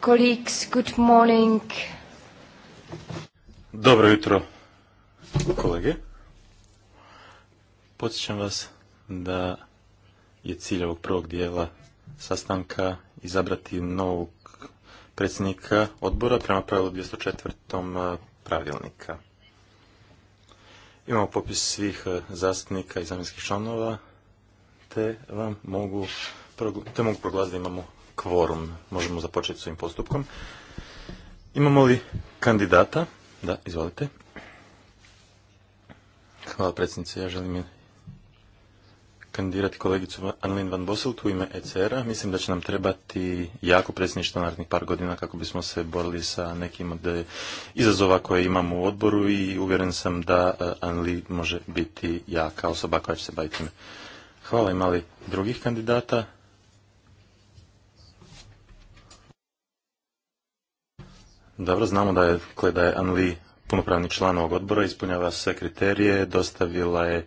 Colleagues, good morning. Dobro jutro, kolege. Podsjećam vas da je cilj ovog prvog dijela sastanka izabrati novog predsjednika odbora prema pravilu 204. Eh, pravilnika. Imamo popis svih eh, zastupnika i zamjenskih članova, te vam mogu, te mogu proglasiti da imamo kvorum. Možemo započeti s ovim postupkom. Imamo li kandidata? Da, izvolite. Hvala predsjednice, ja želim kandidirati kolegicu Anlin Van Bosselt u ime ECR-a. Mislim da će nam trebati jako predsjedništvo narednih par godina kako bismo se borili sa nekim od izazova koje imamo u odboru i uvjeren sam da e, Anli može biti jaka osoba koja će se baviti time. Hvala, imali drugih kandidata? Dobro, znamo da je, da je Anli punopravni član ovog odbora, ispunjava sve kriterije, dostavila je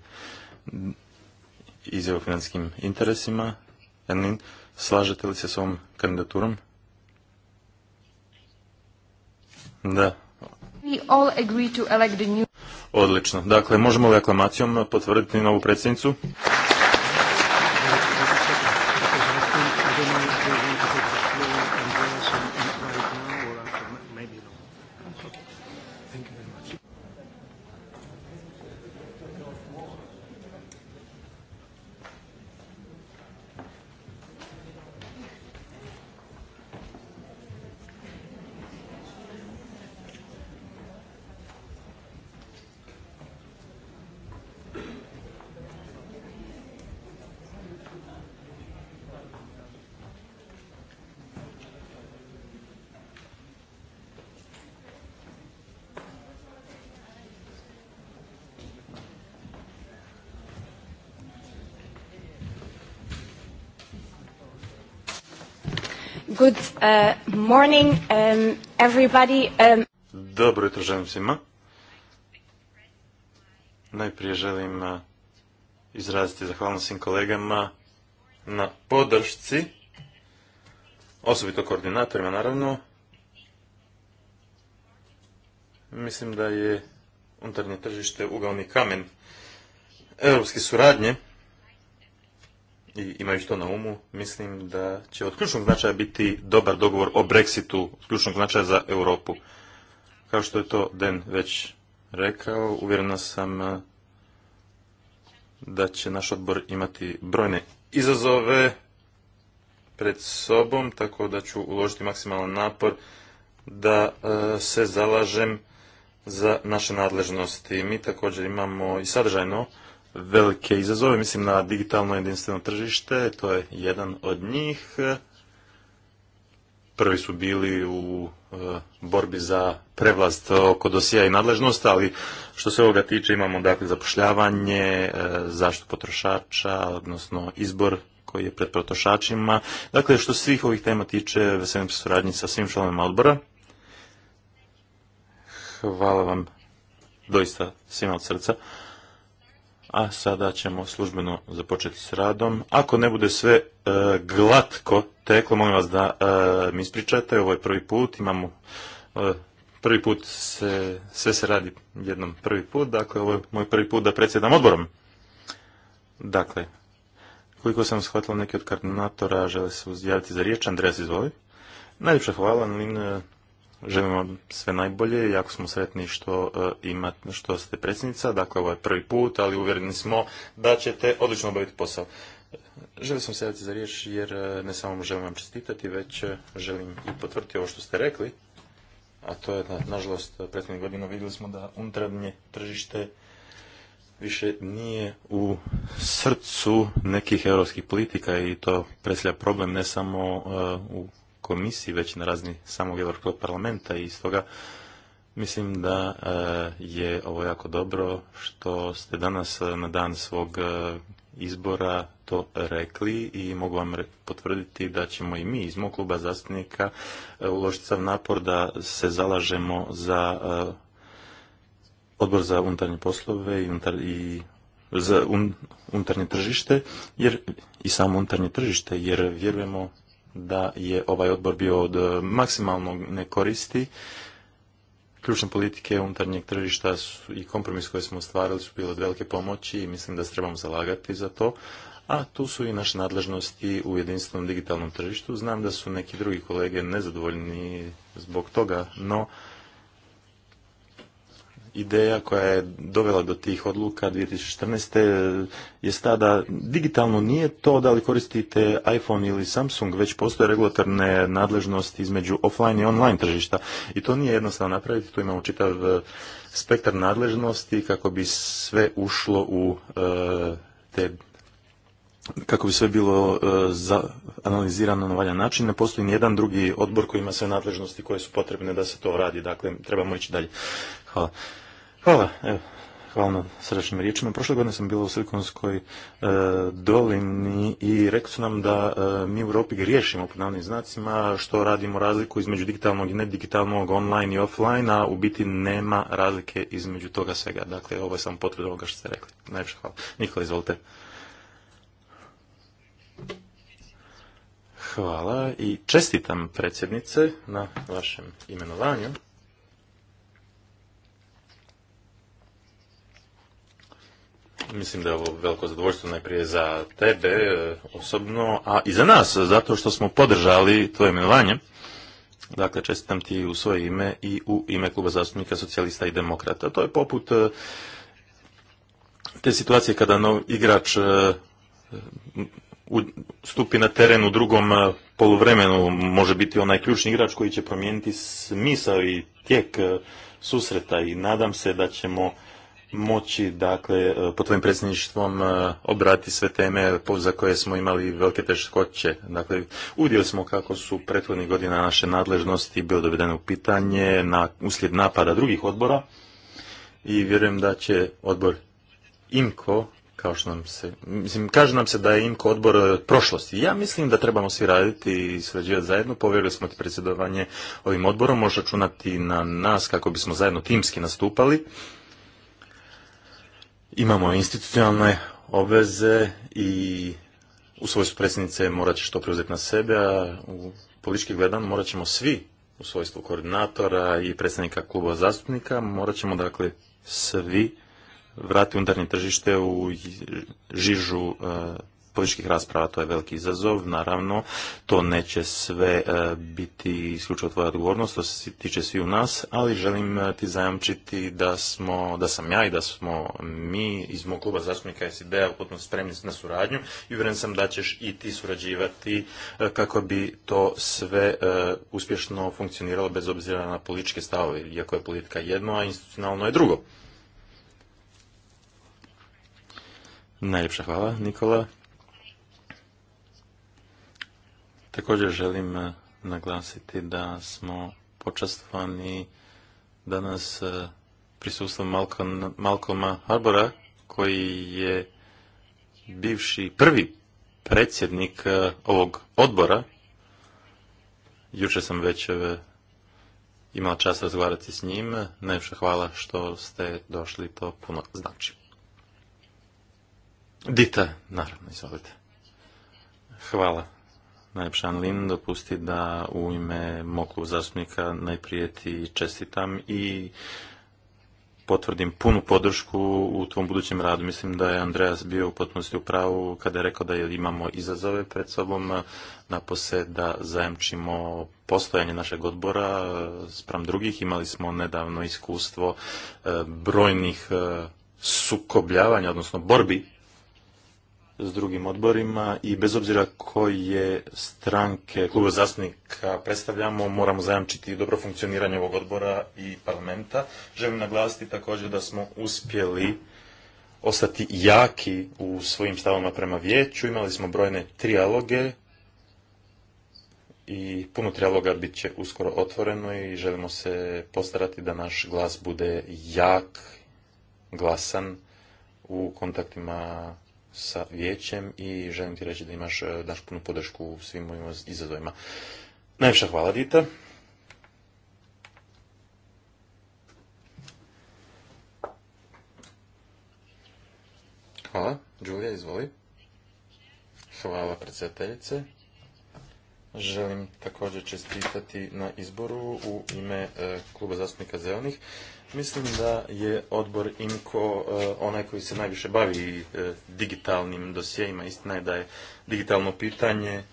izjavu o financijskim interesima. slažete li se s ovom kandidaturom? Da. Odlično. Dakle, možemo li aklamacijom potvrditi novu predsjednicu? Uh, um, um, Dobro jutro želim svima. Najprije želim uh, izraziti zahvalnost svim kolegama na podršci, osobito koordinatorima naravno. Mislim da je unutarnje tržište ugalni kamen europske suradnje i imajući to na umu, mislim da će od ključnog značaja biti dobar dogovor o Brexitu, od ključnog značaja za Europu. Kao što je to Den već rekao, uvjerena sam eh, da će naš odbor imati brojne izazove pred sobom, tako da ću uložiti maksimalan napor da eh, se zalažem za naše nadležnosti. Mi također imamo i sadržajno velike izazove, mislim na digitalno jedinstveno tržište, to je jedan od njih. Prvi su bili u e, borbi za prevlast oko dosija i nadležnost, ali što se ovoga tiče imamo dakle zapošljavanje, e, zaštitu potrošača, odnosno izbor koji je pred potrošačima. Dakle, što svih ovih tema tiče, veselim se suradnji sa svim članovima odbora. Hvala vam doista svima od srca. A sada ćemo službeno započeti s radom. Ako ne bude sve e, glatko teklo, molim vas da e, mi ispričate. Ovo je prvi put, imamo e, prvi put se, sve se radi jednom prvi put, dakle ovo je moj prvi put da predsjedam odborom. Dakle, koliko sam shvatila neki od koordinatora žele se uzjaviti za riječ. Andreas, izvoli. Najljepša hvala, Želim vam sve najbolje, jako smo sretni što, e, imate, što ste predsjednica, dakle ovo je prvi put, ali uvjereni smo da ćete odlično obaviti posao. Želim sam se javiti za riječ jer e, ne samo želim vam čestitati, već e, želim i potvrditi ovo što ste rekli, a to je da, nažalost, prethodnih godina vidjeli smo da unutarnje tržište više nije u srcu nekih europskih politika i to predstavlja problem ne samo u komisiji, već na razni samog evropskog parlamenta i stoga mislim da e, je ovo jako dobro što ste danas e, na dan svog e, izbora to rekli i mogu vam potvrditi da ćemo i mi iz mog kluba zastupnika uložiti sav napor da se zalažemo za odbor za unutarnje poslove i, za unutarnje tržište jer i samo unutarnje tržište jer vjerujemo da je ovaj odbor bio od e, maksimalnog ne koristi. Ključne politike unutarnjeg tržišta i kompromis koje smo ostvarili su bile od velike pomoći i mislim da se trebamo zalagati za to. A tu su i naše nadležnosti u jedinstvenom digitalnom tržištu. Znam da su neki drugi kolege nezadovoljni zbog toga, no ideja koja je dovela do tih odluka 2014. je ta da digitalno nije to da li koristite iPhone ili Samsung, već postoje regulatorne nadležnosti između offline i online tržišta. I to nije jednostavno napraviti, tu imamo čitav e, spektar nadležnosti kako bi sve ušlo u e, te kako bi sve bilo e, za, analizirano na valjan način, ne postoji ni jedan drugi odbor koji ima sve nadležnosti koje su potrebne da se to radi. Dakle, trebamo ići dalje. Hvala. Hvala, evo, hvala na srdečnim riječima. Prošle godine sam bio u Silikonskoj e, dolini i rekli su nam da e, mi u Europi griješimo po navnim znacima, što radimo razliku između digitalnog i nedigitalnog, online i offline, a u biti nema razlike između toga svega. Dakle, ovo je samo potvrda ovoga što ste rekli. Najviše hvala. Nikola, izvolite. Hvala i čestitam predsjednice na vašem imenovanju. Mislim da je ovo veliko zadovoljstvo najprije za tebe e, osobno, a i za nas, zato što smo podržali tvoje imenovanje. Dakle, čestitam ti u svoje ime i u ime Kluba zastupnika socijalista i demokrata. To je poput e, te situacije kada nov igrač e, stupi na teren u drugom poluvremenu, može biti onaj ključni igrač koji će promijeniti smisao i tijek susreta i nadam se da ćemo moći, dakle, e, po tvojim predsjedništvom e, obrati sve teme za koje smo imali velike teškoće. Dakle, uvidjeli smo kako su prethodnih godina naše nadležnosti bio dovedene u pitanje na, uslijed napada drugih odbora i vjerujem da će odbor IMKO kao što nam se, mislim, kaže nam se da je IMKO odbor prošlosti. Ja mislim da trebamo svi raditi i surađivati zajedno. Povjerili smo ti predsjedovanje ovim odborom, može računati na nas kako bismo zajedno timski nastupali Imamo institucionalne obveze i u svojstvu predsjednice morat će što preuzeti na sebe, a u politički gledan morat ćemo svi u svojstvu koordinatora i predsjednika kluba zastupnika, morat ćemo dakle svi vratiti unutarnje tržište u žižu e, političkih rasprava, to je veliki izazov. Naravno, to neće sve e, biti isključivo tvoja odgovornost, to se tiče svi u nas, ali želim e, ti zajamčiti da, smo, da sam ja i da smo mi iz mog kluba zastupnika SID-a potpuno spremni na suradnju i uvjeren sam da ćeš i ti surađivati e, kako bi to sve uspješno funkcioniralo bez obzira na političke stavove, iako je politika jedno, a institucionalno je drugo. Najljepša hvala, Nikola. Također želim eh, naglasiti da smo počastvani danas eh, prisustvom Malcolma Harbora koji je bivši prvi predsjednik eh, ovog odbora. Juče sam već imala čast razgovarati s njim. Najviše hvala što ste došli, to puno znači. Dita, naravno, izvolite. Hvala Najpšan Lin dopusti da u ime moklu zastupnika najprije ti čestitam i potvrdim punu podršku u tvom budućem radu. Mislim da je Andreas bio u potpunosti u pravu kada je rekao da imamo izazove pred sobom, napose da zajamčimo postojanje našeg odbora spram drugih. Imali smo nedavno iskustvo eh, brojnih eh, sukobljavanja, odnosno borbi s drugim odborima i bez obzira koje stranke kluba zastupnika predstavljamo, moramo zajamčiti dobro funkcioniranje ovog odbora i parlamenta. Želim naglasiti također da smo uspjeli ostati jaki u svojim stavama prema vijeću. Imali smo brojne trijaloge i puno trijaloga bit će uskoro otvoreno i želimo se postarati da naš glas bude jak, glasan u kontaktima sa vijećem i želim ti reći da imaš e, daš punu podršku u svim mojim izazovima. Najviše hvala Dita. Hvala. Đulija, izvoli. Hvala predsjedateljice. Želim također čestitati na izboru u ime e, Kluba zastupnika zelenih. Mislim da je odbor INKO eh, onaj koji se najviše bavi eh, digitalnim dosjejima. Istina je da je digitalno pitanje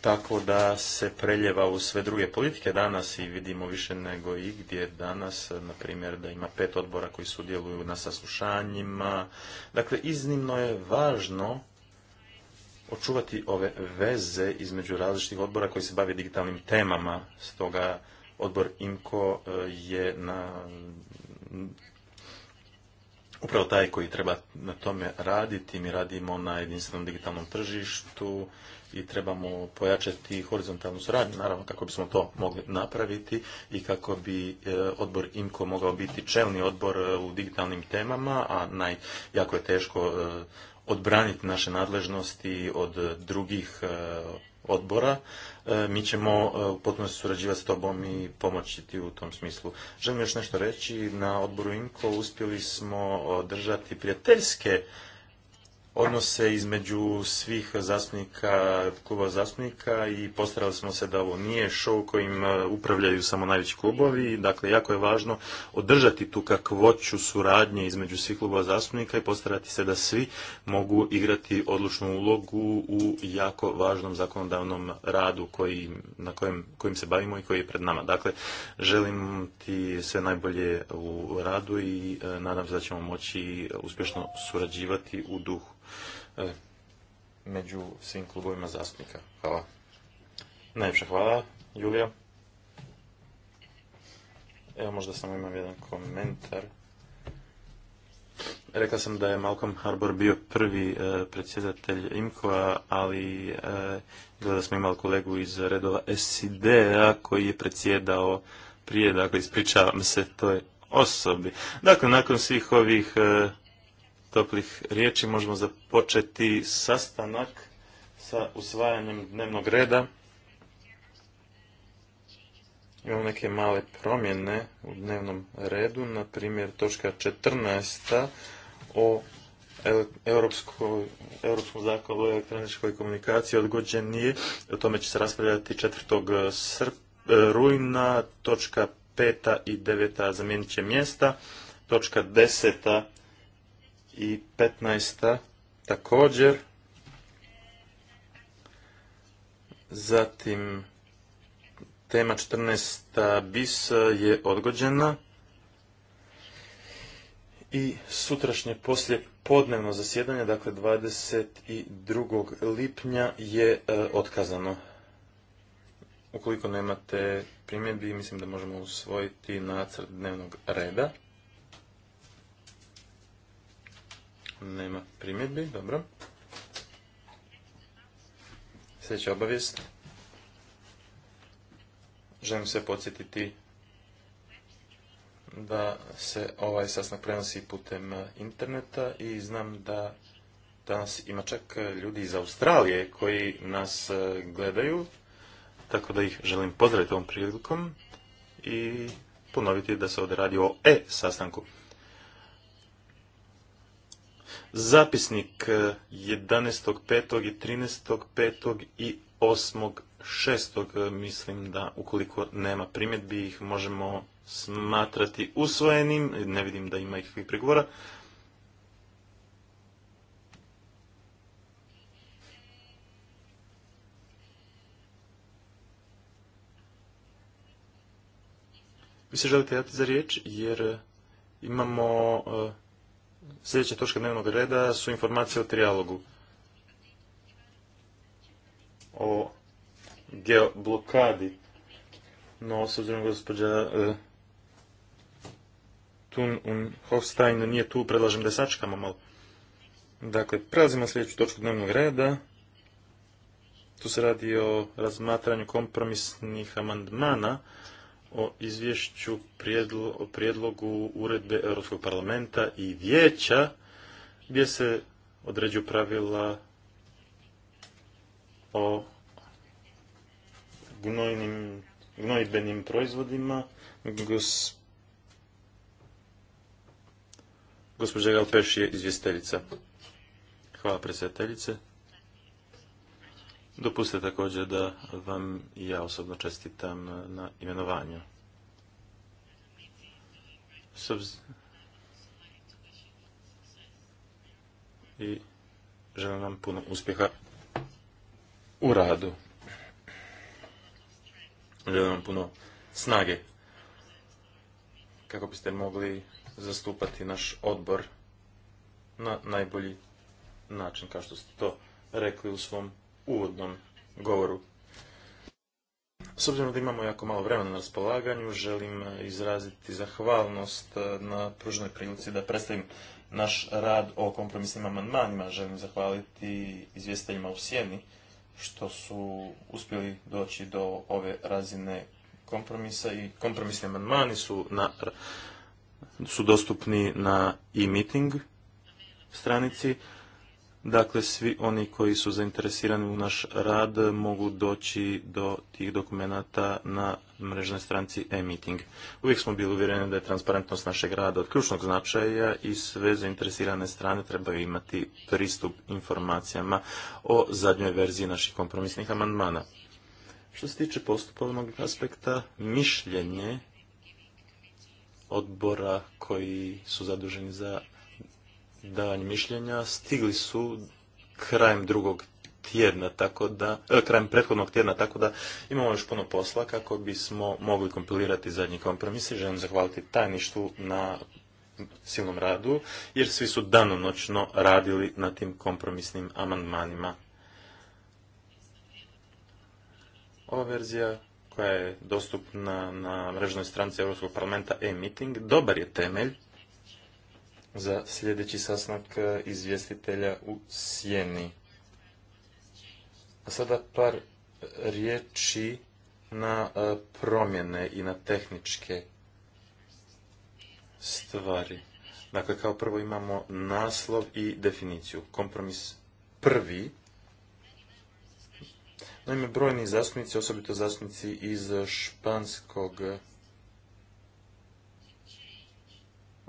tako da se preljeva u sve druge politike danas i vidimo više nego i gdje danas, eh, na primjer da ima pet odbora koji sudjeluju na saslušanjima. Dakle, iznimno je važno očuvati ove veze između različitih odbora koji se bave digitalnim temama. Stoga odbor IMKO e, je na upravo taj koji treba na tome raditi. Mi radimo na jedinstvenom digitalnom tržištu i trebamo pojačati horizontalnu suradnju, naravno kako bismo to mogli napraviti i kako bi e, odbor IMKO mogao biti čelni odbor e, u digitalnim temama, a naj, jako je teško odbraniti naše nadležnosti od drugih odbora, E, mi ćemo e, u potpunosti surađivati s tobom i pomoći ti u tom smislu. Želim još nešto reći, na odboru INKO uspjeli smo držati prijateljske odnose između svih zastupnika, kluba zastupnika i postarali smo se da ovo nije show kojim e, upravljaju samo najveći klubovi. Dakle, jako je važno održati tu kakvoću suradnje između svih klubova zastupnika i postarati se da svi mogu igrati odlučnu ulogu u jako važnom zakonodavnom radu koji, na kojem, kojim se bavimo i koji je pred nama. Dakle, želim ti sve najbolje u radu i e, nadam se da ćemo moći uspješno surađivati u duhu E, među svim klubovima zastupnika. Hvala. Najljepša hvala, Julija. Evo možda samo imam jedan komentar. Rekla sam da je Malcolm Harbour bio prvi e, predsjedatelj IMCO-a, ali e, da smo imali kolegu iz redova SID-a koji je predsjedao prije, dakle ispričavam se toj osobi. Dakle, nakon svih ovih e, toplih riječi možemo započeti sastanak sa usvajanjem dnevnog reda. Imamo neke male promjene u dnevnom redu, na primjer točka 14. o Europskom zakonu o elektroničkoj komunikaciji odgođen je, o tome će se raspravljati 4. Srp, rujna, točka 5. i 9. zamijenit će mjesta, točka 10 i 15. također. Zatim tema 14. bis je odgođena i sutrašnje poslije podnevno zasjedanje, dakle 22. lipnja je e, otkazano. Ukoliko nemate primjedbi, mislim da možemo usvojiti nacrt dnevnog reda. Nema primjedbi, dobro. Sljedeća obavijest. Želim se podsjetiti da se ovaj sastanak prenosi putem interneta i znam da danas ima čak ljudi iz Australije koji nas e, gledaju, tako da ih želim pozdraviti ovom prilikom i ponoviti da se ovdje radi o e-sastanku. Zapisnik 11.5. E, i 13.5. i 8.6. E, mislim da ukoliko nema primjedbi ih možemo smatrati usvojenim, ne vidim da ima ikakvih prigovora. Vi se želite javiti za riječ jer e, imamo Sljedeća točka dnevnog reda su informacije o trijalogu. O geoblokadi. No, s obzirom gospođa e, nije tu, predlažem da sačekamo malo. Dakle, prelazimo na sljedeću točku dnevnog reda. Tu se radi o razmatranju kompromisnih amandmana o izvješću o prijedlogu uredbe Europskog parlamenta i vijeća gdje se određuju pravila o gnojnim, gnojbenim proizvodima. Gos, gospođa Galpeš je izvjestiteljica. Hvala predsjedateljice. Dopustite također da vam ja osobno čestitam na imenovanju. I želim vam puno uspjeha u radu. Želim vam puno snage kako biste mogli zastupati naš odbor na najbolji način, kao što ste to rekli u svom uvodnom govoru. S obzirom da imamo jako malo vremena na raspolaganju, želim izraziti zahvalnost e, na pruženoj prilici da predstavim naš rad o kompromisnim amandmanima. Želim zahvaliti izvjestiteljima u Sjeni što su uspjeli doći do ove razine kompromisa i kompromisni amandmani su, na, su dostupni na e-meeting stranici. Dakle, svi oni koji su zainteresirani u naš rad mogu doći do tih dokumenata na mrežnoj stranci e-meeting. Uvijek smo bili uvjereni da je transparentnost našeg rada od ključnog značaja i sve zainteresirane strane trebaju imati pristup informacijama o zadnjoj verziji naših kompromisnih amandmana. Što se tiče postupovnog aspekta, mišljenje odbora koji su zaduženi za davanje mišljenja stigli su krajem drugog tjedna, tako da, e, krajem prethodnog tjedna, tako da imamo još puno posla kako bismo mogli kompilirati zadnji kompromis i želim zahvaliti tajništvu na silnom radu, jer svi su danonoćno radili na tim kompromisnim amandmanima. Ova verzija koja je dostupna na mrežnoj stranci Europskog parlamenta e-meeting dobar je temelj za sljedeći sastanak e, izvjestitelja u Sjeni. A sada par riječi na e, promjene i na tehničke stvari. Dakle, kao prvo imamo naslov i definiciju. Kompromis prvi. Naime, brojni zastupnici, osobito zastupnici iz španskog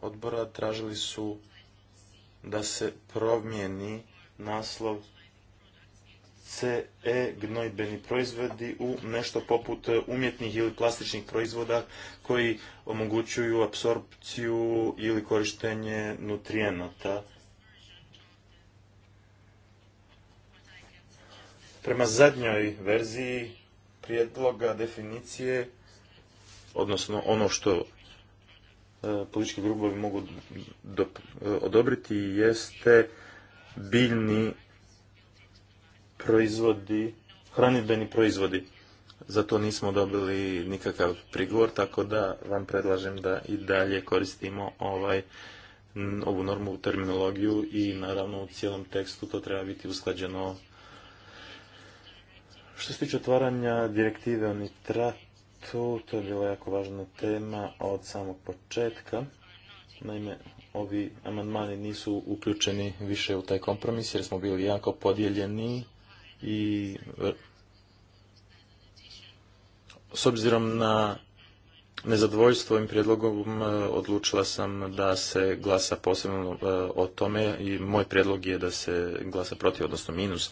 odbora tražili su da se promijeni naslov CE gnojbeni proizvodi u nešto poput umjetnih ili plastičnih proizvoda koji omogućuju apsorpciju ili korištenje nutrijenata. Prema zadnjoj verziji prijedloga definicije, odnosno ono što politički grubovi mogu odobriti jeste biljni proizvodi, hranidbeni proizvodi. Za to nismo dobili nikakav prigovor, tako da vam predlažem da i dalje koristimo ovaj ovu normu terminologiju i naravno u cijelom tekstu to treba biti usklađeno. Što se tiče otvaranja direktive o nitrat, tu. To je bila jako važna tema od samog početka. Naime, ovi amandmani nisu uključeni više u taj kompromis jer smo bili jako podijeljeni i e, s obzirom na nezadovoljstvo ovim prijedlogom e, odlučila sam da se glasa posebno e, o tome i moj prijedlog je da se glasa protiv, odnosno minus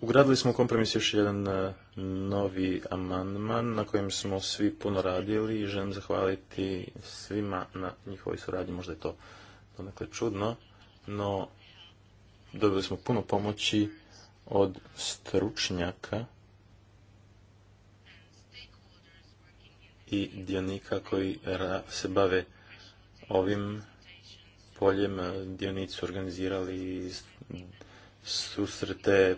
Ugradili smo u kompromis još jedan e, novi amandman na kojem smo svi puno radili i želim zahvaliti svima na njihovoj suradnji. Možda je to donekle čudno, no dobili smo puno pomoći od stručnjaka i dionika koji se bave ovim poljem. E, dionici su organizirali susrete,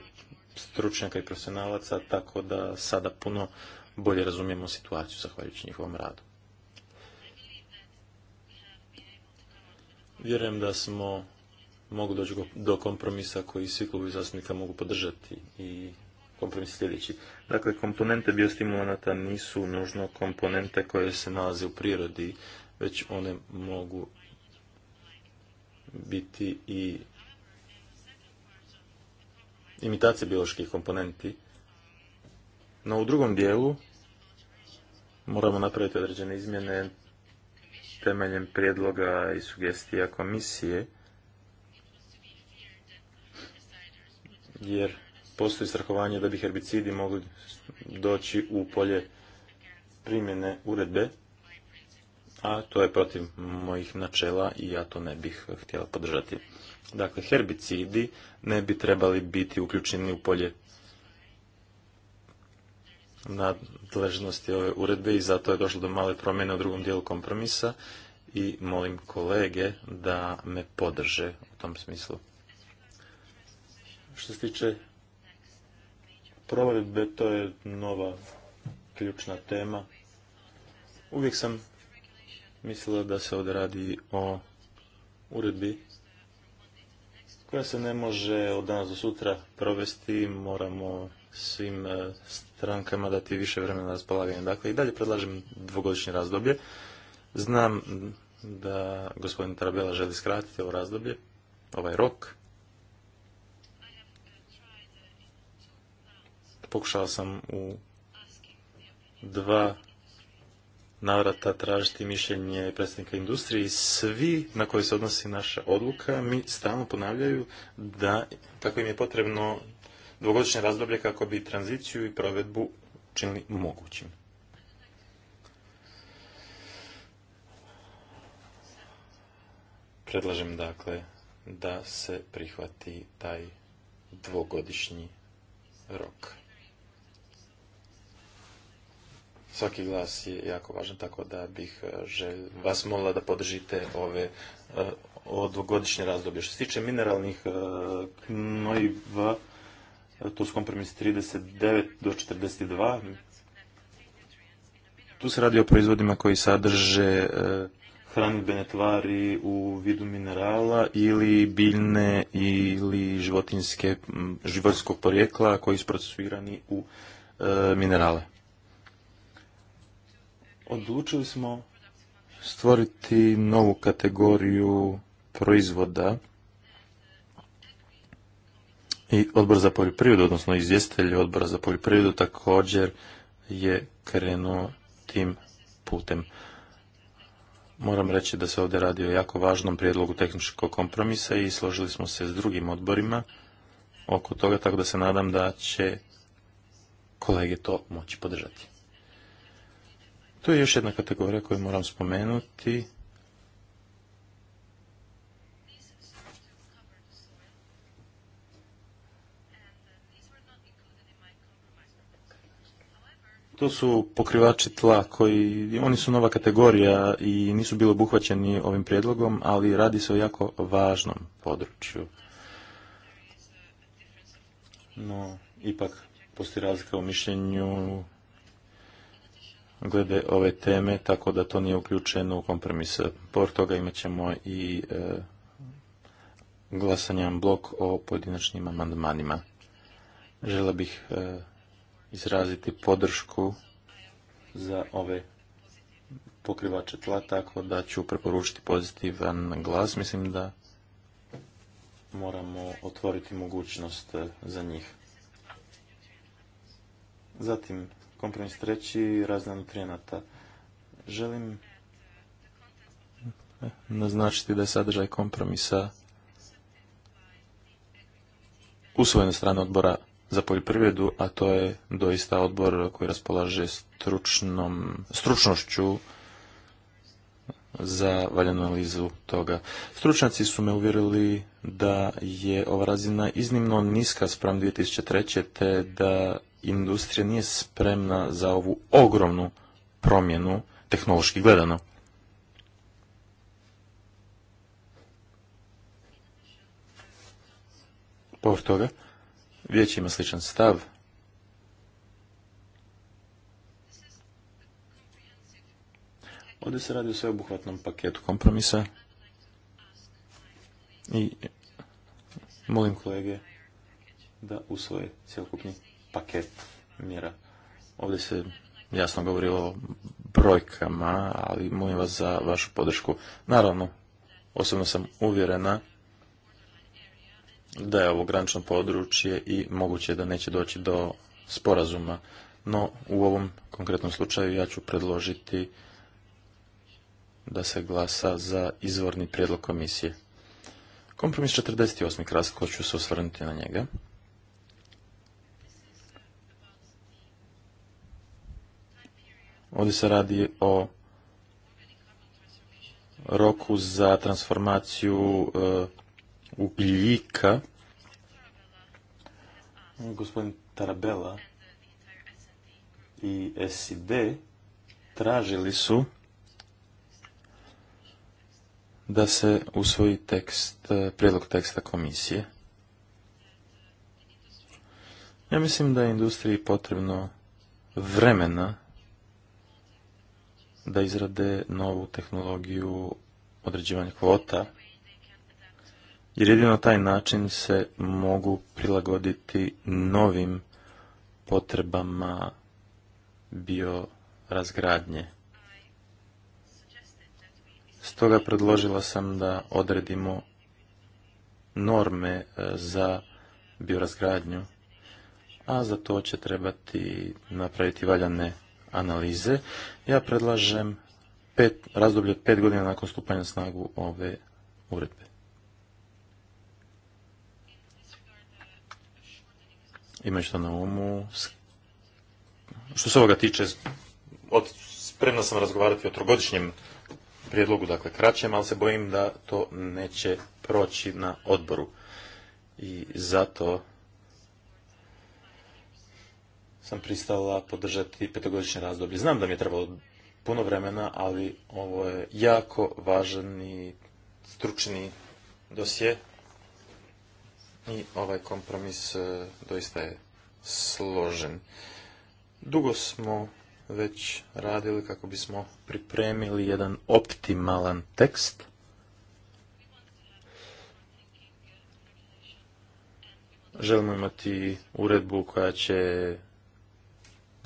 stručnjaka i profesionalaca, tako da sada puno bolje razumijemo situaciju zahvaljujući njihovom radu. Vjerujem da smo mogu doći do kompromisa koji svi klubi zastupnika mogu podržati i kompromis sljedeći. Dakle, komponente biostimulanata nisu nužno komponente koje se nalaze u prirodi, već one mogu biti i imitacije bioloških komponenti. No u drugom dijelu moramo napraviti određene izmjene temeljem prijedloga i sugestija komisije, jer postoji strahovanje da bi herbicidi mogli doći u polje primjene uredbe a to je protiv mojih načela i ja to ne bih htjela podržati. Dakle, herbicidi ne bi trebali biti uključeni u polje nadležnosti ove uredbe i zato je došlo do male promjene u drugom dijelu kompromisa i molim kolege da me podrže u tom smislu. Što se tiče provedbe, to je nova ključna tema. Uvijek sam mislila da se ovdje radi o uredbi koja se ne može od danas do sutra provesti, moramo svim e, strankama dati više vremena na raspolaganje. Dakle, i dalje predlažem dvogodišnje razdoblje. Znam da gospodin Tarabela želi skratiti ovo razdoblje, ovaj rok. Pokušao sam u dva navrata tražiti mišljenje predstavnika industrije i svi na koje se odnosi naša odluka mi stalno ponavljaju da kako im je potrebno dvogodišnje razdoblje kako bi tranziciju i provedbu činili mogućim. Predlažem dakle da se prihvati taj dvogodišnji rok. Svaki glas je jako važan, tako da bih e, vas molila da podržite ove e, dvogodišnje razdoblje. Što se tiče mineralnih knojiva, e, tu su kompromis 39 do 42. Tu se radi o proizvodima koji sadrže hranidbene tvari u vidu minerala ili biljne ili životinske, životinskog porijekla koji su procesuirani u minerale. Odlučili smo stvoriti novu kategoriju proizvoda i odbor za poljoprivredu, odnosno izvjestitelj odbora za poljoprivredu također je krenuo tim putem. Moram reći da se ovdje radi o jako važnom prijedlogu tehničkog kompromisa i složili smo se s drugim odborima oko toga, tako da se nadam da će kolege to moći podržati. To je još jedna kategorija koju moram spomenuti. To su pokrivači tla koji, oni su nova kategorija i nisu bili obuhvaćeni ovim prijedlogom, ali radi se o jako važnom području. No, ipak postoji razlika u mišljenju glede ove teme, tako da to nije uključeno u kompromis. Por toga imat ćemo i e, glasanjan blok o pojedinačnim amandmanima. Žela bih e, izraziti podršku za ove pokrivače tla, tako da ću preporučiti pozitivan glas. Mislim da moramo otvoriti mogućnost e, za njih. Zatim, kompromis treći, razdan trenata. Želim naznačiti da je sadržaj kompromisa usvojena strana odbora za poljoprivredu, a to je doista odbor koji raspolaže stručnom, stručnošću za valjanu analizu toga. Stručnjaci su me uvjerili da je ova razina iznimno niska spram 2003. te da industrija nije spremna za ovu ogromnu promjenu tehnološki gledano. Povr toga, vijeć ima sličan stav. Ovdje se radi o sveobuhvatnom paketu kompromisa i molim kolege da usvoje cjelokupni paket mjera. Ovdje se jasno govori o brojkama, ali molim vas za vašu podršku. Naravno, osobno sam uvjerena da je ovo granično područje i moguće da neće doći do sporazuma. No, u ovom konkretnom slučaju ja ću predložiti da se glasa za izvorni prijedlog komisije. Kompromis 48. kratko ću se osvrnuti na njega. Ovdje se radi o roku za transformaciju e, ugljika. Gospodin Tarabela i SID tražili su da se usvoji tekst, e, prijedlog teksta komisije. Ja mislim da je industriji potrebno vremena da izrade novu tehnologiju određivanja kvota, jer jedino na taj način se mogu prilagoditi novim potrebama biorazgradnje. Stoga predložila sam da odredimo norme e, za biorazgradnju, a za to će trebati napraviti valjane analize, ja predlažem razdoblje od pet godina nakon stupanja na snagu ove uredbe. Ime što na umu, što se ovoga tiče, od, sam razgovarati o trogodišnjem prijedlogu, dakle kraćem, ali se bojim da to neće proći na odboru. I zato sam pristala podržati petogodišnje razdoblje. Znam da mi je trebalo puno vremena, ali ovo je jako važan i stručni dosje i ovaj kompromis e, doista je složen. Dugo smo već radili kako bismo pripremili jedan optimalan tekst. Želimo imati uredbu koja će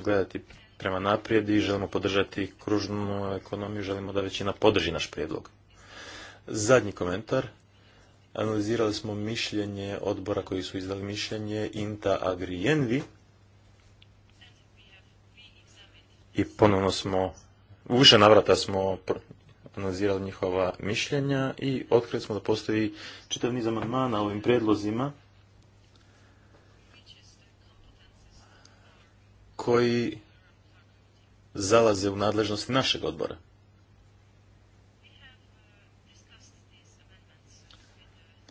gledati prema naprijed i želimo podržati kružnu ekonomiju, želimo da većina podrži naš prijedlog. Zadnji komentar. Analizirali smo mišljenje odbora koji su izdali mišljenje Inta Agri Envi i ponovno smo, u više navrata smo analizirali njihova mišljenja i otkrili smo da postoji čitav niz amandmana ovim prijedlozima koji zalaze u nadležnost našeg odbora.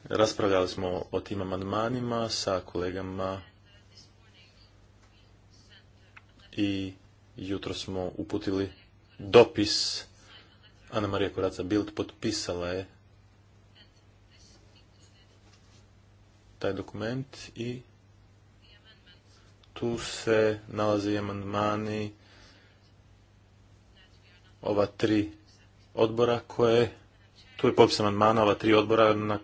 Raspravljali smo o tim amandmanima sa kolegama i jutro smo uputili dopis. Ana Marija Koraca Bild potpisala je taj dokument i tu se nalaze i amandmani ova tri odbora koje, tu je popis amandmana ova tri odbora na,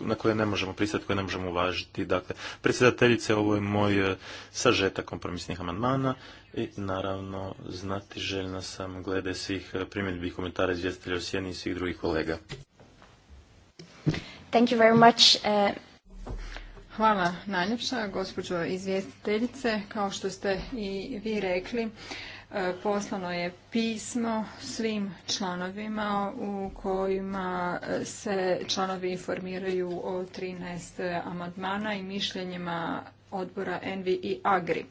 na koje ne možemo pristati, koje ne možemo uvažiti. Dakle, predsjedateljice, ovo je moj e, sažetak kompromisnih amandmana i naravno znati željna sam glede svih e, primjedbi i komentara izvjestitelja o i svih drugih kolega. Thank you very much, e, Hvala najljepša, gospođo izvjestiteljice. Kao što ste i vi rekli, e, poslano je pismo svim članovima u kojima e, se članovi informiraju o 13 amandmana i mišljenjima odbora i Agri.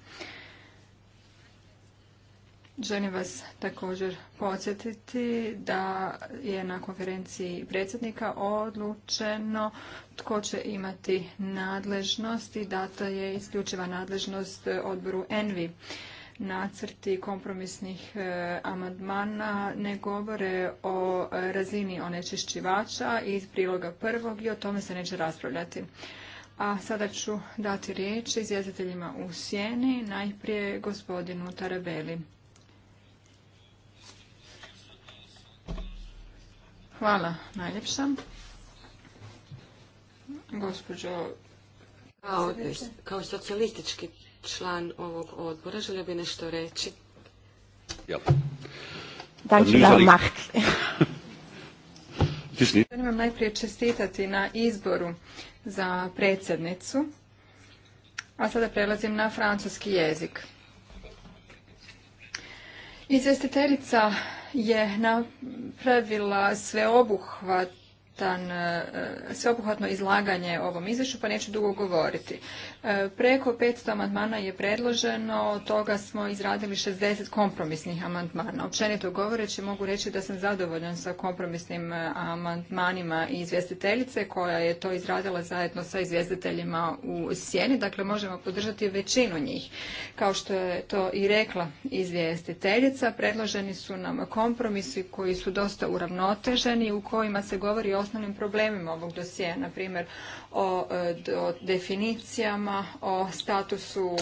Želim vas također podsjetiti da je na konferenciji predsjednika odlučeno tko će imati nadležnost i data je isključiva nadležnost odboru ENVI. Nacrti kompromisnih e, amandmana ne govore o razini onečišćivača iz priloga prvog i o tome se neće raspravljati. A sada ću dati riječ izvjestiteljima u sjeni, najprije gospodinu Tarabeli. Hvala najljepša. Gospođo... Kao, kao socijalistički član ovog odbora želio bi nešto reći. Ja. Pa da mahti. Želim vam najprije čestitati na izboru za predsjednicu, a sada prelazim na francuski jezik. Izvjestiteljica je napravila sveobuhvatan, e, sveobuhvatno izlaganje o ovom izvješću, pa neću dugo govoriti. E, preko 500 amandmana je predloženo, od toga smo izradili 60 kompromisnih amandmana. Općenito govoreći mogu reći da sam zadovoljan sa kompromisnim e, amandmanima i izvjestiteljice koja je to izradila zajedno sa izvjestiteljima u sjeni, dakle možemo podržati većinu njih. Kao što je to i rekla izvjestiteljica, predloženi su nam kompromisi koji su dosta uravnoteženi u kojima se govori o osnovnim problemima ovog dosije, na primjer e, o definicijama o statusu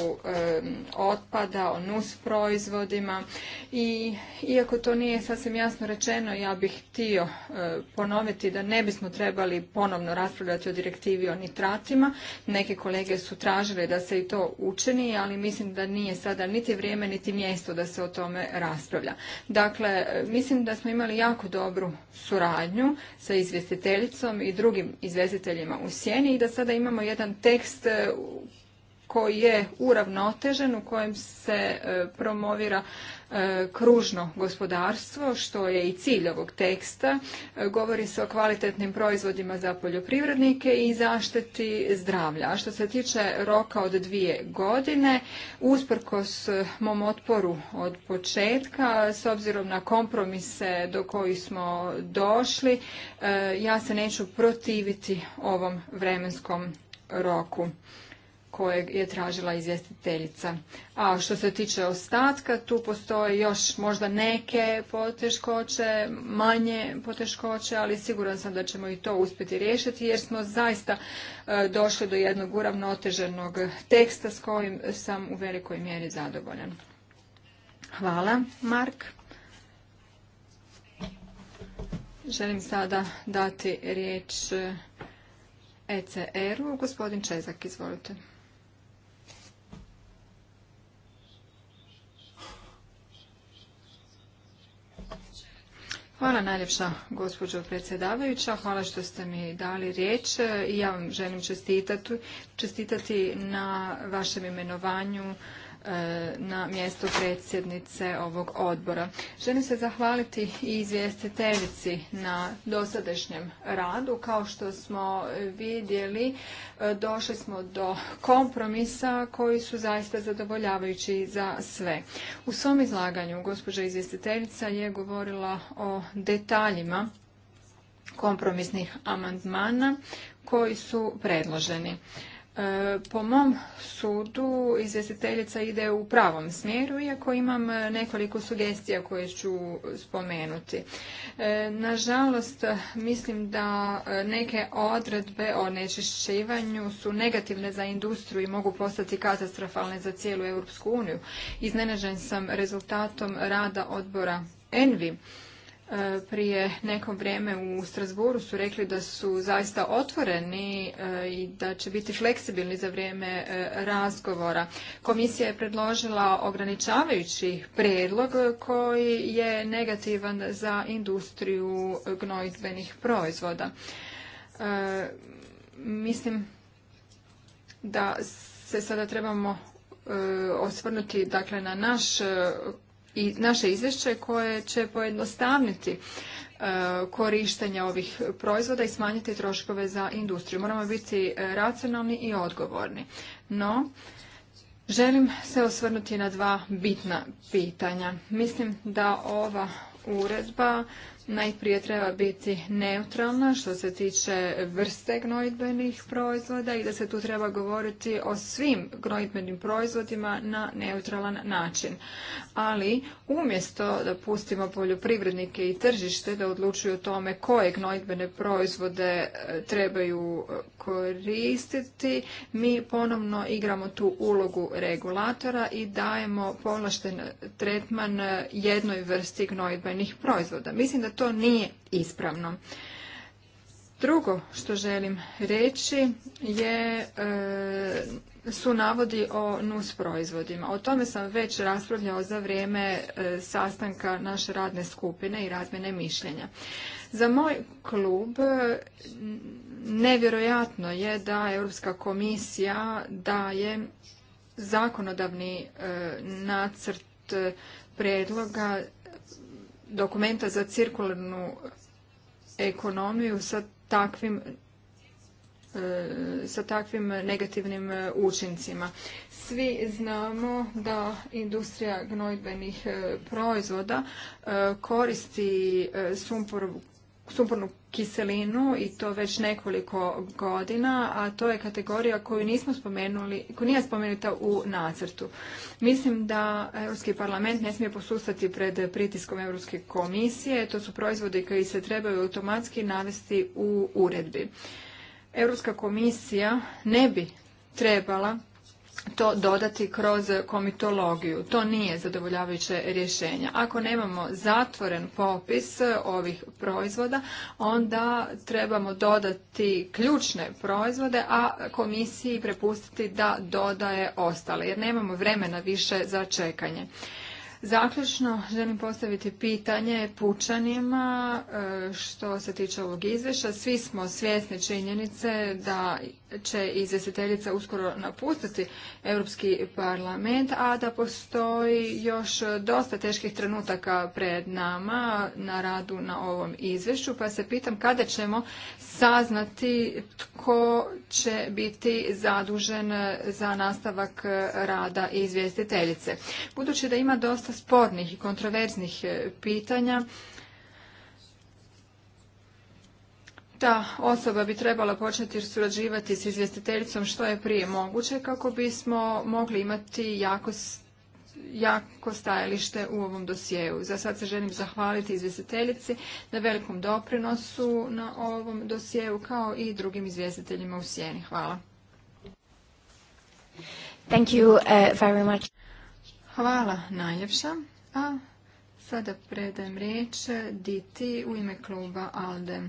otpada, o nus proizvodima i iako to nije sasvim jasno rečeno, ja bih htio e, ponoviti da ne bismo trebali ponovno raspravljati o direktivi o nitratima. Neke kolege su tražile da se i to učini, ali mislim da nije sada niti vrijeme, niti mjesto da se o tome raspravlja. Dakle, mislim da smo imali jako dobru suradnju sa izvjestiteljicom i drugim izvjestiteljima u sjeni i da sada imamo jedan tekst e, koji je uravnotežen, u kojem se e, promovira e, kružno gospodarstvo, što je i cilj ovog teksta. E, govori se o kvalitetnim proizvodima za poljoprivrednike i zaštiti zdravlja. A što se tiče roka od dvije godine, usprkos mom otporu od početka, s obzirom na kompromise do kojih smo došli, ja se neću protiviti ovom vremenskom roku kojeg je tražila izvjestiteljica. A što se tiče ostatka, tu postoje još možda neke poteškoće, manje poteškoće, ali siguran sam da ćemo i to uspjeti riješiti jer smo zaista e, došli do jednog uravnoteženog teksta s kojim sam u velikoj mjeri zadovoljan. Hvala, Mark. Želim sada dati riječ ECR-u. E Gospodin Čezak, izvolite. Hvala najljepša gospođo predsjedavajuća, hvala što ste mi dali riječ i ja vam želim čestitati, na vašem imenovanju E, na mjesto predsjednice ovog odbora. Želim se zahvaliti i izvjestiteljici na dosadašnjem radu. Kao što smo vidjeli, e, došli smo do kompromisa koji su zaista zadovoljavajući za sve. U svom izlaganju gospođa izvjestiteljica je govorila o detaljima kompromisnih amandmana koji su predloženi. E, po mom sudu izvjestiteljica ide u pravom smjeru, iako imam e, nekoliko sugestija koje ću spomenuti. E, nažalost, mislim da neke odredbe o nečišćivanju su negativne za industriju i mogu postati katastrofalne za cijelu Europsku uniju. Iznenađen sam rezultatom rada odbora Envi E, prije neko vrijeme u Strasburu su rekli da su zaista otvoreni e, i da će biti fleksibilni za vrijeme e, razgovora. Komisija je predložila ograničavajući predlog koji je negativan za industriju gnojidbenih proizvoda. Mislim da se sada trebamo osvrnuti dakle na naš i naše izvješće koje će pojednostavniti e, korištenje ovih proizvoda i smanjiti troškove za industriju. Moramo biti e, racionalni i odgovorni. No, želim se osvrnuti na dva bitna pitanja. Mislim da ova uredba Najprije treba biti neutralna što se tiče vrste gnojidbenih proizvoda i da se tu treba govoriti o svim gnojidbenim proizvodima na neutralan način. Ali umjesto da pustimo poljoprivrednike i tržište da odlučuju o tome koje gnojidbene proizvode e, trebaju e, koristiti, mi ponovno igramo tu ulogu regulatora i dajemo povlašten tretman e, jednoj vrsti gnojidbenih proizvoda. Mislim da to nije ispravno. Drugo što želim reći je e, su navodi o NUS proizvodima. O tome sam već raspravljao za vrijeme e, sastanka naše radne skupine i razmjene mišljenja. Za moj klub e, nevjerojatno je da Europska komisija daje zakonodavni nacrt predloga dokumenta za cirkularnu ekonomiju sa takvim e, sa takvim negativnim e, učincima. Svi znamo da industrija gnojbenih e, proizvoda koristi sumporovu sumpornu kiselinu i to već nekoliko godina, a to je kategorija koju nismo spomenuli, koja nije spomenuta u nacrtu. Mislim da Europski parlament ne smije posustati pred pritiskom Europske komisije, to su proizvodi koji se trebaju automatski navesti u uredbi. Europska komisija ne bi trebala to dodati kroz komitologiju. To nije zadovoljavajuće rješenje. Ako nemamo zatvoren popis ovih proizvoda, onda trebamo dodati ključne proizvode, a komisiji prepustiti da dodaje ostale, jer nemamo vremena više za čekanje. Zaključno želim postaviti pitanje pučanima e, što se tiče ovog izvješća. Svi smo svjesni činjenice da će izvjestiteljica uskoro napustiti Europski parlament, a da postoji još dosta teških trenutaka pred nama na radu na ovom izvješću, pa se pitam kada ćemo saznati tko će biti zadužen za nastavak rada izvjestiteljice. Budući da ima dosta spornih i kontroverznih pitanja, ta osoba bi trebala početi surađivati s izvjestiteljicom što je prije moguće kako bismo mogli imati jako, jako stajalište u ovom dosjeu. Za sad se želim zahvaliti izvjestiteljici na velikom doprinosu na ovom dosjeu kao i drugim izvjestiteljima u sjeni. Hvala. Thank you, uh, very much. Hvala najljepša. A sada predajem riječ Diti u ime kluba ALDE.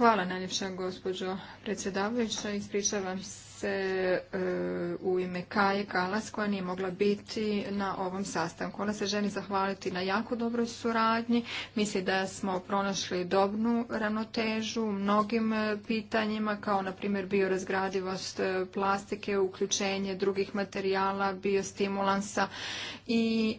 Hvala najljepša gospođo predsjedavajuća. Ispričavam se e, u ime Kaje Kalas koja nije mogla biti na ovom sastanku. Ona se želi zahvaliti na jako dobroj suradnji. Misli da smo pronašli dobnu ravnotežu u mnogim e, pitanjima kao na primjer biorazgradivost e, plastike, uključenje drugih materijala, biostimulansa i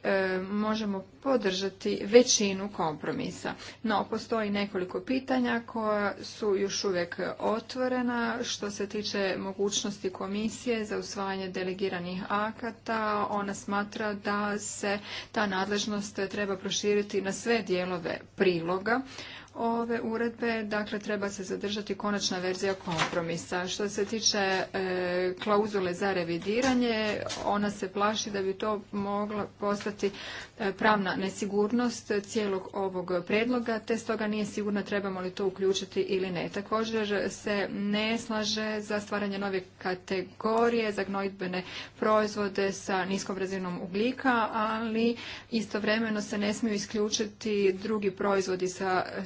možemo podržati većinu kompromisa. No, postoji nekoliko pitanja koja su još uvijek otvorena što se tiče mogućnosti nadležnosti komisije za usvajanje delegiranih akata. Ona smatra da se ta nadležnost treba proširiti na sve dijelove priloga ove uredbe, dakle treba se zadržati konačna verzija kompromisa. Što se tiče e, klauzule za revidiranje, ona se plaši da bi to mogla postati e, pravna nesigurnost cijelog ovog predloga, te stoga nije sigurna trebamo li to uključiti ili ne. Također se ne slaže za stvaranje nove kategorije za gnojidbene proizvode sa niskom razinom ugljika, ali istovremeno se ne smiju isključiti drugi proizvodi sa e,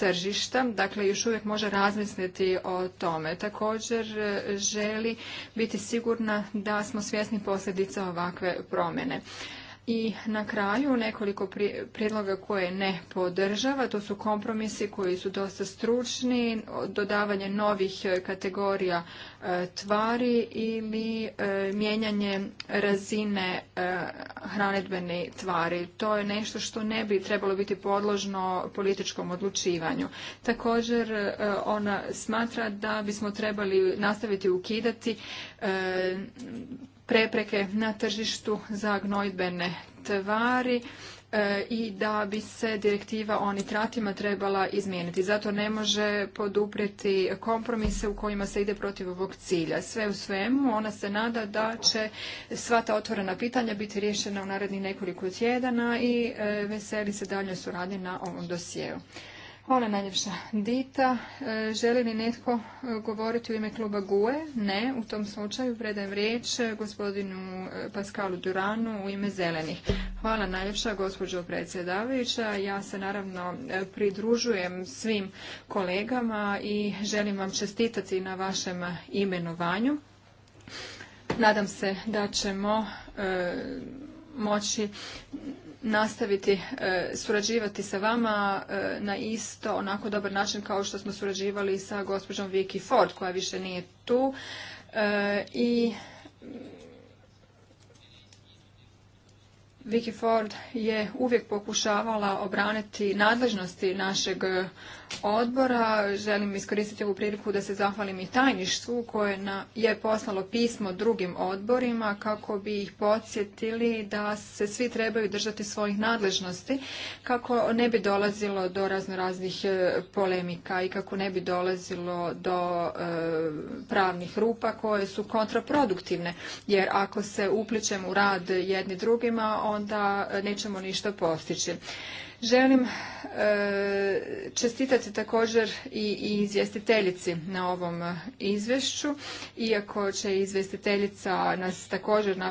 tržišta, dakle još uvijek može razmisliti o tome. Također e, želi biti sigurna da smo svjesni posljedica ovakve promjene. I na kraju nekoliko prijedloga koje ne podržava, to su kompromisi koji su dosta stručni, dodavanje novih e, kategorija e, tvari ili e, mijenjanje razine hranedbene tvari. To je nešto što ne bi trebalo biti podložno političkom odlučivanju. Također ona smatra da bismo trebali nastaviti ukidati prepreke na tržištu za gnojidbene tvari e, i da bi se direktiva o nitratima trebala izmijeniti. Zato ne može poduprijeti kompromise u kojima se ide protiv ovog cilja. Sve u svemu, ona se nada da će sva ta otvorena pitanja biti riješena u narednih nekoliko tjedana i e, veseli se dalje suradnji na ovom dosjeu. Hvala najljepša. Dita, e, želi li netko e, govoriti u ime kluba GUE? Ne, u tom slučaju predajem riječ e, gospodinu Paskalu Duranu u ime zelenih. Hvala najljepša gospođo predsjedavajuća. Ja se naravno pridružujem svim kolegama i želim vam čestitati na vašem imenovanju. Nadam se da ćemo moći nastaviti e, surađivati sa vama e, na isto onako dobar način kao što smo surađivali sa gospođom Vicky Ford koja više nije tu e, i Vicky Ford je uvijek pokušavala obraniti nadležnosti našeg odbora. Želim iskoristiti ovu priliku da se zahvalim i tajništvu koje je poslalo pismo drugim odborima kako bi ih podsjetili da se svi trebaju držati svojih nadležnosti kako ne bi dolazilo do raznoraznih e, polemika i kako ne bi dolazilo do e, pravnih rupa koje su kontraproduktivne. Jer ako se upličemo u rad jedni drugima onda e, nećemo ništa postići. Želim e, čestitati također i izvjestiteljici na ovom e, izvješću, iako će izvjestiteljica nas također e,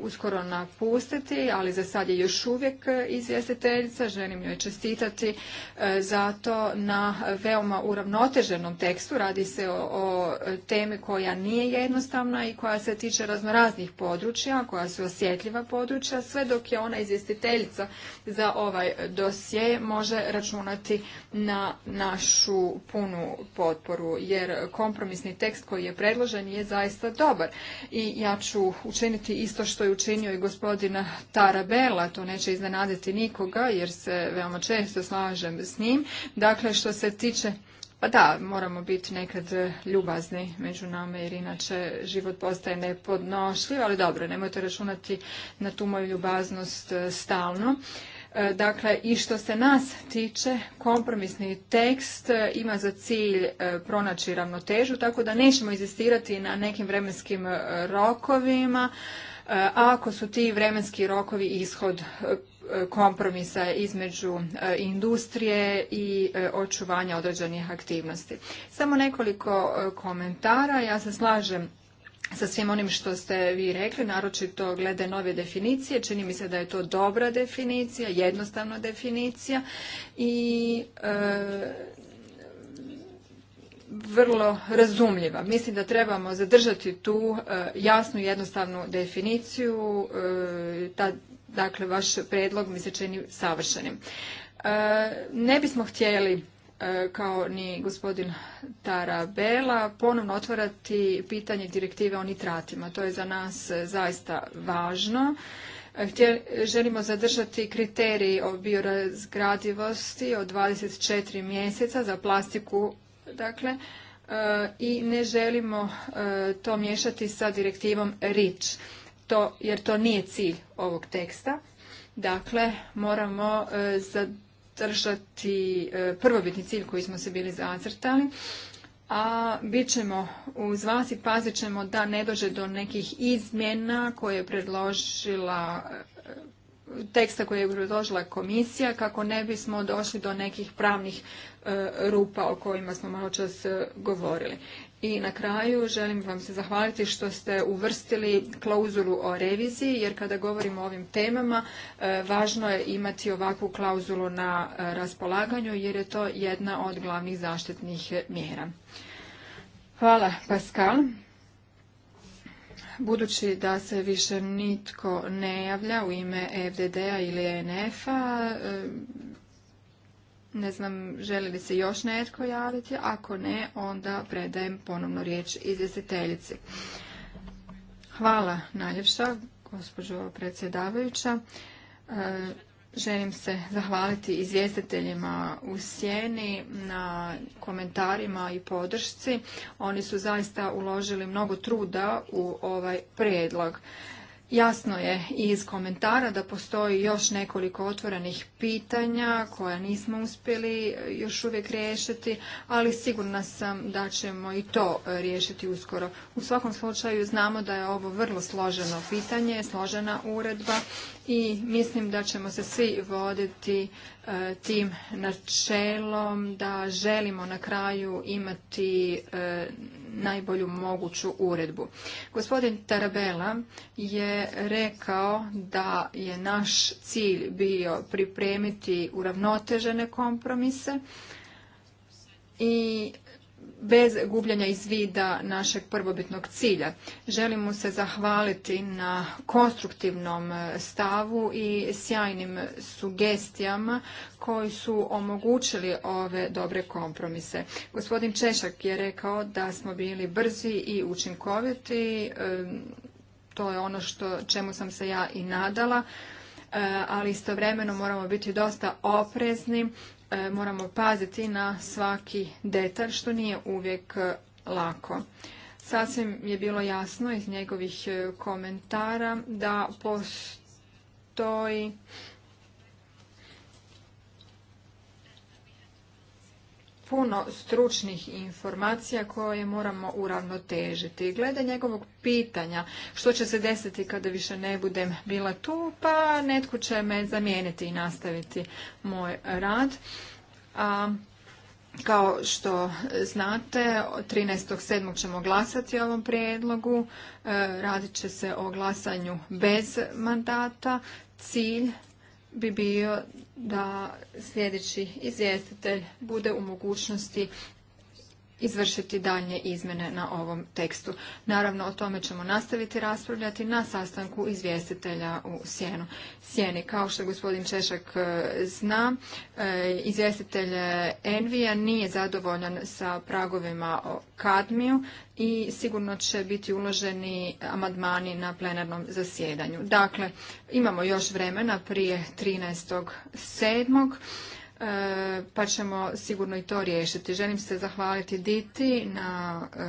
uskoro napustiti, ali za sad je još uvijek izvjestiteljica. Želim joj čestitati zato na veoma uravnoteženom tekstu. Radi se o, o temi koja nije jednostavna i koja se tiče raznoraznih područja, koja su osjetljiva područja, sve dok je ona izvjestiteljica za ovaj dosje može računati na našu punu potporu, jer kompromisni tekst koji je predložen je zaista dobar. I ja ću učiniti isto što je učinio i gospodin Tarabela, to neće iznenaditi nikoga, jer se veoma često slažem s njim. Dakle, što se tiče pa da, moramo biti nekad ljubazni među nama jer inače život postaje nepodnošljiv, ali dobro, nemojte računati na tu moju ljubaznost eh, stalno. E, dakle, i što se nas tiče, kompromisni tekst e, ima za cilj e, pronaći ravnotežu, tako da nećemo izistirati na nekim vremenskim rokovima, ako su ti vremenski rokovi ishod kompromisa između industrije i očuvanja određenih aktivnosti. Samo nekoliko komentara. Ja se slažem sa svim onim što ste vi rekli, naročito glede nove definicije. Čini mi se da je to dobra definicija, jednostavna definicija i e, vrlo razumljiva. Mislim da trebamo zadržati tu e, jasnu i jednostavnu definiciju. E, dakle, vaš predlog mi se čini savršenim. Ne bismo htjeli E, kao ni gospodin Tarabela ponovno otvarati pitanje direktive o nitratima. To je za nas zaista važno. želimo zadržati kriterij o biorazgradivosti od 24 mjeseca za plastiku dakle, e, i ne želimo e, to miješati sa direktivom REACH, jer to nije cilj ovog teksta. Dakle, moramo zadržati držati e, prvobitni cilj koji smo se bili zacrtali, a bit ćemo uz vas i pazit ćemo da ne dođe do nekih izmjena koje je predložila e, teksta koje je predložila komisija kako ne bismo došli do nekih pravnih e, rupa o kojima smo malo čas govorili. I na kraju želim vam se zahvaliti što ste uvrstili klauzulu o reviziji, jer kada govorimo o ovim temama, e, važno je imati ovakvu klauzulu na e, raspolaganju, jer je to jedna od glavnih zaštitnih mjera. Hvala, Pascal. Budući da se više nitko ne javlja u ime FDD-a ili ENF-a, e, ne znam, želi li se još netko javiti? Ako ne, onda predajem ponovno riječ izvjestiteljici. Hvala najljepša, gospođo predsjedavajuća. E, želim se zahvaliti izvjestiteljima u Sjeni na komentarima i podršci. Oni su zaista uložili mnogo truda u ovaj prijedlog. Jasno je iz komentara da postoji još nekoliko otvorenih pitanja koja nismo uspjeli eh, još uvijek riješiti, ali sigurna sam da ćemo i to eh, riješiti uskoro. U svakom slučaju znamo da je ovo vrlo složeno pitanje, složena uredba i mislim da ćemo se svi voditi e, tim načelom da želimo na kraju imati e, najbolju moguću uredbu. Gospodin Tarabela je rekao da je naš cilj bio pripremiti uravnotežene kompromise i bez gubljanja iz vida našeg prvobitnog cilja. Želim mu se zahvaliti na konstruktivnom e, stavu i sjajnim sugestijama koji su omogućili ove dobre kompromise. Gospodin Češak je rekao da smo bili brzi i učinkoviti. E, to je ono što, čemu sam se ja i nadala e, ali istovremeno moramo biti dosta oprezni E, moramo paziti na svaki detalj što nije uvijek e, lako. Sasvim je bilo jasno iz njegovih e, komentara da postoji puno stručnih informacija koje moramo uravnotežiti. Glede njegovog pitanja što će se desiti kada više ne budem bila tu, pa netko će me zamijeniti i nastaviti moj rad. A, kao što znate, 13.7. ćemo glasati o ovom prijedlogu. E, radit će se o glasanju bez mandata. Cilj bi bio da sljedeći izvjestitelj bude u mogućnosti izvršiti daljnje izmjene na ovom tekstu. Naravno, o tome ćemo nastaviti raspravljati na sastanku izvjestitelja u Sjenu. Sjeni, kao što gospodin Češak e, zna, e, izvjestitelj Envija nije zadovoljan sa pragovima o kadmiju i sigurno će biti uloženi amadmani na plenarnom zasjedanju. Dakle, imamo još vremena prije 13.7 E, pa ćemo sigurno i to riješiti. Želim se zahvaliti Diti na e,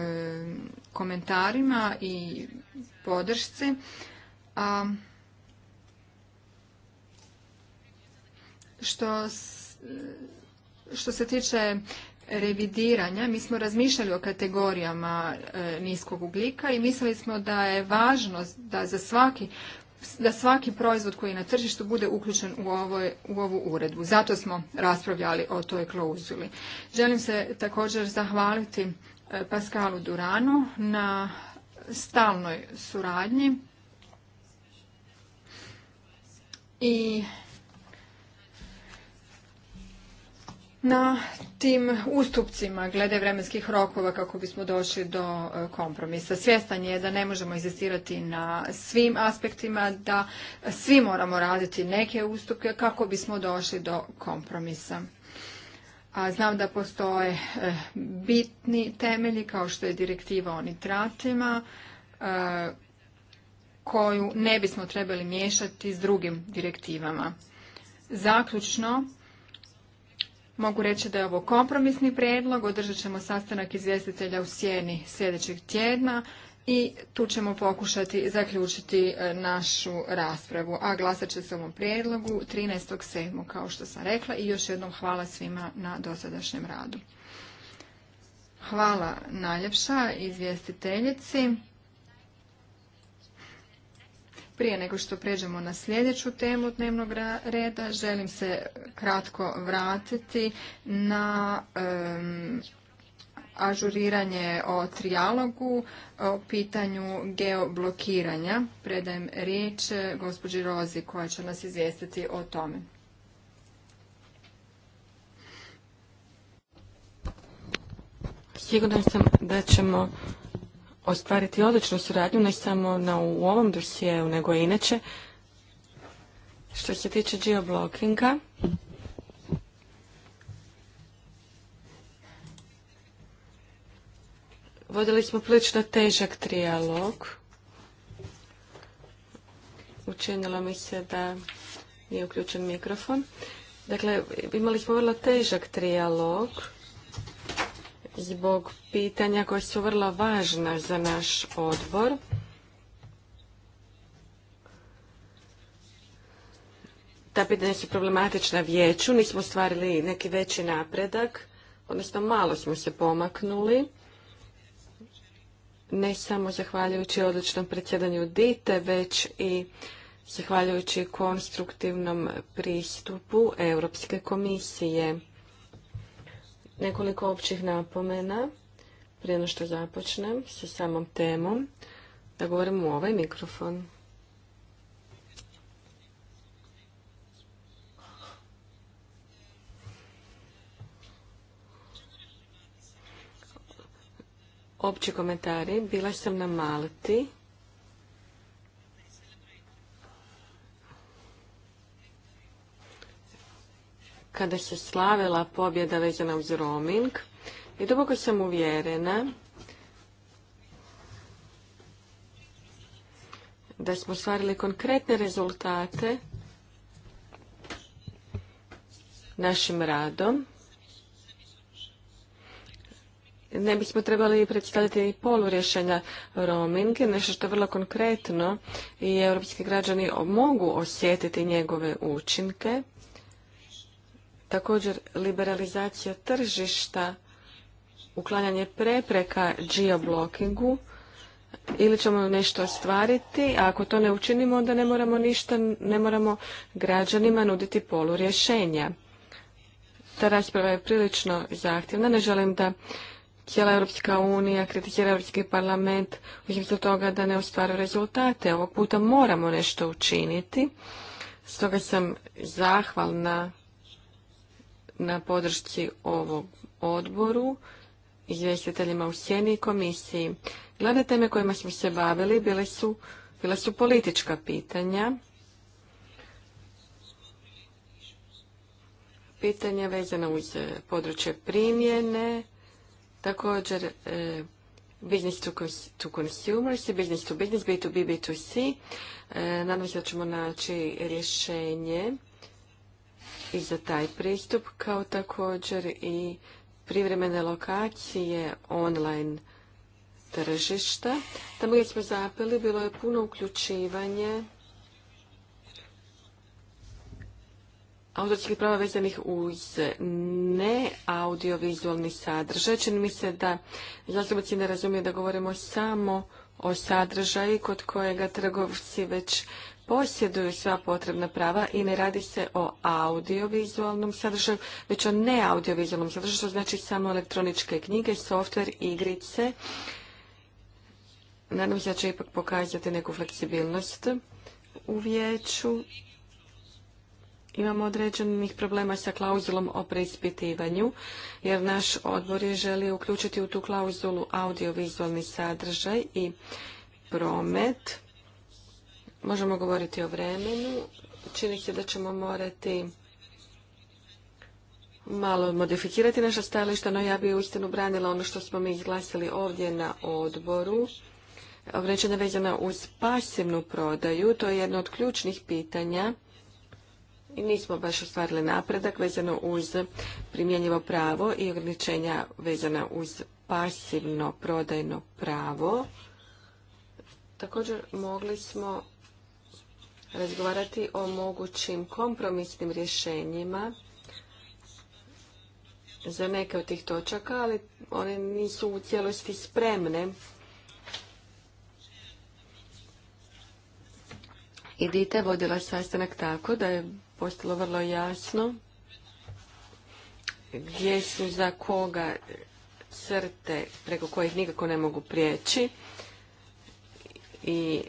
komentarima i podršci. što, što se tiče revidiranja, mi smo razmišljali o kategorijama e, niskog ugljika i mislili smo da je važno da za svaki da svaki proizvod koji je na tržištu bude uključen u, u ovu uredbu. Zato smo raspravljali o toj klauzuli. Želim se također zahvaliti e, Paskalu Duranu na stalnoj suradnji i na tim ustupcima glede vremenskih rokova kako bismo došli do e, kompromisa. Svjestan je da ne možemo izistirati na svim aspektima, da svi moramo raditi neke ustupke kako bismo došli do kompromisa. A znam da postoje e, bitni temelji kao što je direktiva o nitratima e, koju ne bismo trebali miješati s drugim direktivama. Zaključno, Mogu reći da je ovo kompromisni prijedlog, održat ćemo sastanak izvjestitelja u sjeni sljedećeg tjedna i tu ćemo pokušati zaključiti e, našu raspravu. A glasat će se ovom prijedlogu 13.7. kao što sam rekla i još jednom hvala svima na dosadašnjem radu. Hvala najljepša izvjestiteljici. Prije nego što pređemo na sljedeću temu dnevnog reda, želim se kratko vratiti na um, ažuriranje o trijalogu, o pitanju geoblokiranja. Predajem riječ e, gospođi Rozi koja će nas izvijestiti o tome. Sigurno sam da ćemo ostvariti odličnu suradnju, ne samo na, u ovom dosjeu nego i inače. Što se tiče geoblockinga, vodili smo prilično težak trijalog. Učinilo mi se da nije uključen mikrofon. Dakle, imali smo vrlo težak trijalog zbog pitanja koja su vrlo važna za naš odbor. Ta pitanja su problematična vijeću, nismo stvarili neki veći napredak, odnosno malo smo se pomaknuli. Ne samo zahvaljujući odličnom predsjedanju DITE, već i zahvaljujući konstruktivnom pristupu Europske komisije. Nekoliko općih napomena prije no što započnem sa samom temom da govorim u ovaj mikrofon. Opći komentari. Bila sam na Malti kada se slavila pobjeda vezana uz roaming i duboko sam uvjerena da smo stvarili konkretne rezultate našim radom. Ne bismo trebali predstaviti i polu rješenja roaming, nešto što je vrlo konkretno i europski građani mogu osjetiti njegove učinke. Također, liberalizacija tržišta, uklanjanje prepreka geoblockingu ili ćemo nešto ostvariti, a ako to ne učinimo, onda ne moramo ništa, ne moramo građanima nuditi polu rješenja. Ta rasprava je prilično zahtjevna. Ne želim da cijela Europska unija kritizira Europski parlament u smislu toga da ne ostvaru rezultate. Ovog puta moramo nešto učiniti. Stoga sam zahvalna na podršci ovog odboru, izvjestiteljima u sjeni i komisiji. Glavne teme kojima smo se bavili su, bila su politička pitanja, pitanja vezana uz e, područje primjene, također e, business to, consumers i business to business, B2B, B2C. E, nadam se da ćemo naći rješenje i za taj pristup, kao također i privremene lokacije online tržišta. Tamo gdje smo zapeli bilo je puno uključivanje autorskih prava vezanih uz ne audiovizualni sadržaj. Čini mi se da zastupnici ne razumije da govorimo samo o sadržaju kod kojega trgovci već posjeduju sva potrebna prava i ne radi se o audiovizualnom sadržaju, već o neaudiovizualnom sadržaju, što znači samo elektroničke knjige, softver, igrice. Nadam se da će ipak pokazati neku fleksibilnost u vijeću. Imamo određenih problema sa klauzulom o preispitivanju, jer naš odbor je želio uključiti u tu klauzulu audiovizualni sadržaj i promet Možemo govoriti o vremenu. Čini se da ćemo morati malo modifikirati naša stajališta, no ja bi uistinu branila ono što smo mi izglasili ovdje na odboru. Ograničenja vezana uz pasivnu prodaju, to je jedno od ključnih pitanja i nismo baš ostvarili napredak vezano uz primjenjivo pravo i ograničenja vezana uz pasivno prodajno pravo. Također mogli smo razgovarati o mogućim kompromisnim rješenjima za neke od tih točaka, ali one nisu u cijelosti spremne. I Dita je vodila sastanak tako da je postalo vrlo jasno gdje su za koga crte preko kojih nikako ne mogu prijeći i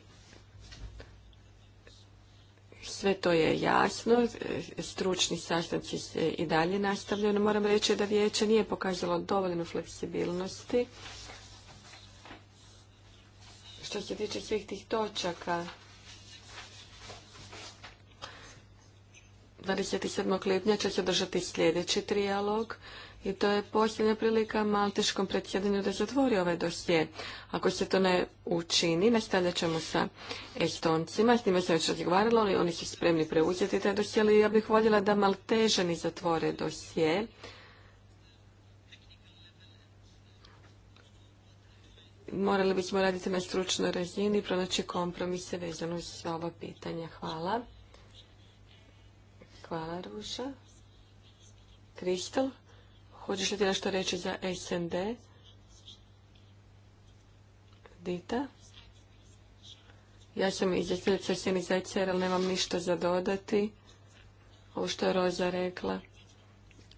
sve to je jasno, stručni sastanci se i dalje nastavljaju, no moram reći da vijeće nije pokazalo dovoljno fleksibilnosti. Što se tiče svih tih točaka, 27. lipnja će se držati sljedeći trijalog i to je posljednja prilika malteškom predsjedanju da zatvori ovaj dosje. Ako se to ne učini, nastavljat ćemo sa Estoncima, s njima sam već razgovarala, ali oni su spremni preuzeti taj dosje, ali ja bih voljela da maltežani zatvore dosje. Morali bismo raditi na stručnoj razini i pronaći kompromise vezano s ova pitanja. Hvala. Hvala, Ruša. Kristal? Hoćeš li ti nešto reći za SND? Dita? Ja sam izvjestiteljica Sjenizacija, ali nemam ništa za dodati. Ovo što je Roza rekla.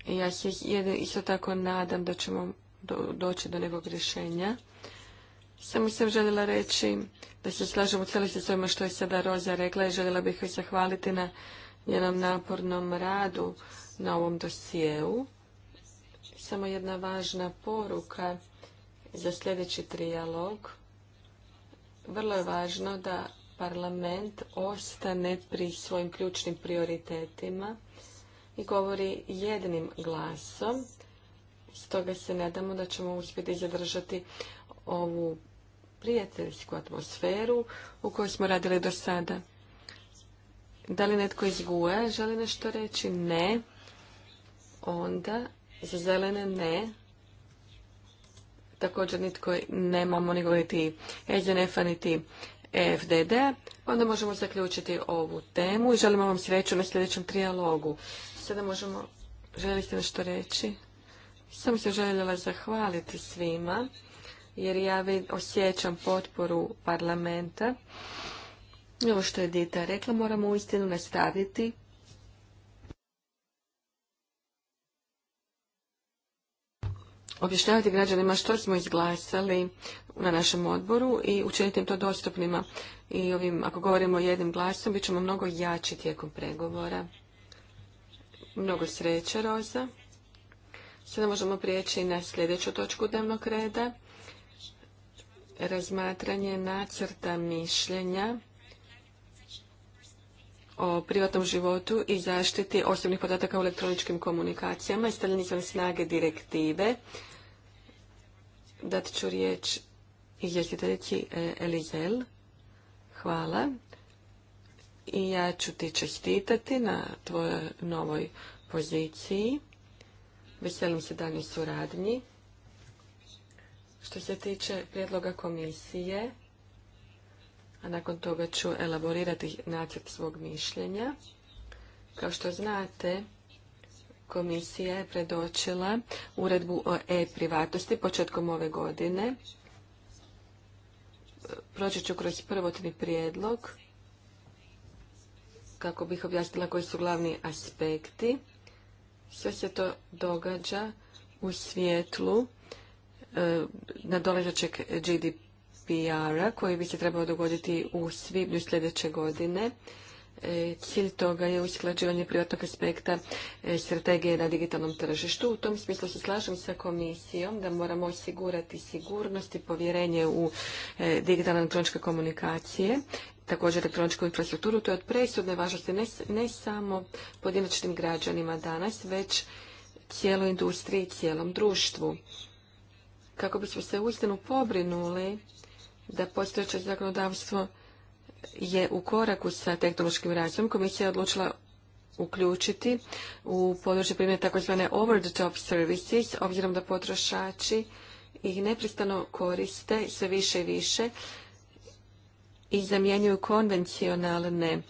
ja se isto tako nadam da ćemo doći do nekog rješenja. Samo sam željela reći da se slažem u cijelosti s ovima što je sada Roza rekla i željela bih joj zahvaliti na njenom napornom radu na ovom dosijeu. Samo jedna važna poruka za sljedeći trijalog. Vrlo je važno da parlament ostane pri svojim ključnim prioritetima i govori jednim glasom. Stoga se nadamo da ćemo uspjeti zadržati ovu prijateljsku atmosferu u kojoj smo radili do sada. Da li netko iz GUE želi nešto reći? Ne. Onda za zelene ne. Također nitko nemamo ni govoriti SNF-a niti EFDD. Onda možemo zaključiti ovu temu i želimo vam sreću na sljedećem trijalogu. Sada možemo... Želite nešto reći? Sam se željela zahvaliti svima, jer ja osjećam potporu parlamenta. Ovo što je Dita rekla, moramo istinu nastaviti objašnjavati građanima što smo izglasali na našem odboru i učiniti im to dostupnima. I ovim, ako govorimo jednim glasom, bit ćemo mnogo jači tijekom pregovora. Mnogo sreće, Roza. Sada možemo prijeći na sljedeću točku dnevnog reda. Razmatranje nacrta mišljenja o privatnom životu i zaštiti osobnih podataka u elektroničkim komunikacijama i stavljanje izvan snage direktive. Dat ću riječ izvjestiteljici e, Elizel. Hvala. I ja ću ti čestitati na tvojoj novoj poziciji. Veselim se danju suradnji. Što se tiče prijedloga komisije, a nakon toga ću elaborirati nacrt svog mišljenja. Kao što znate, komisija je predočila uredbu o e-privatnosti početkom ove godine. Proći ću kroz prvotni prijedlog kako bih objasnila koji su glavni aspekti. Sve se to događa u svijetlu e, nadolazećeg GDP pr a koji bi se trebao dogoditi u svibnju sljedeće godine. E, cilj toga je usklađivanje privatnog aspekta e, strategije na digitalnom tržištu. U tom smislu se slažem sa komisijom da moramo osigurati sigurnost i povjerenje u e, digitalne elektroničke komunikacije, također elektroničku infrastrukturu. To je od presudne važnosti ne, samo pojedinačnim građanima danas, već cijeloj industriji i cijelom društvu. Kako bismo se uistinu pobrinuli da postojeće zakonodavstvo je u koraku sa tehnološkim razvojem. Komisija je odlučila uključiti u područje primjene takozvane over the top services, obzirom da potrošači ih nepristano koriste sve više i više i zamjenjuju konvencionalne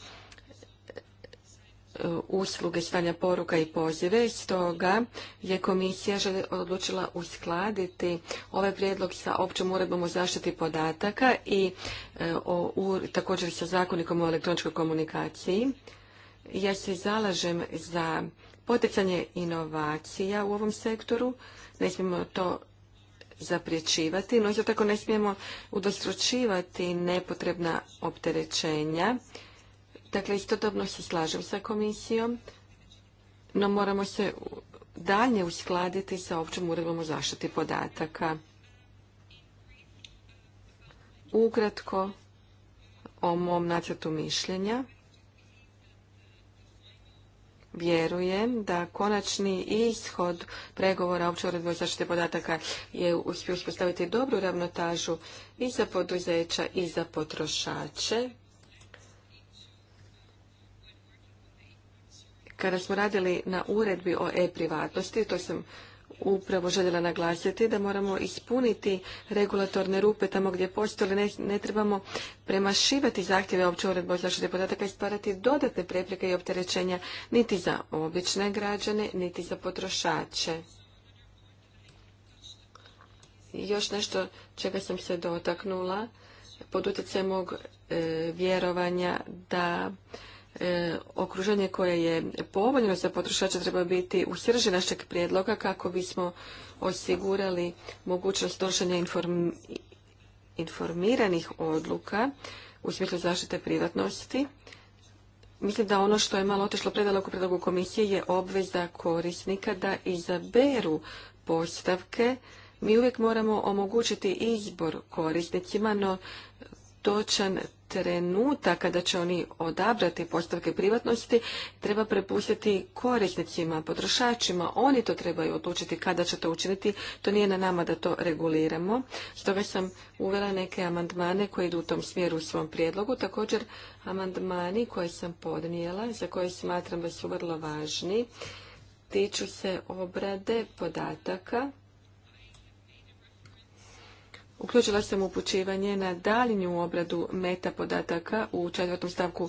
usluge slanja poruka i pozive. Stoga je komisija odlučila uskladiti ovaj prijedlog sa općom uredbom o zaštiti podataka i e, također sa zakonikom o elektroničkoj komunikaciji. Ja se zalažem za poticanje inovacija u ovom sektoru. Ne smijemo to zapriječivati, no isto tako ne smijemo udostručivati nepotrebna opterećenja. Dakle, istodobno se slažem sa komisijom, no moramo se dalje uskladiti sa općom uredbom o zaštiti podataka. Ukratko o mom nacrtu mišljenja. Vjerujem da konačni ishod pregovora opće uredbe o zaštiti podataka je uspio uspostaviti dobru ravnotažu i za poduzeća i za potrošače. Kada smo radili na uredbi o e-privatnosti, to sam upravo željela naglasiti da moramo ispuniti regulatorne rupe tamo gdje postoje, ne, ne trebamo premašivati zahtjeve opće uredbe o zaštiti podataka i stvarati dodatne prepreke i opterećenja niti za obične građane, niti za potrošače. Još nešto čega sam se dotaknula pod utjecajem mog e, vjerovanja da E, okruženje koje je povoljno za potrošače treba biti u srži našeg prijedloga kako bismo osigurali mogućnost donošenja informiranih odluka u smislu zaštite privatnosti. Mislim da ono što je malo otišlo predaleko u predlogu komisije je obveza korisnika da izaberu postavke. Mi uvijek moramo omogućiti izbor korisnicima, no točan trenutak kada će oni odabrati postavke privatnosti treba prepustiti korisnicima, potrošačima. Oni to trebaju odlučiti kada će to učiniti. To nije na nama da to reguliramo. Stoga sam uvela neke amandmane koji idu u tom smjeru u svom prijedlogu. Također amandmani koje sam podnijela, za koje smatram da su vrlo važni, tiču se obrade podataka Uključila sam upućivanje na daljnju obradu meta podataka u četvrtom stavku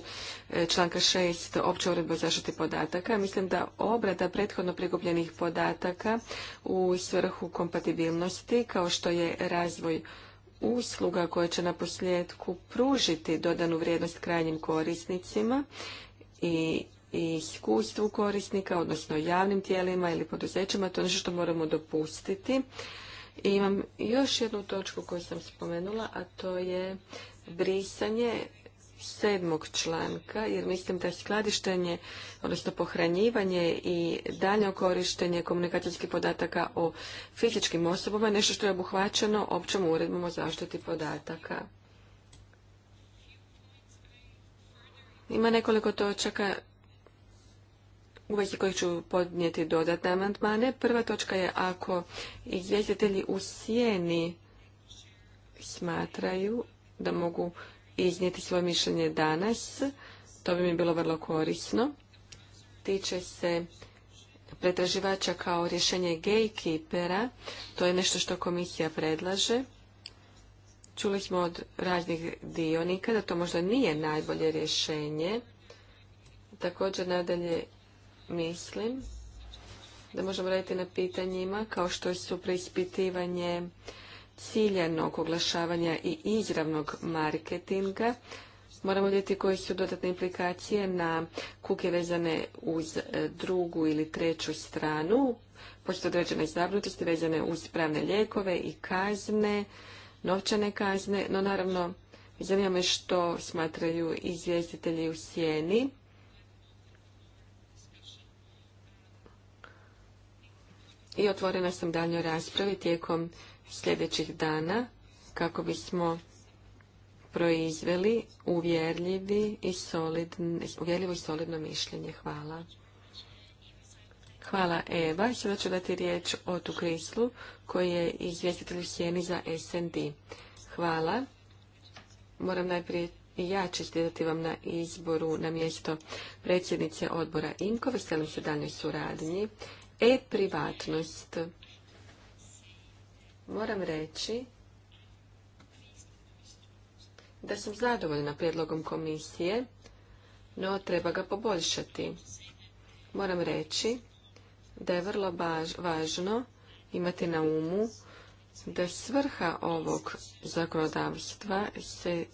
e, članka 6 opće uredbe o zaštiti podataka. Mislim da obrada prethodno prikupljenih podataka u svrhu kompatibilnosti, kao što je razvoj usluga koje će na posljedku pružiti dodanu vrijednost krajnjim korisnicima i i iskustvu korisnika, odnosno javnim tijelima ili poduzećima, to je nešto što moramo dopustiti. I imam još jednu točku koju sam spomenula, a to je brisanje sedmog članka, jer mislim da skladištenje, odnosno pohranjivanje i dalje korištenje komunikacijskih podataka o fizičkim osobama nešto što je obuhvaćeno općom uredbom o zaštiti podataka. Ima nekoliko točaka uvijek koji ću podnijeti dodatne amandmane. Prva točka je ako izvjestitelji u sjeni smatraju da mogu iznijeti svoje mišljenje danas, to bi mi bilo vrlo korisno. Tiče se pretraživača kao rješenje gatekeepera, to je nešto što komisija predlaže. Čuli smo od raznih dionika da to možda nije najbolje rješenje. Također nadalje mislim da možemo raditi na pitanjima kao što su preispitivanje ciljanog oglašavanja i izravnog marketinga. Moramo vidjeti koje su dodatne implikacije na kuke vezane uz e, drugu ili treću stranu. Postoje određene zabrinutosti vezane uz pravne lijekove i kazne, novčane kazne, no naravno zanima me što smatraju izvjestitelji u sjeni i otvorena sam daljnjoj raspravi tijekom sljedećih dana kako bismo proizveli uvjerljivi i uvjerljivo i solidno mišljenje. Hvala. Hvala Eva. Sada ću dati riječ o krislu koji je izvjestitelj sjeni za SND. Hvala. Moram najprije i ja čestitati vam na izboru na mjesto predsjednice odbora INKO. Veselim se daljnoj suradnji e-privatnost. Moram reći da sam zadovoljna prijedlogom komisije, no treba ga poboljšati. Moram reći da je vrlo važno imati na umu da svrha ovog zakonodavstva se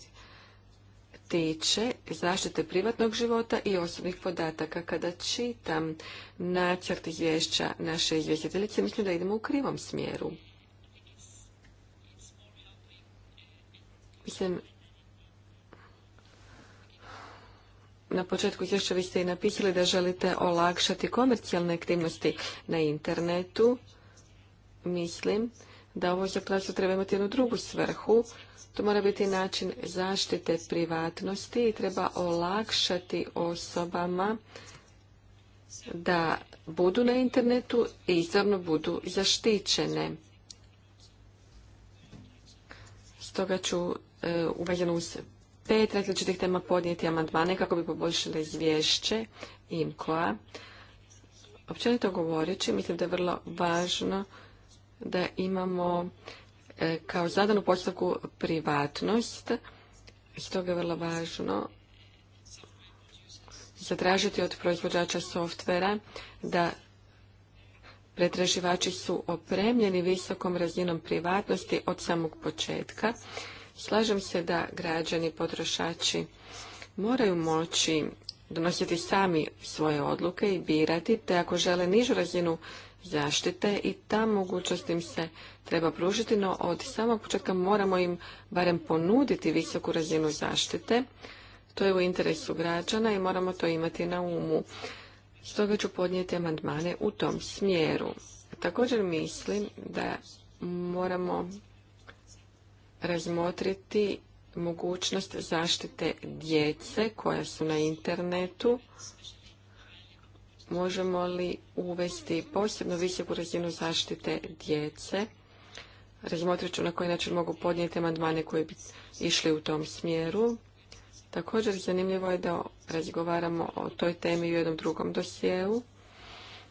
tiče zaštite privatnog života i osobnih podataka. Kada čitam načrt izvješća naše izvjestiteljice, mislim da idemo u krivom smjeru. Mislim, na početku izvješća vi ste i napisali da želite olakšati komercijalne aktivnosti na internetu. Mislim da ovo zakonodavstvo treba imati jednu drugu svrhu. To mora biti način zaštite privatnosti i treba olakšati osobama da budu na internetu i izravno budu zaštićene. Stoga ću e, uz pet različitih tema podnijeti amandmane kako bi poboljšale izvješće IMKOA. Općenito govoreći, mislim da je vrlo važno da imamo e, kao zadanu postavku privatnost, stoga je vrlo važno zatražiti od proizvođača softvera da pretraživači su opremljeni visokom razinom privatnosti od samog početka. Slažem se da građani, potrošači moraju moći donositi sami svoje odluke i birati, te ako žele nižu razinu zaštite i ta mogućnost im se treba pružiti, no od samog početka moramo im barem ponuditi visoku razinu zaštite. To je u interesu građana i moramo to imati na umu. Stoga ću podnijeti amandmane u tom smjeru. Također mislim da moramo razmotriti mogućnost zaštite djece koja su na internetu možemo li uvesti posebno visoku razinu zaštite djece. Razmotrit ću na koji način mogu podnijeti amandmane koji bi išli u tom smjeru. Također zanimljivo je da razgovaramo o toj temi u jednom drugom dosjeu,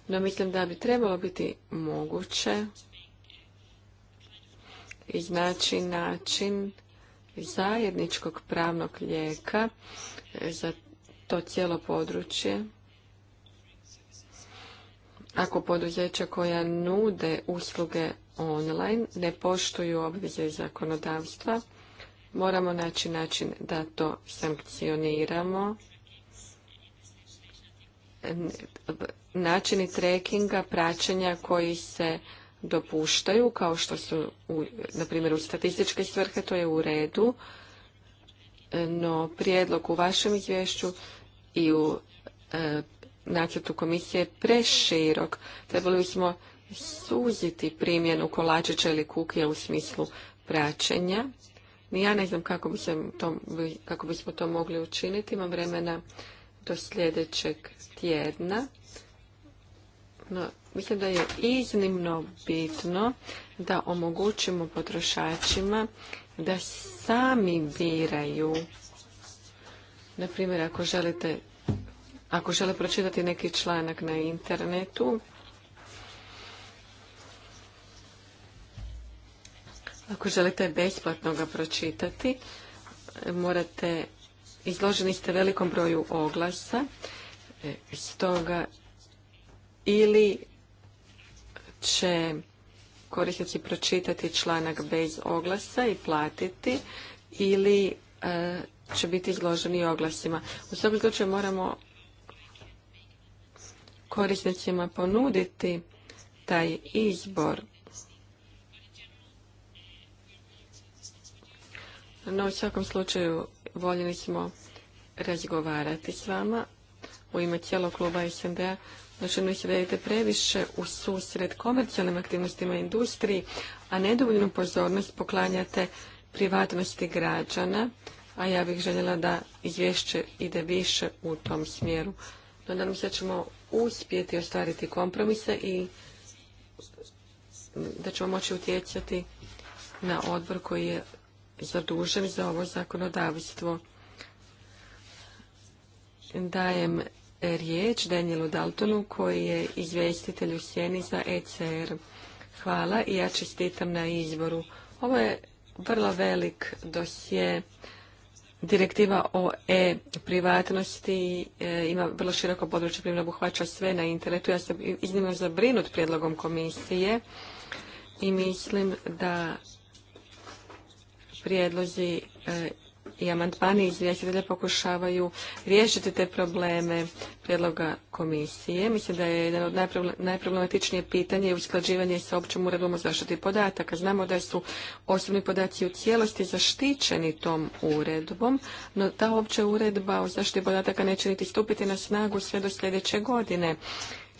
no mislim da bi trebalo biti moguće iznaći način zajedničkog pravnog lijeka za to cijelo područje ako poduzeća koja nude usluge online ne poštuju obveze zakonodavstva, moramo naći način da to sankcioniramo. Načini trekinga, praćenja koji se dopuštaju, kao što su, na primjer, u statističke svrhe, to je u redu, no prijedlog u vašem izvješću i u e, nacrtu komisije preširok. Trebali bismo suziti primjenu kolačića ili kukija u smislu praćenja. Ni ja ne znam kako, kako bismo to mogli učiniti. Imam vremena do sljedećeg tjedna. No, mislim da je iznimno bitno da omogućimo potrošačima da sami biraju. primjer ako želite ako žele pročitati neki članak na internetu, ako želite besplatno ga pročitati, morate, izloženi ste velikom broju oglasa, e, stoga ili će korisnici pročitati članak bez oglasa i platiti ili e, će biti izloženi oglasima. U svakom slučaju moramo korisnicima ponuditi taj izbor. No, u svakom slučaju voljeli smo razgovarati s vama u ime cijelog kluba SND-a. Znači, mi se vedete previše u susret komercijalnim aktivnostima industriji, a nedovoljnu pozornost poklanjate privatnosti građana, a ja bih željela da izvješće ide više u tom smjeru. Nadam se da ćemo uspjeti ostvariti kompromise i da ćemo moći utjecati na odbor koji je zadužen za ovo zakonodavstvo. Dajem riječ Danielu Daltonu koji je izvjestitelj u sjeni za ECR. Hvala i ja čestitam na izboru. Ovo je vrlo velik dosje Direktiva o e-privatnosti e, ima vrlo široko područje, primjer obuhvaća sve na internetu. Ja sam iznimno zabrinut prijedlogom komisije i mislim da prijedlozi e, i amandmani izvjestitelja pokušavaju riješiti te probleme predloga komisije. Mislim da je jedan od najproblematičnije pitanje usklađivanje sa općom uredbom o zaštiti podataka. Znamo da su osobni podaci u cijelosti zaštićeni tom uredbom, no ta opća uredba o zaštiti podataka neće niti stupiti na snagu sve do sljedeće godine.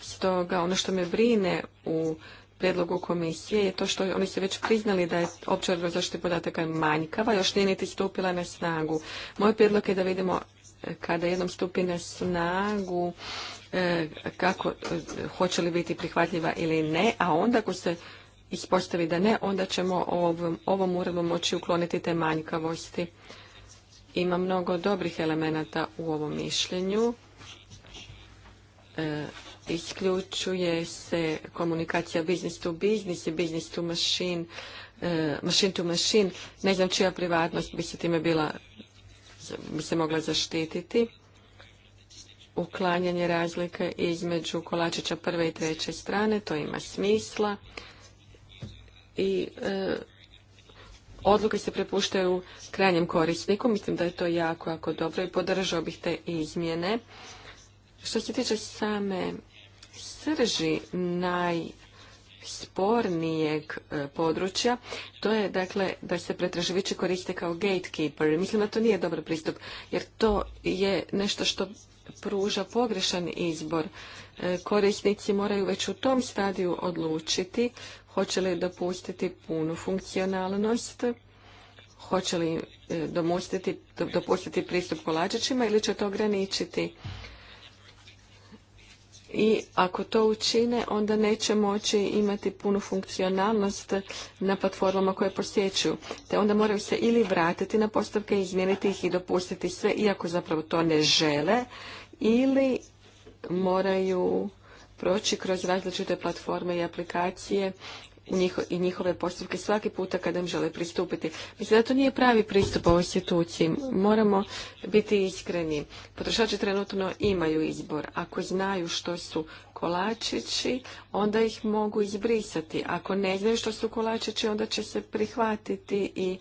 Stoga ono što me brine u prijedlogu komisije je to što oni su već priznali da je opća odbor zaštite podataka manjkava, još nije niti stupila na snagu. Moj prijedlog je da vidimo e, kada jednom stupi na snagu e, kako e, hoće li biti prihvatljiva ili ne, a onda ako se ispostavi da ne, onda ćemo ovom, ovom uredbom moći ukloniti te manjkavosti. Ima mnogo dobrih elemenata u ovom mišljenju isključuje se komunikacija business to business i business to machine, e, machine to machine. Ne znam čija privatnost bi se time bila, bi se mogla zaštititi. Uklanjanje razlike između kolačića prve i treće strane, to ima smisla. I e, odluke se prepuštaju krajnjem korisniku. Mislim da je to jako, jako dobro i podržao bih te izmjene. Što se tiče same srži najspornijeg e, područja, to je dakle da se pretraživići koriste kao gatekeeper. Mislim da to nije dobar pristup, jer to je nešto što pruža pogrešan izbor. E, korisnici moraju već u tom stadiju odlučiti hoće li dopustiti punu funkcionalnost, hoće li e, dopustiti pristup kolačićima ili će to ograničiti i ako to učine onda neće moći imati punu funkcionalnost na platformama koje posjećuju. Te onda moraju se ili vratiti na postavke, izmijeniti ih i dopustiti sve, iako zapravo to ne žele, ili moraju proći kroz različite platforme i aplikacije i njihove postupke svaki puta kada im žele pristupiti. Mislim da to nije pravi pristup ovoj instituciji. Moramo biti iskreni. Potrošači trenutno imaju izbor. Ako znaju što su kolačići, onda ih mogu izbrisati. Ako ne znaju što su kolačići, onda će se prihvatiti i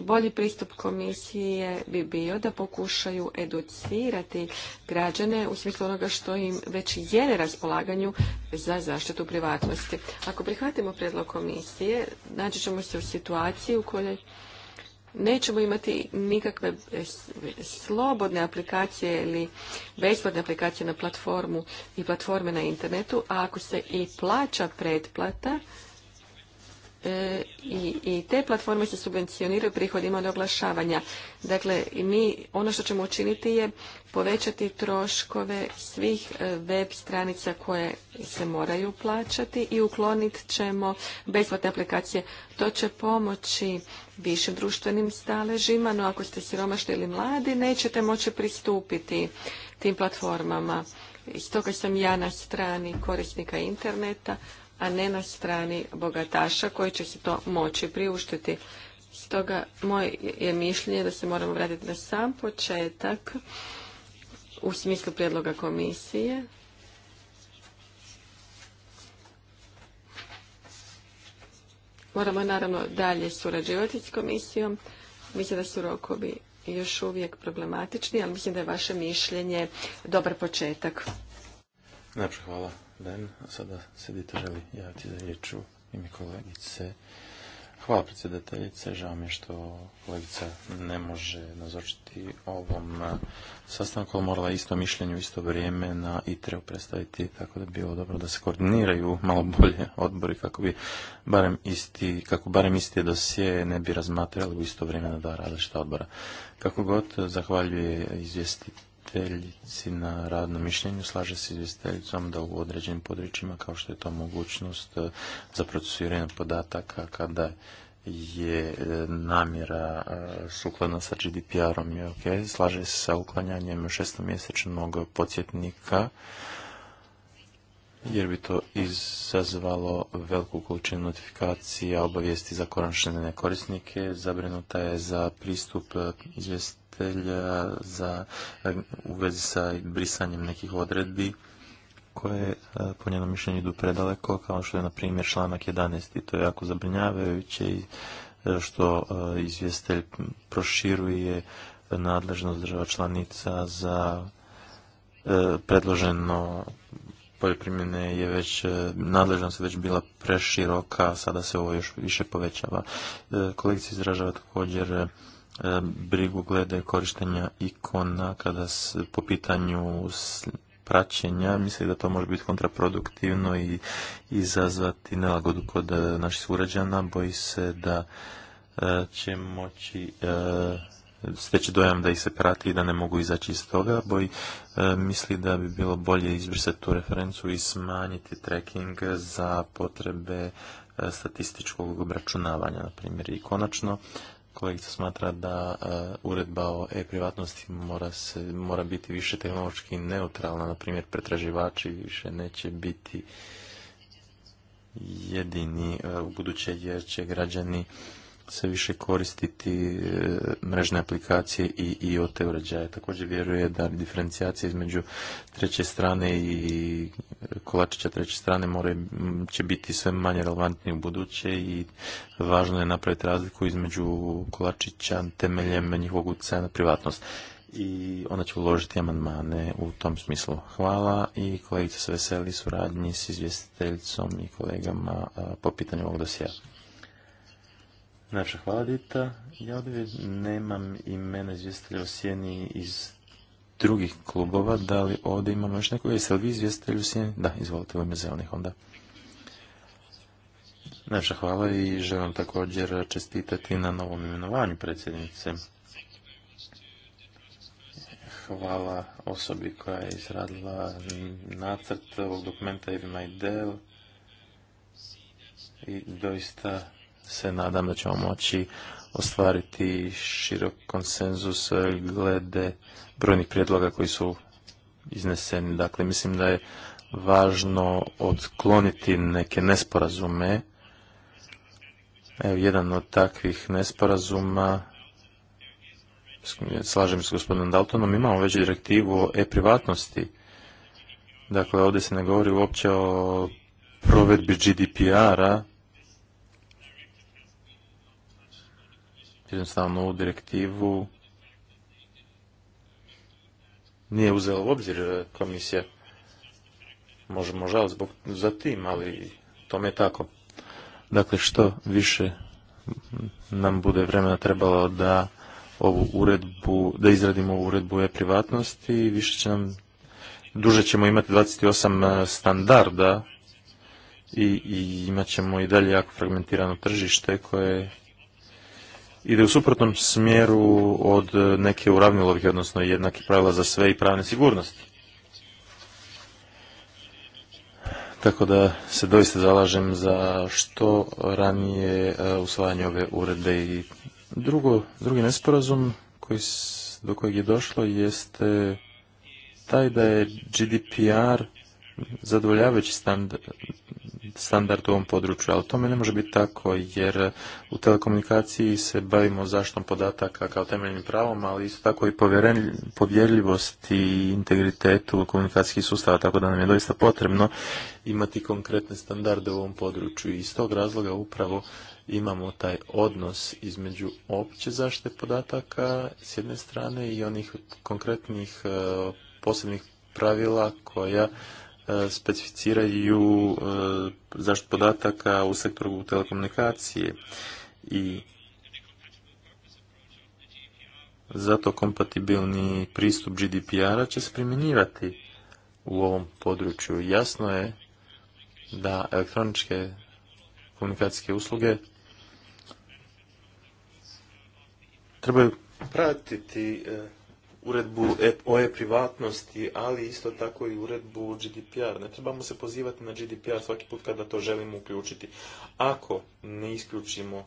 Bolji pristup komisije bi bio da pokušaju educirati građane u smislu onoga što im već je na raspolaganju za zaštitu privatnosti. Ako prihvatimo predlog komisije, naći ćemo se u situaciji u kojoj nećemo imati nikakve slobodne aplikacije ili besplatne aplikacije na platformu i platforme na internetu, a ako se i plaća pretplata, E, i, i te platforme se subvencioniraju prihodima od oglašavanja. Dakle, mi ono što ćemo učiniti je povećati troškove svih e, web stranica koje se moraju plaćati i uklonit ćemo besplatne aplikacije. To će pomoći višim društvenim staležima, no ako ste siromašni ili mladi, nećete moći pristupiti tim platformama. Stoga sam ja na strani korisnika interneta a ne na strani bogataša koji će se to moći priuštiti. Stoga moje je mišljenje da se moramo vratiti na sam početak u smislu prijedloga komisije. Moramo naravno dalje surađivati s komisijom. Mislim da su rokovi još uvijek problematični, ali mislim da je vaše mišljenje dobar početak. Najprej hvala. Dan, sada sedite želi javiti za riječ u ime kolegice. Hvala predsjedateljice, žao mi je što kolegica ne može nazočiti ovom sastanku, morala isto mišljenju, isto vrijeme na ITRE-u predstaviti, tako da bi bilo dobro da se koordiniraju malo bolje odbori kako bi barem isti, kako barem isti dosije ne bi razmatrali u isto vrijeme na dva različita odbora. Kako god zahvaljuje izvijesti na radnom mišljenju slaže se izvjestiteljicom da u određenim područjima kao što je to mogućnost e, za procesiranje podataka kada je e, namjera e, sukladna sa GDPR-om je ok. Slaže se sa uklanjanjem šestomjesečnog podsjetnika jer bi to izazvalo veliku količinu notifikacija, obavijesti za konačne korisnike. Zabrinuta je za pristup izvjest za, u vezi sa brisanjem nekih odredbi koje e, po njenom mišljenju idu predaleko, kao što je na primjer članak 11. I to je jako zabrinjavajuće i e, što e, izvjestitelj proširuje nadležnost država članica za predloženo polje je već, nadležnost je već bila preširoka, sada se ovo još više povećava. kolekcija izražava također brigu glede korištenja ikona kada se po pitanju praćenja, mislim da to može biti kontraproduktivno i izazvati nelagodu kod e, naših surađana, boji se da e, će moći e, steći dojam da ih se prati i da ne mogu izaći iz toga, boji misli da bi bilo bolje izbrisati tu referencu i smanjiti tracking za potrebe statističkog obračunavanja, na primjer. I konačno, kolegica smatra da e, uredba o e-privatnosti mora, se, mora biti više tehnološki neutralna, na primjer pretraživači više neće biti jedini, e, u buduće jer će građani se više koristiti e, mrežne aplikacije i IoT uređaje. Također vjeruje da diferencijacija između treće strane i e, kolačića treće strane će biti sve manje relevantni u buduće i važno je napraviti razliku između kolačića temeljem njihovog utjecaja na privatnost i ona će uložiti amandmane u tom smislu. Hvala i kolegica se veseli suradnji s izvjestiteljicom i kolegama po pitanju ovog dosjea. Najpša hvala, Dita. Ja ovdje nemam imena izvjestelja u sjeni iz drugih klubova. Da li ovdje imamo još nekoga? Jeste li vi izvjestelji u sjeni? Da, izvolite, u ime zelenih onda. Najpša hvala i želim također čestitati na novom imenovanju predsjednice. Hvala osobi koja je izradila nacrt ovog dokumenta Evi Majdel i doista se nadam da ćemo moći ostvariti širok konsenzus eh, glede brojnih prijedloga koji su izneseni. Dakle, mislim da je važno odkloniti neke nesporazume. Evo, jedan od takvih nesporazuma, slažem se s gospodinom Daltonom, imamo već direktivu o e-privatnosti. Dakle, ovdje se ne govori uopće o provedbi GDPR-a, jednostavno ovu direktivu nije uzela u obzir e, komisija. Možemo žal zbog za tim, ali tome je tako. Dakle, što više nam bude vremena trebalo da ovu uredbu, da izradimo ovu uredbu e-privatnosti, više će nam, duže ćemo imati 28 e, standarda i, i imat ćemo i dalje jako fragmentirano tržište koje ide u suprotnom smjeru od neke uravnilovih odnosno jednake pravila za sve i pravne sigurnosti. Tako da se doista zalažem za što ranije e, usvajanje ove uredbe i drugo, drugi nesporazum koji, do kojeg je došlo jeste taj da je GDPR zadovoljavajući standard u ovom području, ali tome ne može biti tako, jer u telekomunikaciji se bavimo zaštom podataka kao temeljnim pravom, ali isto tako i povjerljivost i integritetu komunikacijskih sustava, tako da nam je doista potrebno imati konkretne standarde u ovom području i iz tog razloga upravo imamo taj odnos između opće zaštite podataka s jedne strane i onih konkretnih e, posebnih pravila koja E, specificiraju e, zaštitu podataka u sektoru telekomunikacije i zato kompatibilni pristup GDPR-a će se primjenjivati u ovom području. Jasno je da elektroničke komunikacijske usluge trebaju pratiti e, uredbu e- o e-privatnosti, ali isto tako i uredbu GDPR. Ne trebamo se pozivati na GDPR svaki put kada to želimo uključiti. Ako ne isključimo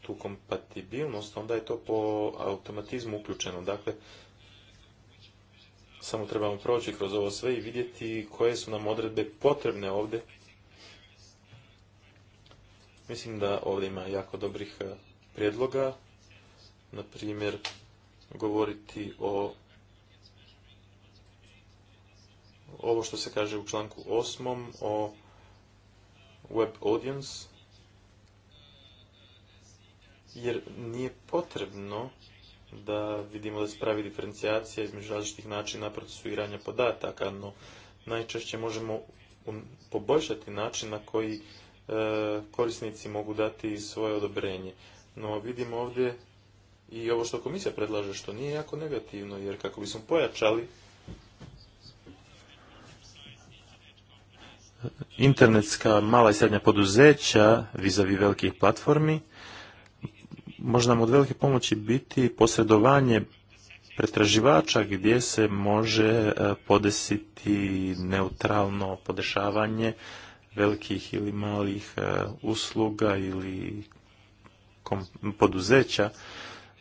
tu kompatibilnost, onda je to po automatizmu uključeno. Dakle, samo trebamo proći kroz ovo sve i vidjeti koje su nam odredbe potrebne ovdje. Mislim da ovdje ima jako dobrih eh, prijedloga. Naprimjer, primjer, govoriti o ovo što se kaže u članku 8. o web audience, jer nije potrebno da vidimo da se pravi diferencijacija između različitih načina procesuiranja podataka, no najčešće možemo um, poboljšati način na koji e, korisnici mogu dati svoje odobrenje. No vidimo ovdje i ovo što komisija predlaže, što nije jako negativno, jer kako bismo pojačali internetska mala i srednja poduzeća vizavi velikih platformi, možda nam od velike pomoći biti posredovanje pretraživača gdje se može e, podesiti neutralno podešavanje velikih ili malih e, usluga ili poduzeća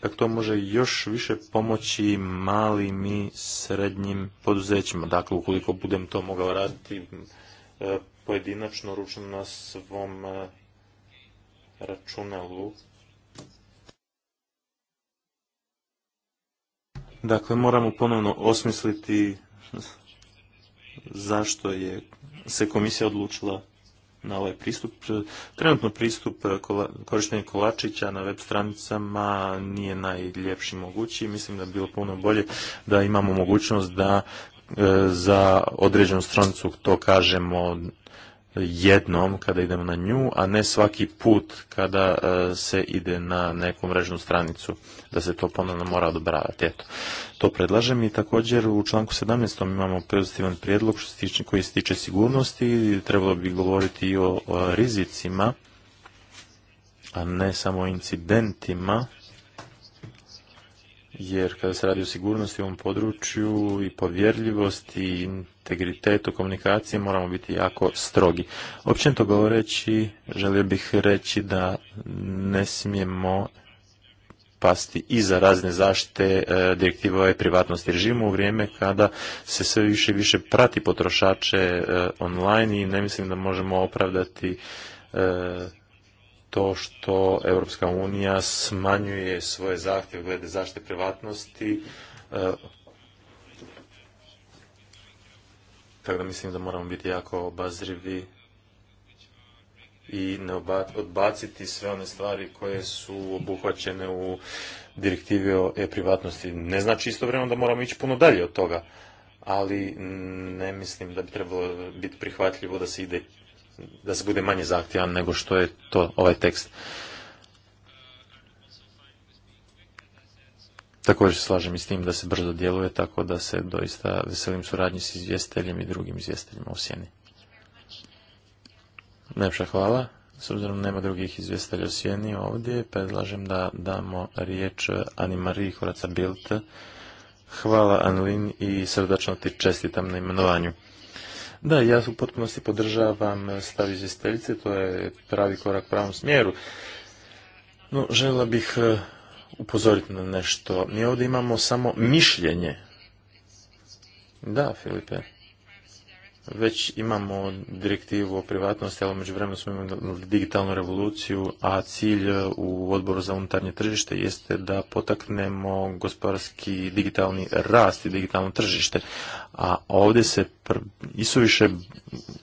kako to može još više pomoći malim i srednjim poduzećima. Dakle, ukoliko budem to mogao raditi e, pojedinačno, ručno na svom e, računalu. Dakle, moramo ponovno osmisliti zašto je se komisija odlučila na ovaj pristup. Trenutno pristup e, korištenja kolačića na web stranicama nije najljepši mogući. Mislim da bi bilo puno bolje da imamo mogućnost da e, za određenu stranicu to kažemo jednom kada idemo na nju, a ne svaki put kada e, se ide na neku mrežnu stranicu, da se to ponovno mora odobravati. Eto, to predlažem i također u članku 17. imamo pozitivan prijedlog koji se tiče sigurnosti, trebalo bi govoriti i o, o rizicima, a ne samo o incidentima, jer kada se radi o sigurnosti u ovom području i povjerljivosti i integritetu komunikacije moramo biti jako strogi. Općenito govoreći, želio bih reći da ne smijemo pasti iza razne zaštite e, direktive privatnosti režimu u vrijeme kada se sve više i više prati potrošače e, online i ne mislim da možemo opravdati e, to što Europska unija smanjuje svoje zahtjeve glede zaštite privatnosti. Eh, tako da mislim da moramo biti jako obazrivi i ne odbaciti sve one stvari koje su obuhvaćene u direktivi o e-privatnosti. Ne znači isto vremeno da moramo ići puno dalje od toga, ali ne mislim da bi trebalo biti prihvatljivo da se ide da se bude manje zahtjevan nego što je to ovaj tekst. Također slažem i s tim da se brzo djeluje, tako da se doista veselim suradnji s izvjestiteljem i drugim izvjestiteljima u sjeni. Najpša hvala. S obzirom nema drugih izvjestitelja u sjeni ovdje, predlažem da damo riječ Ani Mariji Horaca Bilt. Hvala Anlin i srdačno ti čestitam na imenovanju. Da, ja u potpunosti podržavam stav izvjestiteljice, to je pravi korak pravom smjeru. No, žela bih e, upozoriti na nešto. Mi ovdje imamo samo mišljenje. Da, Filipe već imamo direktivu o privatnosti, ali među međuvremenu smo imali digitalnu revoluciju, a cilj u odboru za unutarnje tržište jeste da potaknemo gospodarski digitalni rast i digitalno tržište. A ovdje se isuviše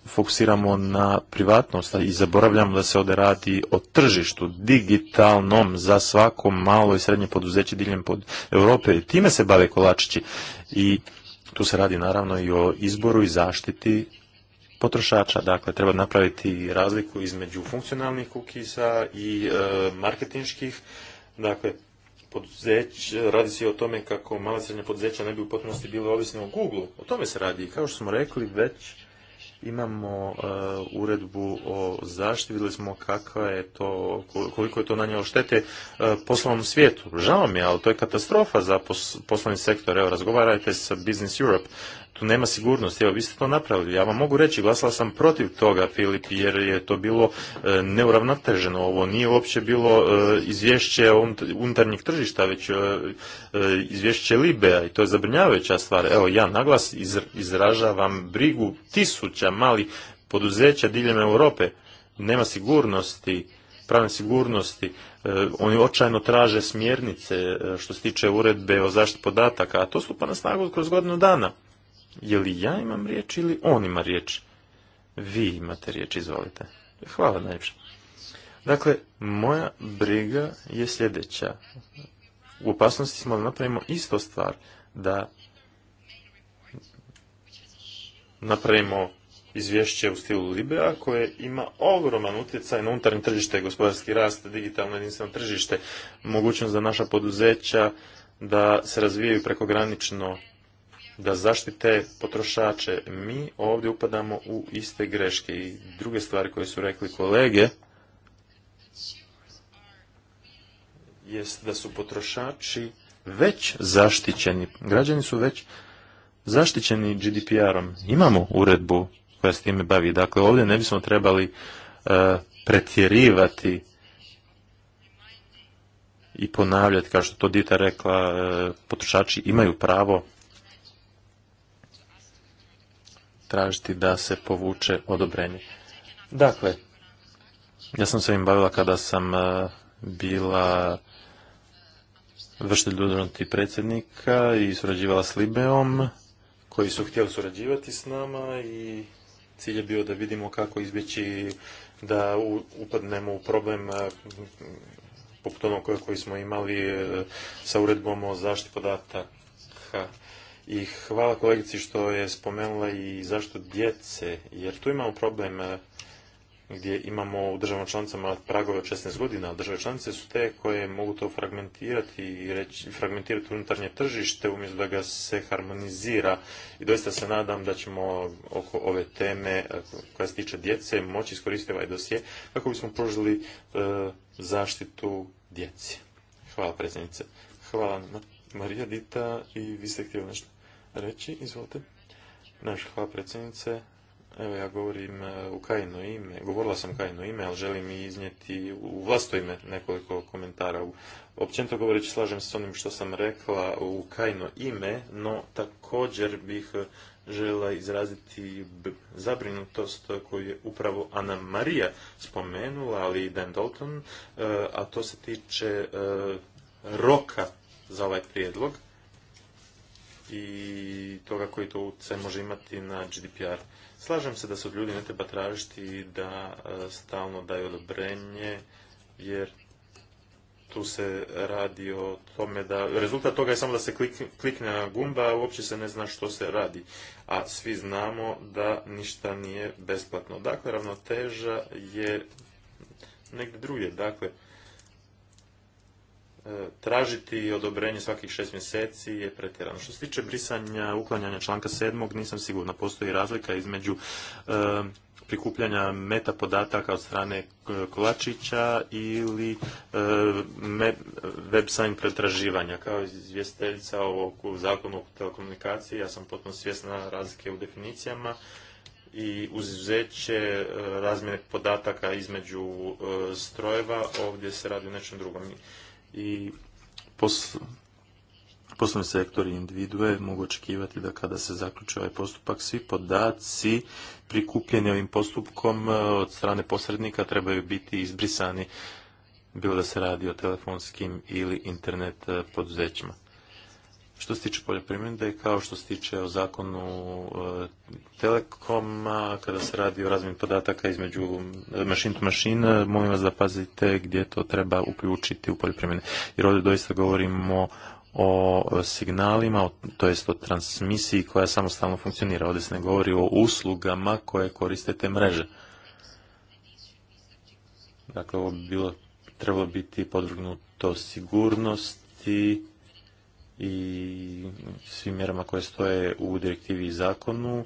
fokusiramo na privatnost i zaboravljamo da se ovdje radi o tržištu digitalnom za svako malo i srednje poduzeće diljem pod Europe. Time se bave kolačići i tu se radi naravno i o izboru i zaštiti potrošača. Dakle, treba napraviti razliku između funkcionalnih kukisa i e, marketinških. Dakle, radi se i o tome kako mala srednja poduzeća ne bi u potpunosti bila ovisna o Google. O tome se radi. Kao što smo rekli, već imamo e, uredbu o zaštiti, vidjeli smo kakva je to, koliko je to nanijelo štete e, poslovnom svijetu. Žao mi je, ali to je katastrofa za poslovni sektor. Evo, razgovarajte sa Business Europe nema sigurnosti. Evo, vi ste to napravili. Ja vam mogu reći, glasala sam protiv toga, Filip, jer je to bilo e, neuravnoteženo. Ovo nije uopće bilo e, izvješće unutarnjeg tržišta, već e, izvješće Libea i to je zabrinjavajuća stvar. Evo, ja naglas izražavam brigu tisuća malih poduzeća diljem Europe. Nema sigurnosti pravne sigurnosti, oni očajno traže smjernice što se tiče uredbe o zaštiti podataka, a to stupa na snagu kroz godinu dana. Je li ja imam riječ ili on ima riječ? Vi imate riječ, izvolite. Hvala najviše. Dakle, moja briga je sljedeća. U opasnosti smo da napravimo isto stvar, da napravimo izvješće u stilu Libera koje ima ogroman utjecaj na unutarnje tržište, gospodarski rast, digitalno jedinstveno tržište, mogućnost za naša poduzeća da se razvijaju prekogranično da zaštite potrošače. Mi ovdje upadamo u iste greške i druge stvari koje su rekli kolege jest da su potrošači već zaštićeni. Građani su već zaštićeni GDPR-om. Imamo uredbu koja s time bavi. Dakle, ovdje ne bismo trebali e, pretjerivati i ponavljati, kao što to Dita rekla, e, potrošači imaju pravo tražiti da se povuče odobrenje. Dakle, ja sam se im bavila kada sam e, bila vršitelj dužnosti predsjednika i surađivala s Libeom, koji su htjeli surađivati s nama i cilj je bio da vidimo kako izbjeći da upadnemo u problem e, poput onog koji smo imali e, sa uredbom o zaštiti podataka i hvala kolegici što je spomenula i zašto djece, jer tu imamo problem eh, gdje imamo u državama članicama pragove od 16 godina, a države članice su te koje mogu to fragmentirati i reći, fragmentirati unutarnje tržište umjesto da ga se harmonizira i doista se nadam da ćemo oko ove teme eh, koja se tiče djece moći iskoristiti ovaj dosje kako bismo pružili eh, zaštitu djeci. Hvala predsjednice. Hvala Marija Dita i vi ste htjeli nešto reći? Izvolite. Naša hvala predsjednice. Evo ja govorim e, u kajno ime, govorila sam kajno ime, ali želim i iznijeti u vlasto ime nekoliko komentara. Općenito govoreći slažem se s onim što sam rekla u kajno ime, no također bih e, žela izraziti zabrinutost koju je upravo Ana Marija spomenula, ali i Dan Dalton, e, a to se tiče roka za ovaj prijedlog i toga koji to utjecaj može imati na GDPR. Slažem se da se od ljudi ne treba tražiti da e, stalno daju odobrenje, jer tu se radi o tome da rezultat toga je samo da se klikne na gumba, a uopće se ne zna što se radi. A svi znamo da ništa nije besplatno. Dakle, ravnoteža je negdje druge. Dakle, tražiti odobrenje svakih šest mjeseci je pretjerano. Što se tiče brisanja, uklanjanja članka sedmog, nisam sigurna. Postoji razlika između prikupljanja meta podataka od strane eh, Kolačića ili eh, web sign pretraživanja. Kao izvjestiteljica u zakonu o telekomunikaciji, ja sam potpuno svjesna razlike u definicijama i izuzeće eh, razmjene podataka između strojeva, ovdje se radi o nečem drugom i poslovni sektor i individue mogu očekivati da kada se zaključi ovaj postupak, svi podaci prikupljeni ovim postupkom e, od strane posrednika trebaju biti izbrisani, bilo da se radi o telefonskim ili internet e, poduzećima. Što se tiče poljoprivrede, kao što se tiče o zakonu e, Telekoma, kada se radi o razmjeni podataka između machine to machine, molim vas da pazite gdje to treba uključiti u poljoprivrede. Jer ovdje doista govorimo o signalima, to jest o transmisiji koja samostalno funkcionira. Ovdje se ne govori o uslugama koje koriste te mreže. Dakle, ovo bi bilo, trebalo biti podvrgnuto sigurnosti, i svim mjerama koje stoje u direktivi i zakonu.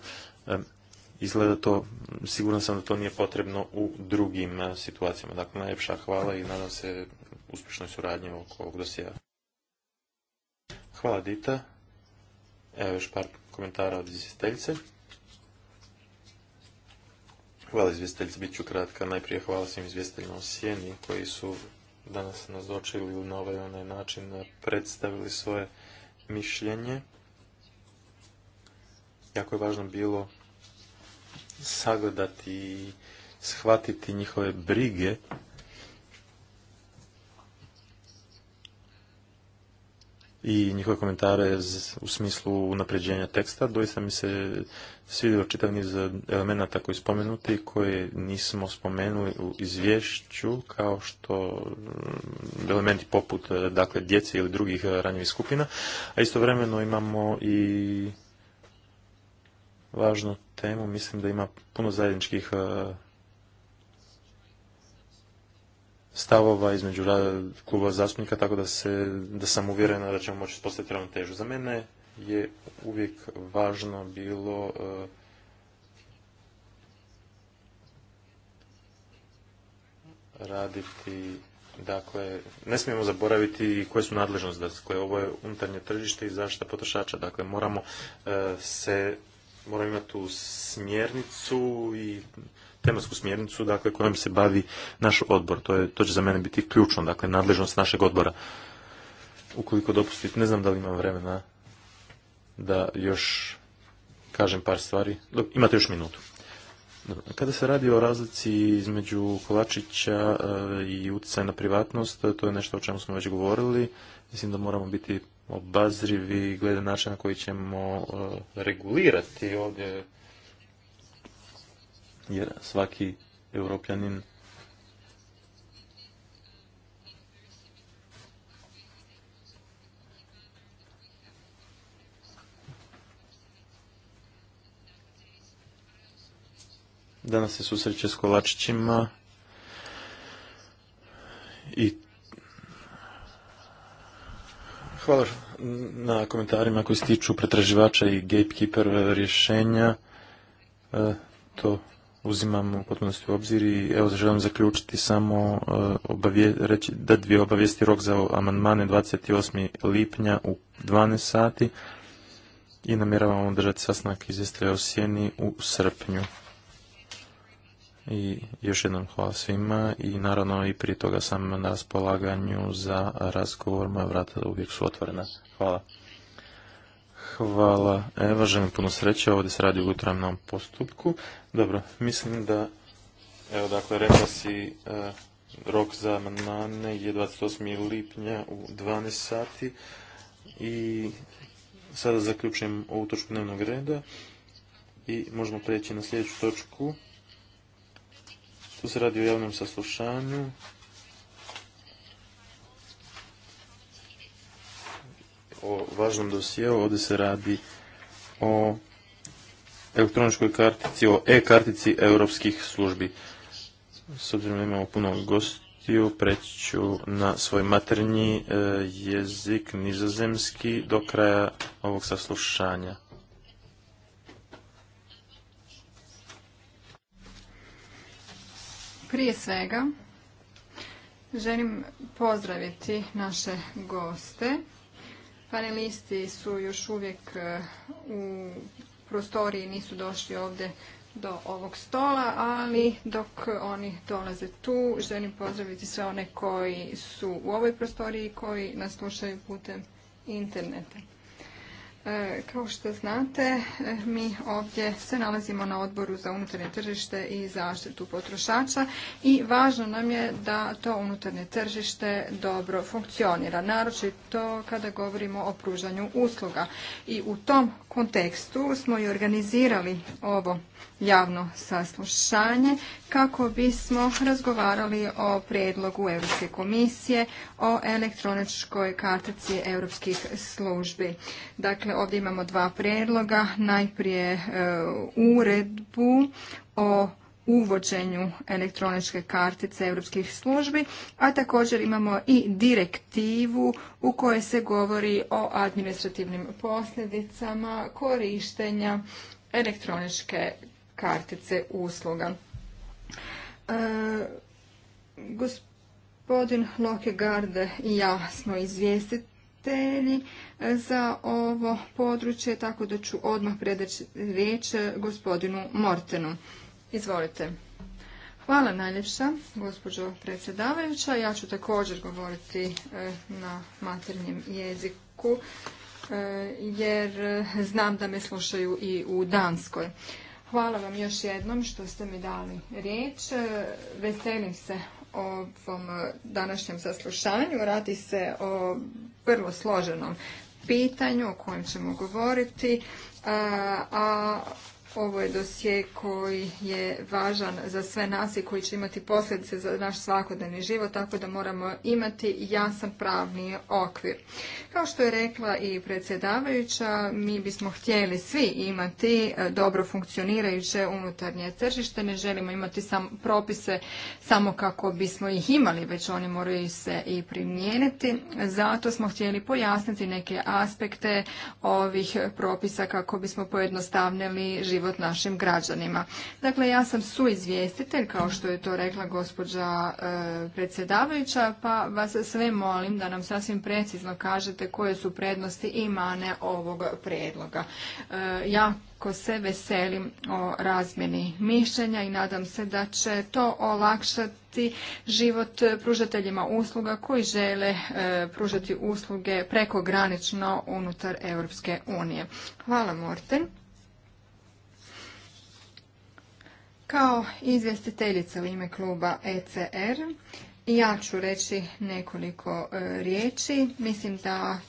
Izgleda to, siguran sam da to nije potrebno u drugim eh, situacijama. Dakle, najljepša hvala i nadam se uspješnoj suradnji oko ovog dosija. Hvala Dita. Evo još par komentara od izvjestiteljice. Hvala izvjestiteljice, bit ću kratka. Najprije hvala svim izvjestiteljima u koji su danas nazočili ili na ovaj onaj način eh, predstavili svoje mišljenje. Jako je važno bilo sagledati i shvatiti njihove brige i njihove komentare u smislu unapređenja teksta. Doista mi se svidio čitav niz elemenata koji spomenuti koje nismo spomenuli u izvješću kao što mm, elementi poput e, dakle djece ili drugih e, ranjivih skupina, a istovremeno imamo i važnu temu, mislim da ima puno zajedničkih e, stavova između kluba zastupnika, tako da, se, da sam uvjeren da ćemo moći postaviti ravnotežu. Za mene je uvijek važno bilo eh, raditi Dakle, ne smijemo zaboraviti koje su nadležnosti, dakle, ovo je unutarnje tržište i zaštita potrošača, dakle, moramo eh, se, moramo imati tu smjernicu i tematsku smjernicu dakle, kojom se bavi naš odbor. To, je, to će za mene biti ključno, dakle, nadležnost našeg odbora. Ukoliko dopustite, ne znam da li imam vremena da još kažem par stvari. Imate još minutu. Kada se radi o razlici između Kovačića eh, i utjecaja na privatnost, to je nešto o čemu smo već govorili. Mislim da moramo biti obazrivi glede načina na koji ćemo eh, regulirati ovdje jer svaki europjanin danas se susreće s kolačićima i hvala na komentarima koji se pretraživača i gatekeeper rješenja. E, to uzimam u potpunosti u obzir i evo želim zaključiti samo e, da dvije obavijesti rok za amandmane 28. lipnja u 12 sati i namjeravamo održati sastanak izvještaja o sjeni u srpnju. I još jednom hvala svima i naravno i prije toga sam na raspolaganju za razgovor, moja vrata uvijek su otvorena. Hvala. Hvala. Evo, želim puno sreće. Ovdje se radi u utravnom postupku. Dobro, mislim da... Evo, dakle, rekla si... E, rok za amandmane je 28. lipnja u 12 sati i sada zaključujem ovu točku dnevnog reda i možemo preći na sljedeću točku. Tu se radi o javnom saslušanju o važnom dosijelu. Ovdje se radi o elektroničkoj kartici, o e-kartici europskih službi. S obzirom da imamo puno gostiju, ću na svoj maternji e, jezik nizozemski do kraja ovog saslušanja. Prije svega, želim pozdraviti naše goste. Panelisti su još uvijek e, u prostoriji, nisu došli ovdje do ovog stola, ali dok oni dolaze tu, želim pozdraviti sve one koji su u ovoj prostoriji i koji nas slušaju putem interneta. E, kao što znate, e, mi ovdje se nalazimo na odboru za unutarnje tržište i zaštitu potrošača i važno nam je da to unutarnje tržište dobro funkcionira, naročito kada govorimo o pružanju usluga. I u tom kontekstu smo i organizirali ovo javno saslušanje kako bismo razgovarali o prijedlogu Europske komisije o elektroničkoj kartici europskih službi. Dakle, ovdje imamo dva prijedloga. Najprije e, uredbu o uvođenju elektroničke kartice europskih službi, a također imamo i direktivu u kojoj se govori o administrativnim posljedicama korištenja elektroničke kartice usluga. E, gospodin Lokegarde i ja smo izvjestitelji za ovo područje, tako da ću odmah predaći riječ gospodinu Mortenu. Izvolite. Hvala najljepša, gospođo predsjedavajuća. Ja ću također govoriti e, na maternjem jeziku, e, jer znam da me slušaju i u Danskoj. Hvala vam još jednom što ste mi dali riječ. Veselim se ovom današnjem saslušanju. Radi se o vrlo složenom pitanju o kojem ćemo govoriti, a ovo je dosje koji je važan za sve nas i koji će imati posljedice za naš svakodnevni život, tako da moramo imati jasan pravni okvir. Kao što je rekla i predsjedavajuća, mi bismo htjeli svi imati e, dobro funkcionirajuće unutarnje tržište, ne želimo imati samo propise samo kako bismo ih imali, već oni moraju se i primijeniti. Zato smo htjeli pojasniti neke aspekte ovih propisa kako bismo pojednostavnili život život našim građanima. Dakle, ja sam suizvjestitelj, kao što je to rekla gospođa e, predsjedavajuća, pa vas sve molim da nam sasvim precizno kažete koje su prednosti i mane ovog predloga. E, jako se veselim o razmjeni mišljenja i nadam se da će to olakšati život pružateljima usluga koji žele e, pružati usluge prekogranično unutar Europske unije. Hvala Morten. Kao izvjestiteljica u ime kluba ECR ja ću reći nekoliko e, riječi. Mislim da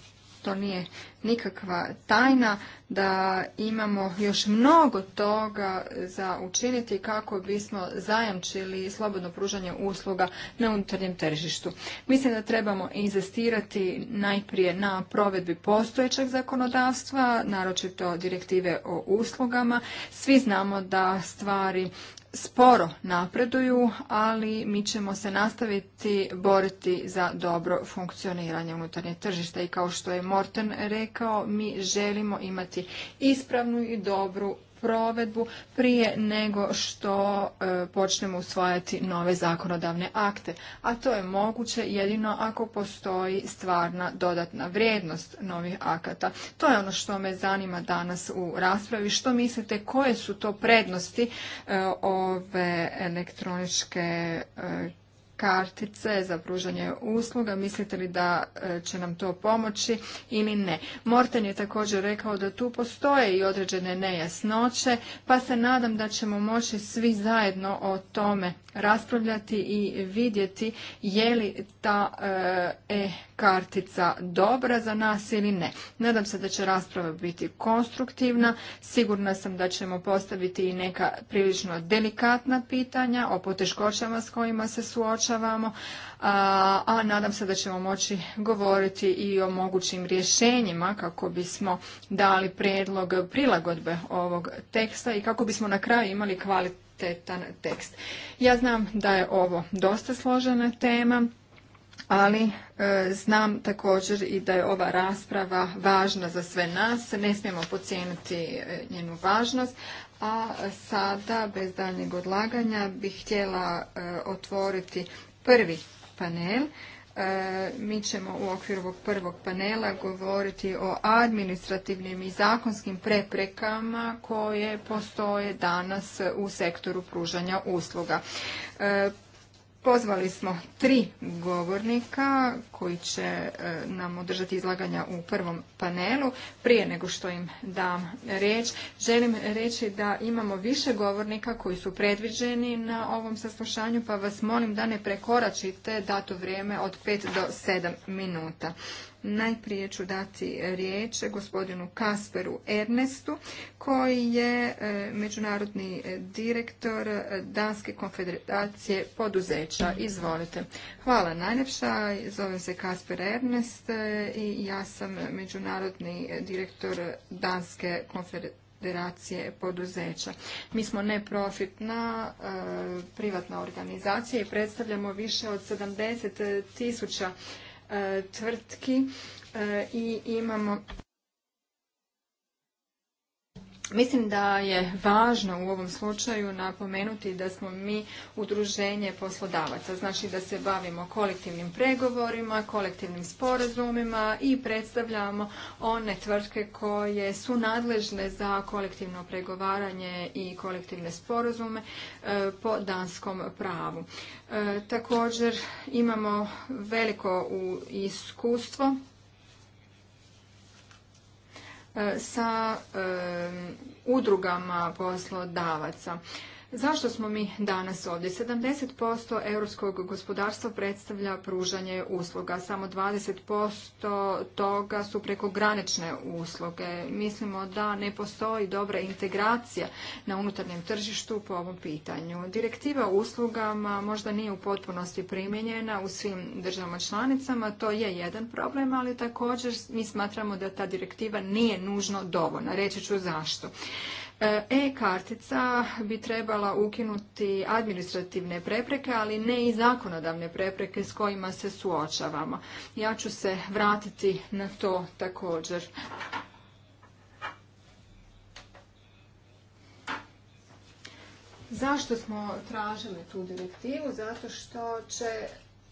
to nije nikakva tajna da imamo još mnogo toga za učiniti kako bismo zajamčili slobodno pružanje usluga na unutarnjem tržištu. Mislim da trebamo inzistirati najprije na provedbi postojećeg zakonodavstva, naročito direktive o uslugama. Svi znamo da stvari sporo napreduju, ali mi ćemo se nastaviti boriti za dobro funkcioniranje unutarnje tržišta i kao što je Morten rekao, mi želimo imati ispravnu i dobru provedbu prije nego što e, počnemo usvajati nove zakonodavne akte, a to je moguće jedino ako postoji stvarna dodatna vrijednost novih akata. To je ono što me zanima danas u raspravi. Što mislite koje su to prednosti e, ove elektroničke e, kartice za pružanje usluga. Mislite li da e, će nam to pomoći ili ne? Morten je također rekao da tu postoje i određene nejasnoće, pa se nadam da ćemo moći svi zajedno o tome raspravljati i vidjeti je li ta e, e-kartica dobra za nas ili ne. Nadam se da će rasprava biti konstruktivna. Sigurna sam da ćemo postaviti i neka prilično delikatna pitanja o poteškoćama s kojima se suočavamo suočavamo, a, a nadam se da ćemo moći govoriti i o mogućim rješenjima kako bismo dali predlog prilagodbe ovog teksta i kako bismo na kraju imali kvalitetan tekst. Ja znam da je ovo dosta složena tema, ali e, znam također i da je ova rasprava važna za sve nas. Ne smijemo pocijeniti e, njenu važnost, a sada, bez daljnjeg odlaganja, bih htjela e, otvoriti prvi panel. E, mi ćemo u okviru ovog prvog panela govoriti o administrativnim i zakonskim preprekama koje postoje danas u sektoru pružanja usluga. E, Pozvali smo tri govornika koji će e, nam održati izlaganja u prvom panelu. Prije nego što im dam riječ, želim reći da imamo više govornika koji su predviđeni na ovom saslušanju, pa vas molim da ne prekoračite dato vrijeme od 5 do 7 minuta. Najprije ću dati riječ gospodinu Kasperu Ernestu, koji je e, međunarodni direktor Danske konfederacije poduzeća. Izvolite. Hvala najljepša. Zovem se Kasper Ernest e, i ja sam međunarodni direktor Danske konfederacije poduzeća. Mi smo neprofitna e, privatna organizacija i predstavljamo više od 70 tisuća tvrtki e, i imamo Mislim da je važno u ovom slučaju napomenuti da smo mi udruženje poslodavaca, znači da se bavimo kolektivnim pregovorima, kolektivnim sporazumima i predstavljamo one tvrtke koje su nadležne za kolektivno pregovaranje i kolektivne sporazume e, po danskom pravu. E, također imamo veliko iskustvo sa udrugama poslodavaca. Zašto smo mi danas ovdje? 70% europskog gospodarstva predstavlja pružanje usluga, samo 20% toga su prekogranične usluge. Mislimo da ne postoji dobra integracija na unutarnjem tržištu po ovom pitanju. Direktiva o uslugama možda nije u potpunosti primijenjena u svim državama članicama, to je jedan problem, ali također mi smatramo da ta direktiva nije nužno dovoljna. Reći ću zašto. E, e-kartica bi trebala ukinuti administrativne prepreke, ali ne i zakonodavne prepreke s kojima se suočavamo. Ja ću se vratiti na to također. Zašto smo tražili tu direktivu? Zato što će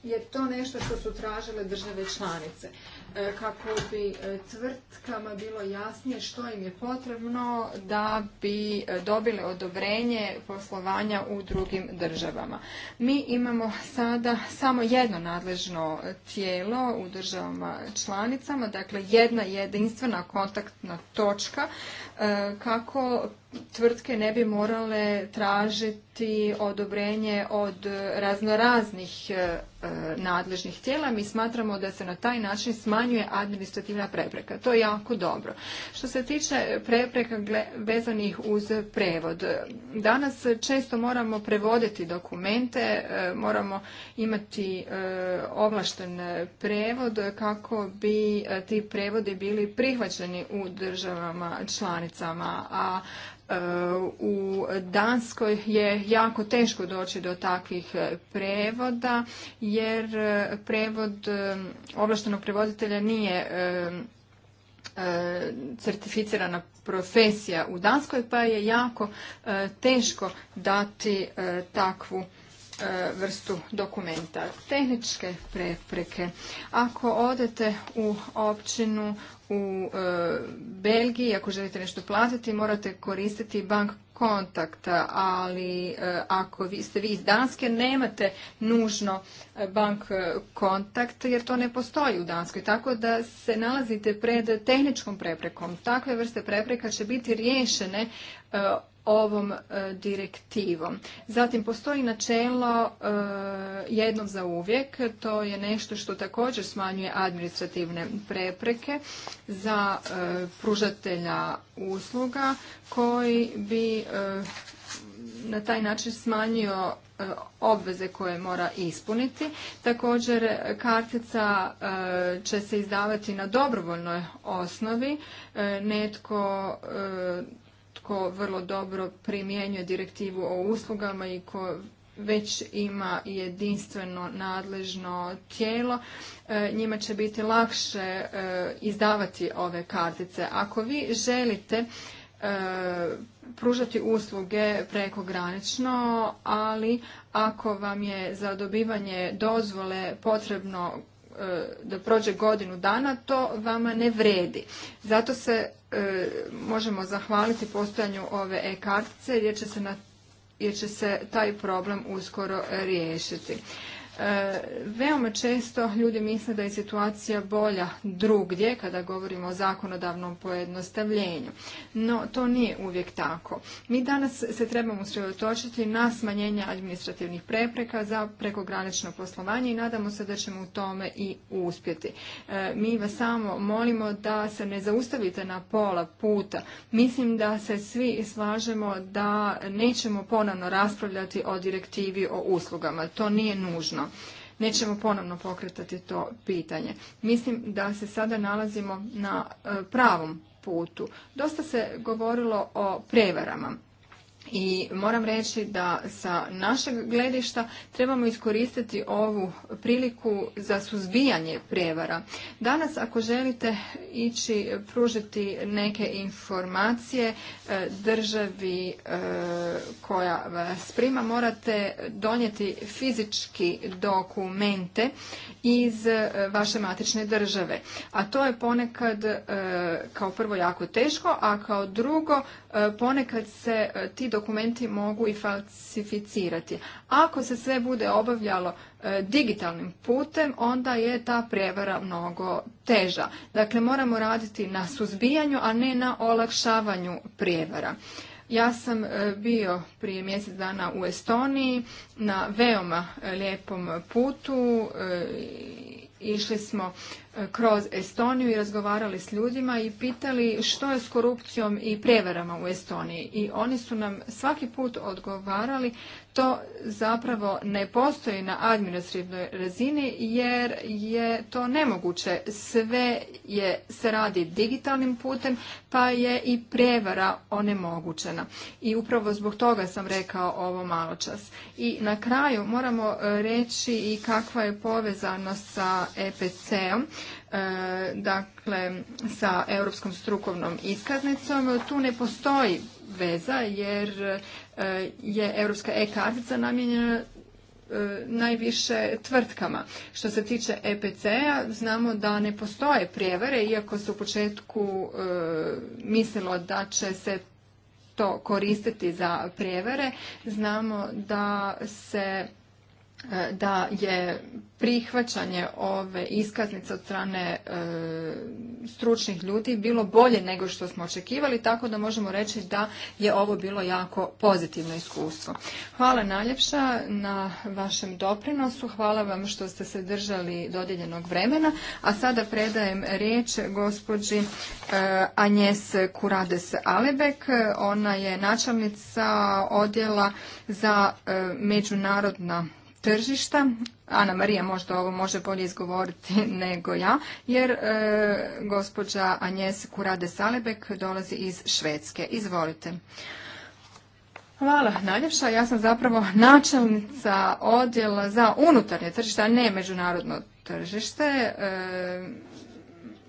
je to nešto što su tražile države članice. E, kako bi e, tvrtkama bilo jasnije što im je potrebno da bi e, dobile odobrenje poslovanja u drugim državama. Mi imamo sada samo jedno nadležno tijelo u državama članicama, dakle jedna jedinstvena kontaktna točka kako tvrtke ne bi morale tražiti odobrenje od raznoraznih e, e, nadležnih tijela. Mi smatramo da se na taj način smanjuje administrativna prepreka. To je jako dobro. Što se tiče prepreka vezanih uz prevod, danas često moramo prevoditi dokumente, e, moramo imati ovlašten prevod kako bi ti prevodi bili prihvaćeni u državama članicama, a u Danskoj je jako teško doći do takvih e, prevoda jer e, prevod e, ovlaštenog prevoditelja nije certificirana profesija u Danskoj pa je jako teško dati takvu E, vrstu dokumenta. Tehničke prepreke. Ako odete u općinu u e, Belgiji, ako želite nešto platiti, morate koristiti bank kontakta, ali e, ako vi ste vi iz Danske, nemate nužno bank kontakt, jer to ne postoji u Danskoj. Tako da se nalazite pred tehničkom preprekom. Takve vrste prepreka će biti riješene ovom e, direktivom. Zatim postoji načelo e, jednom za uvijek, to je nešto što također smanjuje administrativne prepreke za e, pružatelja usluga koji bi na taj način smanjio obveze koje mora ispuniti. Također kartica će se izdavati na dobrovoljnoj osnovi. Netko tko vrlo dobro primjenjuje direktivu o uslugama i ko već ima jedinstveno nadležno tijelo, e, njima će biti lakše e, izdavati ove kartice. Ako vi želite e, pružati usluge prekogranično, ali ako vam je za dobivanje dozvole potrebno E, da prođe godinu dana, to vama ne vredi. Zato se e, možemo zahvaliti postojanju ove e-kartice jer će se taj problem uskoro riješiti. E, veoma često ljudi misle da je situacija bolja drugdje kada govorimo o zakonodavnom pojednostavljenju. No, to nije uvijek tako. Mi danas se trebamo sredotočiti na smanjenje administrativnih prepreka za prekogranično poslovanje i nadamo se da ćemo u tome i uspjeti. E, mi vas samo molimo da se ne zaustavite na pola puta. Mislim da se svi slažemo da nećemo ponovno raspravljati o direktivi o uslugama. To nije nužno nećemo ponovno pokretati to pitanje. Mislim da se sada nalazimo na e, pravom putu. Dosta se govorilo o prevarama i moram reći da sa našeg gledišta trebamo iskoristiti ovu priliku za suzbijanje prijevara. Danas ako želite ići pružiti neke informacije e, državi e, koja vas prima morate donijeti fizički dokumente iz e, vaše matične države. A to je ponekad kao prvo jako teško, a kao drugo E, ponekad se e, ti dokumenti mogu i falsificirati. Ako se sve bude obavljalo e, digitalnim putem, onda je ta prijevara mnogo teža. Dakle, moramo raditi na suzbijanju, a ne na olakšavanju prijevara. Ja sam bio prije mjesec dana u Estoniji na veoma lijepom putu. Išli smo kroz Estoniju i razgovarali s ljudima i pitali što je s korupcijom i prevarama u Estoniji. I oni su nam svaki put odgovarali to zapravo ne postoji na administrativnoj razini jer je to nemoguće. Sve je, se radi digitalnim putem pa je i prevara onemogućena. I upravo zbog toga sam rekao ovo malo čas. I na kraju moramo reći i kakva je povezanost sa EPC-om E, dakle sa europskom strukovnom iskaznicom tu ne postoji veza jer e, je europska e-kartica namijenjena e, najviše tvrtkama. Što se tiče EPC-a, znamo da ne postoje prijevare, iako se u početku mislilo da će se to koristiti za prijevere, Znamo da se E, da je prihvaćanje ove iskaznice od strane e, stručnih ljudi bilo bolje nego što smo očekivali, tako da možemo reći da je ovo bilo jako pozitivno iskustvo. Hvala najljepša na vašem doprinosu, hvala vam što ste se držali dodijeljenog vremena, a sada predajem riječ gospođi e, Anjes Kurades Alebek, ona je načelnica odjela za međunarodna tržišta. Ana Marija možda ovo može bolje izgovoriti nego ja, jer e, gospođa Anjes Kurade Salebek dolazi iz Švedske. Izvolite. Hvala najljepša. Ja sam zapravo načelnica odjela za unutarnje tržište, a ne međunarodno tržište. E,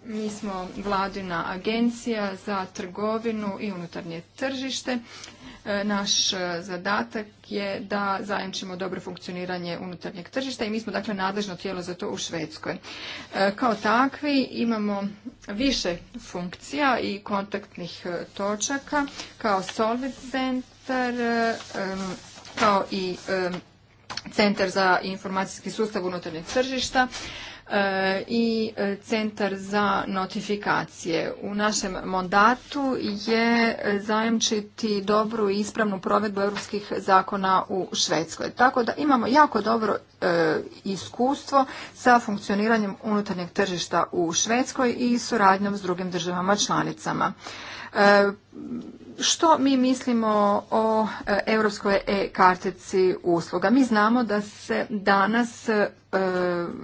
mi smo vladina agencija za trgovinu i unutarnje tržište. E, naš e, zadatak je da zajamčimo dobro funkcioniranje unutarnjeg tržišta i mi smo dakle nadležno tijelo za to u Švedskoj. E, kao takvi imamo više funkcija i kontaktnih točaka kao Solvit centar, kao i Centar za informacijski sustav unutarnjeg tržišta, E, i e, Centar za notifikacije. U našem mandatu je zajamčiti dobru i ispravnu provedbu europskih zakona u Švedskoj. Tako da imamo jako dobro e, iskustvo sa funkcioniranjem unutarnjeg tržišta u Švedskoj i suradnjom s drugim državama članicama što mi mislimo o e, europskoj e-kartici usluga? Mi znamo da se danas e,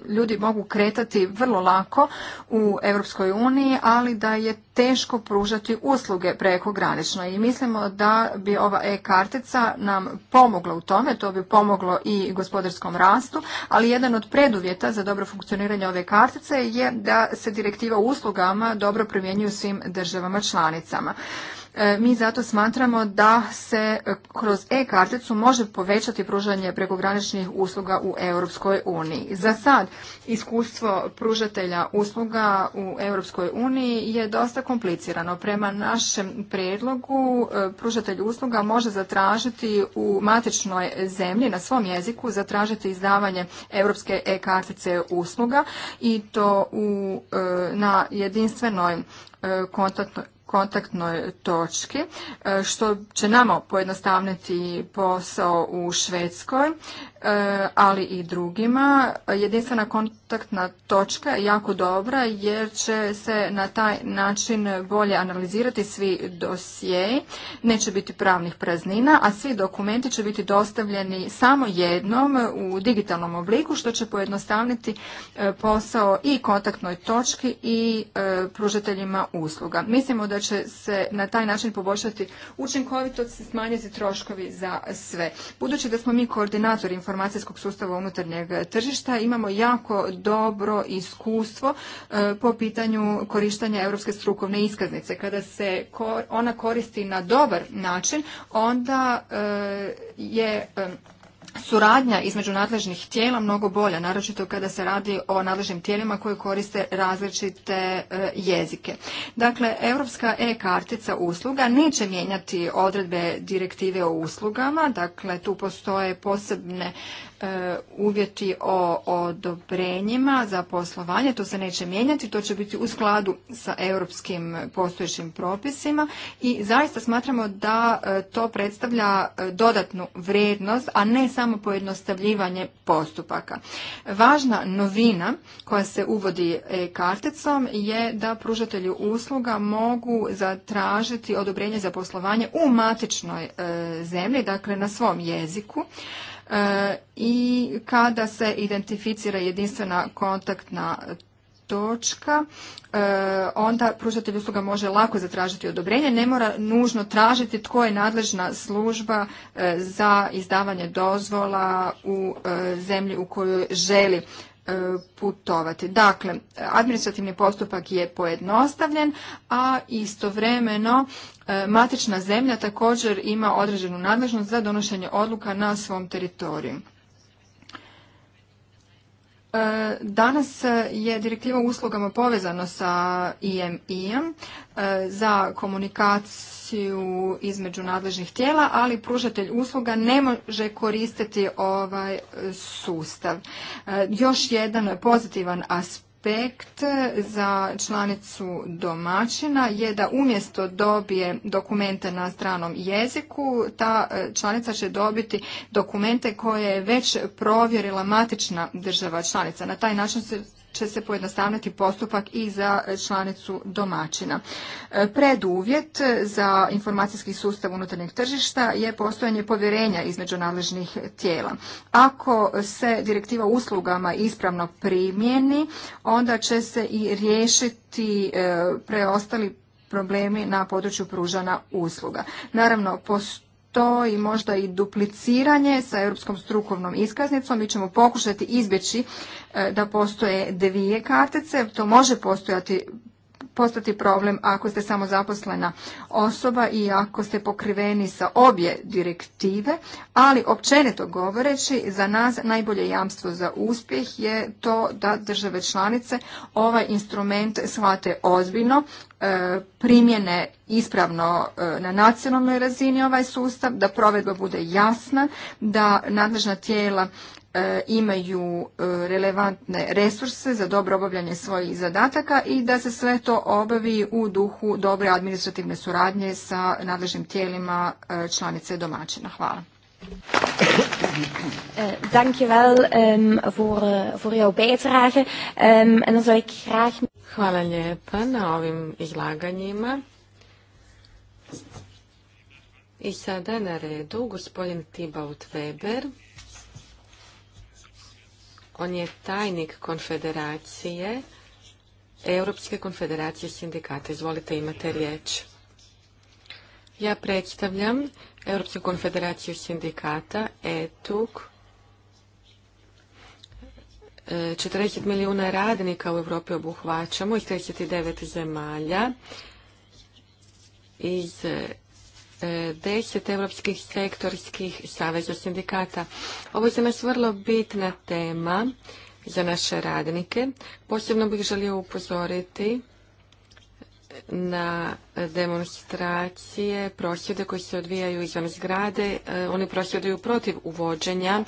ljudi mogu kretati vrlo lako u Europskoj uniji, ali da je teško pružati usluge prekogranično i mislimo da bi ova e-kartica nam pomogla u tome, to bi pomoglo i gospodarskom rastu, ali jedan od preduvjeta za dobro funkcioniranje ove kartice je da se direktiva uslugama dobro primjenjuje u svim državama članicama. E, mi zato smatramo da se e, kroz e-karticu može povećati pružanje prekograničnih usluga u Europskoj uniji. Za sad iskustvo pružatelja usluga u Europskoj uniji je dosta komplicirano. Prema našem predlogu e, pružatelj usluga može zatražiti u matičnoj zemlji na svom jeziku zatražiti izdavanje europske e-kartice usluga i to na jedinstvenoj kontaktnoj kontaktnoj točki, e, što će nama pojednostavniti posao u Švedskoj. E, ali i drugima. Jedinstvena kontaktna točka je jako dobra jer će se na taj način bolje analizirati svi dosjei, neće biti pravnih praznina, a svi dokumenti će biti dostavljeni samo jednom u digitalnom obliku što će pojednostavniti e, posao i kontaktnoj točki i e, pružateljima usluga. Mislimo da će se na taj način poboljšati učinkovitost i smanjiti troškovi za sve. Budući da smo mi koordinator informacije informacijskog sustava unutarnjeg tržišta imamo jako dobro iskustvo e, po pitanju korištenja europske strukovne iskaznice. Kada se ona koristi na dobar način, onda e, je suradnja između nadležnih tijela mnogo bolja, naročito kada se radi o nadležnim tijelima koji koriste različite e, jezike. Dakle, Europska e-kartica usluga neće mijenjati odredbe direktive o uslugama, dakle tu postoje posebne E, uvjeti o odobrenjima za poslovanje, to se neće mijenjati, to će biti u skladu sa europskim postojećim propisima i zaista smatramo da e, to predstavlja e, dodatnu vrijednost, a ne samo pojednostavljivanje postupaka. Važna novina koja se uvodi karticom je da pružatelji usluga mogu zatražiti odobrenje za poslovanje u matičnoj zemlji, dakle na svom jeziku, E, i kada se identificira jedinstvena kontaktna točka, e, onda pružatelj usluga može lako zatražiti odobrenje, ne mora nužno tražiti tko je nadležna služba e, za izdavanje dozvola u zemlji u kojoj želi putovati. Dakle, administrativni postupak je pojednostavljen, a istovremeno E, matična zemlja također ima određenu nadležnost za donošenje odluka na svom teritoriju. E, danas je direktiva uslugama povezana sa imi om e, za komunikaciju između nadležnih tijela, ali pružatelj usluga ne može koristiti ovaj sustav. Još jedan pozitivan aspekt aspekt za članicu domaćina je da umjesto dobije dokumente na stranom jeziku, ta e, članica će dobiti dokumente koje je već provjerila matična država članica. Na taj način se će se pojednostavniti postupak i za članicu domaćina. E, preduvjet za informacijski sustav unutarnjeg tržišta je postojanje povjerenja između nadležnih tijela. Ako se direktiva uslugama ispravno primjeni, onda će se i riješiti e, preostali problemi na području pružana usluga. Naravno, postoje to i možda i dupliciranje sa europskom strukovnom iskaznicom. Mi ćemo pokušati izbjeći e, da postoje dvije kartice. To može postojati postati problem ako ste samozaposlena osoba i ako ste pokriveni sa obje direktive, ali općenito govoreći za nas najbolje jamstvo za uspjeh je to da države članice ovaj instrument shvate ozbiljno, e, primjene ispravno e, na nacionalnoj razini ovaj sustav, da provedba bude jasna, da nadležna tijela E, imaju e, relevantne resurse za dobro obavljanje svojih zadataka i da se sve to obavi u duhu dobre administrativne suradnje sa nadležnim tijelima e, članice domaćina. Hvala. Eh, Hvala lijepa na ovim izlaganjima. I sada je na redu gospodin Tibaut Weber on je tajnik konfederacije, Europske konfederacije sindikata. Izvolite, imate riječ. Ja predstavljam Europsku konfederaciju sindikata, e e, ETUG. 40 milijuna radnika u Europi obuhvaćamo iz 39 zemalja iz deset europskih sektorskih saveza sindikata. Ovo je za nas vrlo bitna tema za naše radnike. Posebno bih želio upozoriti na demonstracije, prosvjede koji se odvijaju izvan zgrade. E, oni prosvjeduju protiv uvođenja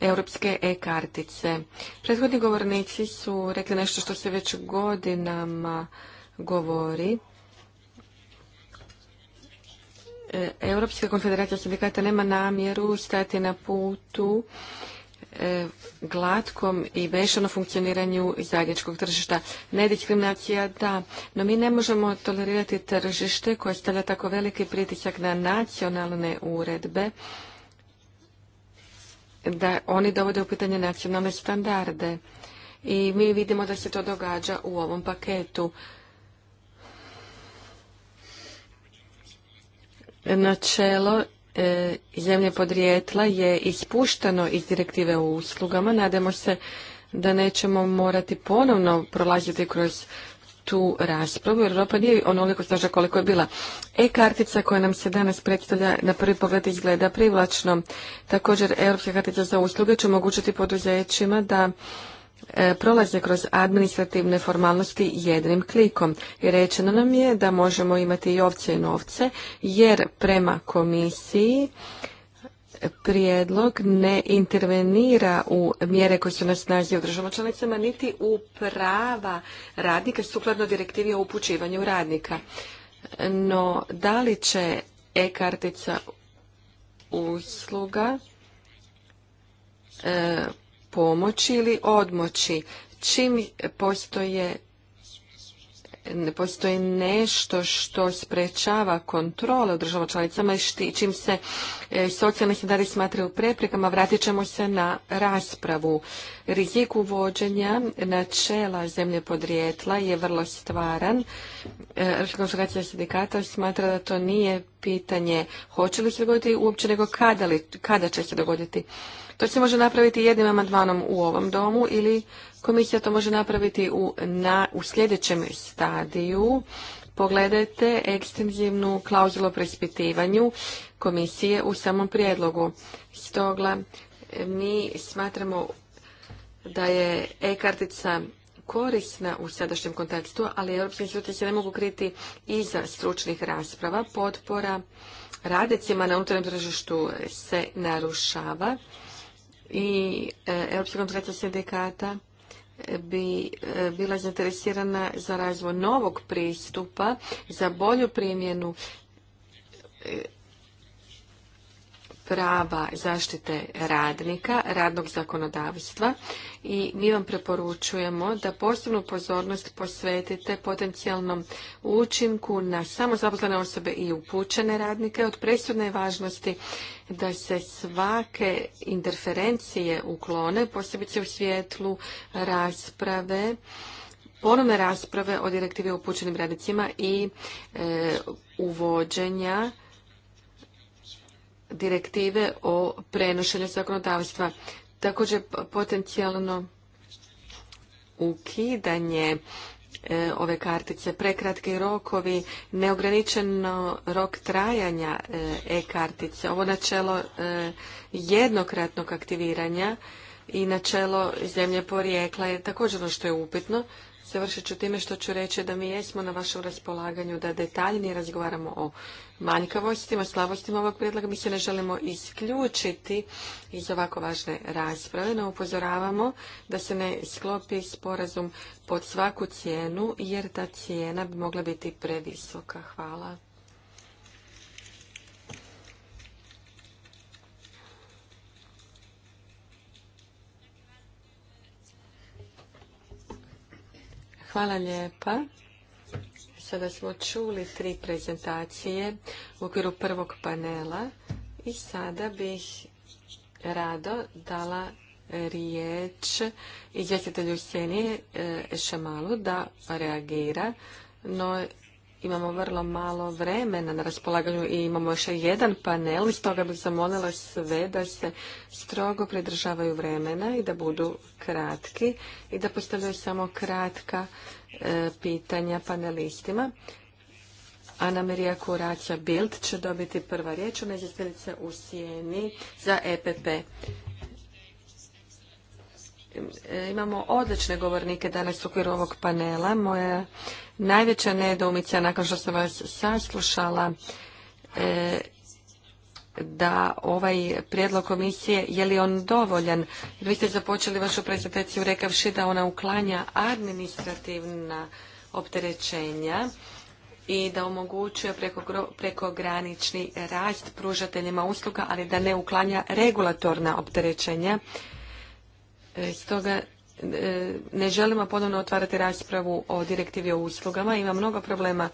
europske e-kartice. Prethodni govornici su rekli nešto što se već godinama govori. E, Europska konfederacija sindikata nema namjeru stati na putu e, glatkom i vešano funkcioniranju zajedničkog tržišta. Nediskriminacija da, no mi ne možemo tolerirati tržište koje stavlja tako veliki pritisak na nacionalne uredbe da oni dovode u pitanje nacionalne standarde. I mi vidimo da se to događa u ovom paketu. Načelo e, zemlje podrijetla je ispuštano iz direktive o uslugama. Nadamo se da nećemo morati ponovno prolaziti kroz tu raspravu, jer Europa nije onoliko staža koliko je bila. E-kartica koja nam se danas predstavlja na prvi pogled izgleda privlačno. Također, Europska kartica za usluge će omogućiti poduzećima da E, prolaze kroz administrativne formalnosti jednim klikom. I rečeno nam je da možemo imati i ovce i novce, jer prema komisiji prijedlog ne intervenira u mjere koje su na snazi u državama članicama, niti u prava radnika sukladno direktivi o upućivanju radnika. No, da li će e-kartica usluga e, pomoći ili odmoći. Čim postoje postoji nešto što sprečava kontrole u državama članicama i čim se e, socijalni standardi smatraju preprekama, vratit ćemo se na raspravu. Rizik uvođenja načela zemlje podrijetla je vrlo stvaran. E, sindikata smatra da to nije pitanje hoće li se dogoditi uopće, nego kada, kada će se dogoditi. To se može napraviti jednim amandmanom u ovom domu ili komisija to može napraviti u, na, u sljedećem stadiju. Pogledajte ekstenzivnu klauzulu o preispitivanju komisije u samom prijedlogu. Stoga e, mi smatramo da je e-kartica korisna u sadašnjem kontekstu, ali europski institucije se ne mogu kriti iza stručnih rasprava. Potpora radicima na unutarnjem tržištu se narušava i e, Europska organizacija sindikata e, bi e, bila zainteresirana za razvoj novog pristupa, za bolju primjenu prava zaštite radnika, radnog zakonodavstva i mi vam preporučujemo da posebnu pozornost posvetite potencijalnom učinku na samozaposlene osobe i upućene radnike. Od presudne važnosti da se svake interferencije uklone, posebice u svijetlu rasprave ponovne rasprave o direktivi upućenim radnicima i e, uvođenja direktive o prenošenju zakonodavstva. Također potencijalno ukidanje e, ove kartice, prekratki rokovi, neograničeno rok trajanja e, e-kartice, ovo načelo e, jednokratnog aktiviranja i načelo zemlje porijekla je također ono što je upitno. Završit ću time što ću reći da mi jesmo na vašem raspolaganju da detaljnije razgovaramo o manjkavostima, slabostima ovog prijedloga. Mi se ne želimo isključiti iz ovako važne rasprave, no upozoravamo da se ne sklopi sporazum pod svaku cijenu, jer ta cijena bi mogla biti previsoka. Hvala. Hvala lijepa. Sada smo čuli tri prezentacije u okviru prvog panela i sada bih rado dala riječ izvjestitelju Sjeni eh, Šamalu da reagira, no Imamo vrlo malo vremena na raspolaganju i imamo još jedan panel, stoga bih zamolila sve da se strogo pridržavaju vremena i da budu kratki i da postavljaju samo kratka e, pitanja panelistima. Ana Marija Kuraća Bild će dobiti prva riječ, ona je u sjeni za EPP. E, imamo odlične govornike danas u okviru ovog panela. Moja najveća nedoumica nakon što sam vas saslušala e, da ovaj prijedlog komisije, je li on dovoljan? Vi ste započeli vašu prezentaciju rekavši da ona uklanja administrativna opterećenja i da omogućuje prekogranični rast pružateljima usluga, ali da ne uklanja regulatorna opterećenja. E, stoga e, ne želimo ponovno otvarati raspravu o direktivi o uslugama. Ima mnogo problema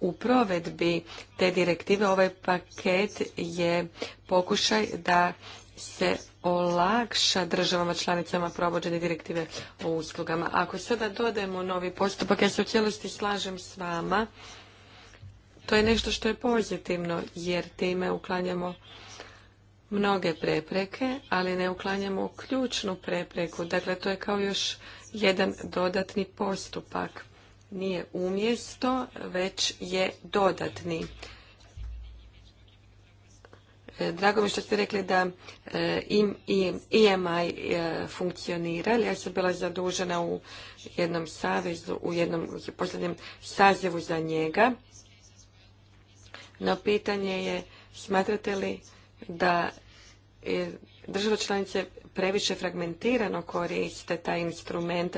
u provedbi te direktive. Ovaj paket je pokušaj da se olakša državama članicama provođenje direktive o uslugama. Ako sada dodajemo novi postupak, ja se u cijelosti slažem s vama, to je nešto što je pozitivno jer time uklanjamo mnoge prepreke, ali ne uklanjamo ključnu prepreku. Dakle, to je kao još jedan dodatni postupak. Nije umjesto, već je dodatni. E, drago mi što ste rekli da EMI e e, funkcionira, ali ja sam bila zadužena u jednom savezu, u jednom posljednjem sazivu za njega. No pitanje je, smatrate li da država članice previše fragmentirano koriste taj instrument.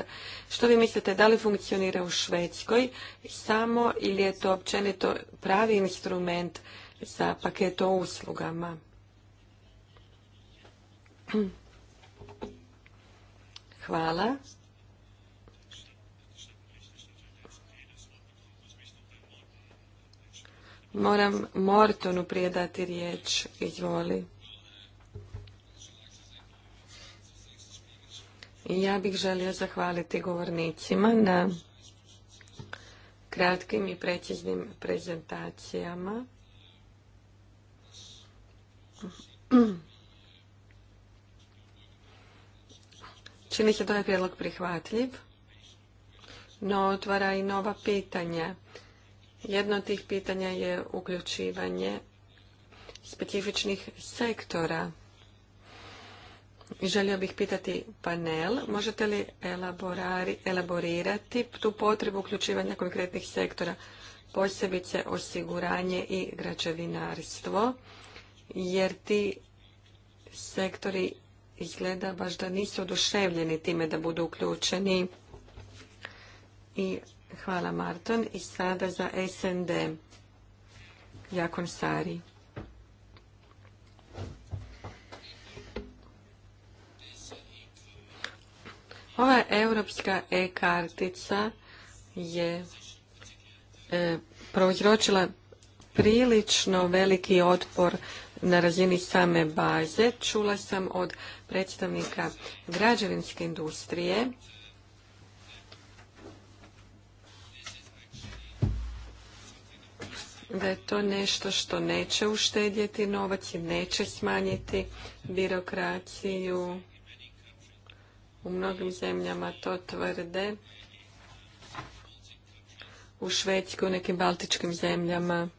Što vi mislite, da li funkcionira u Švedskoj samo ili je to općenito pravi instrument za paket o uslugama? Hvala. Moram Mortonu prijedati riječ. Izvoli. Ja bih želio zahvaliti govornicima na kratkim i preciznim prezentacijama. Čini se da je prijedlog prihvatljiv, no otvara i nova pitanja jedno od tih pitanja je uključivanje specifičnih sektora. Želio bih pitati panel, možete li elaborirati tu potrebu uključivanja konkretnih sektora, posebice osiguranje i građevinarstvo, jer ti sektori izgleda baš da nisu oduševljeni time da budu uključeni i Hvala Marton. I sada za SND. Jakon Sari. Ova europska e-kartica je e, prouzročila prilično veliki otpor na razini same baze. Čula sam od predstavnika građevinske industrije da je to nešto što neće uštedjeti novac i neće smanjiti birokraciju. U mnogim zemljama to tvrde. U Švedskoj, u nekim baltičkim zemljama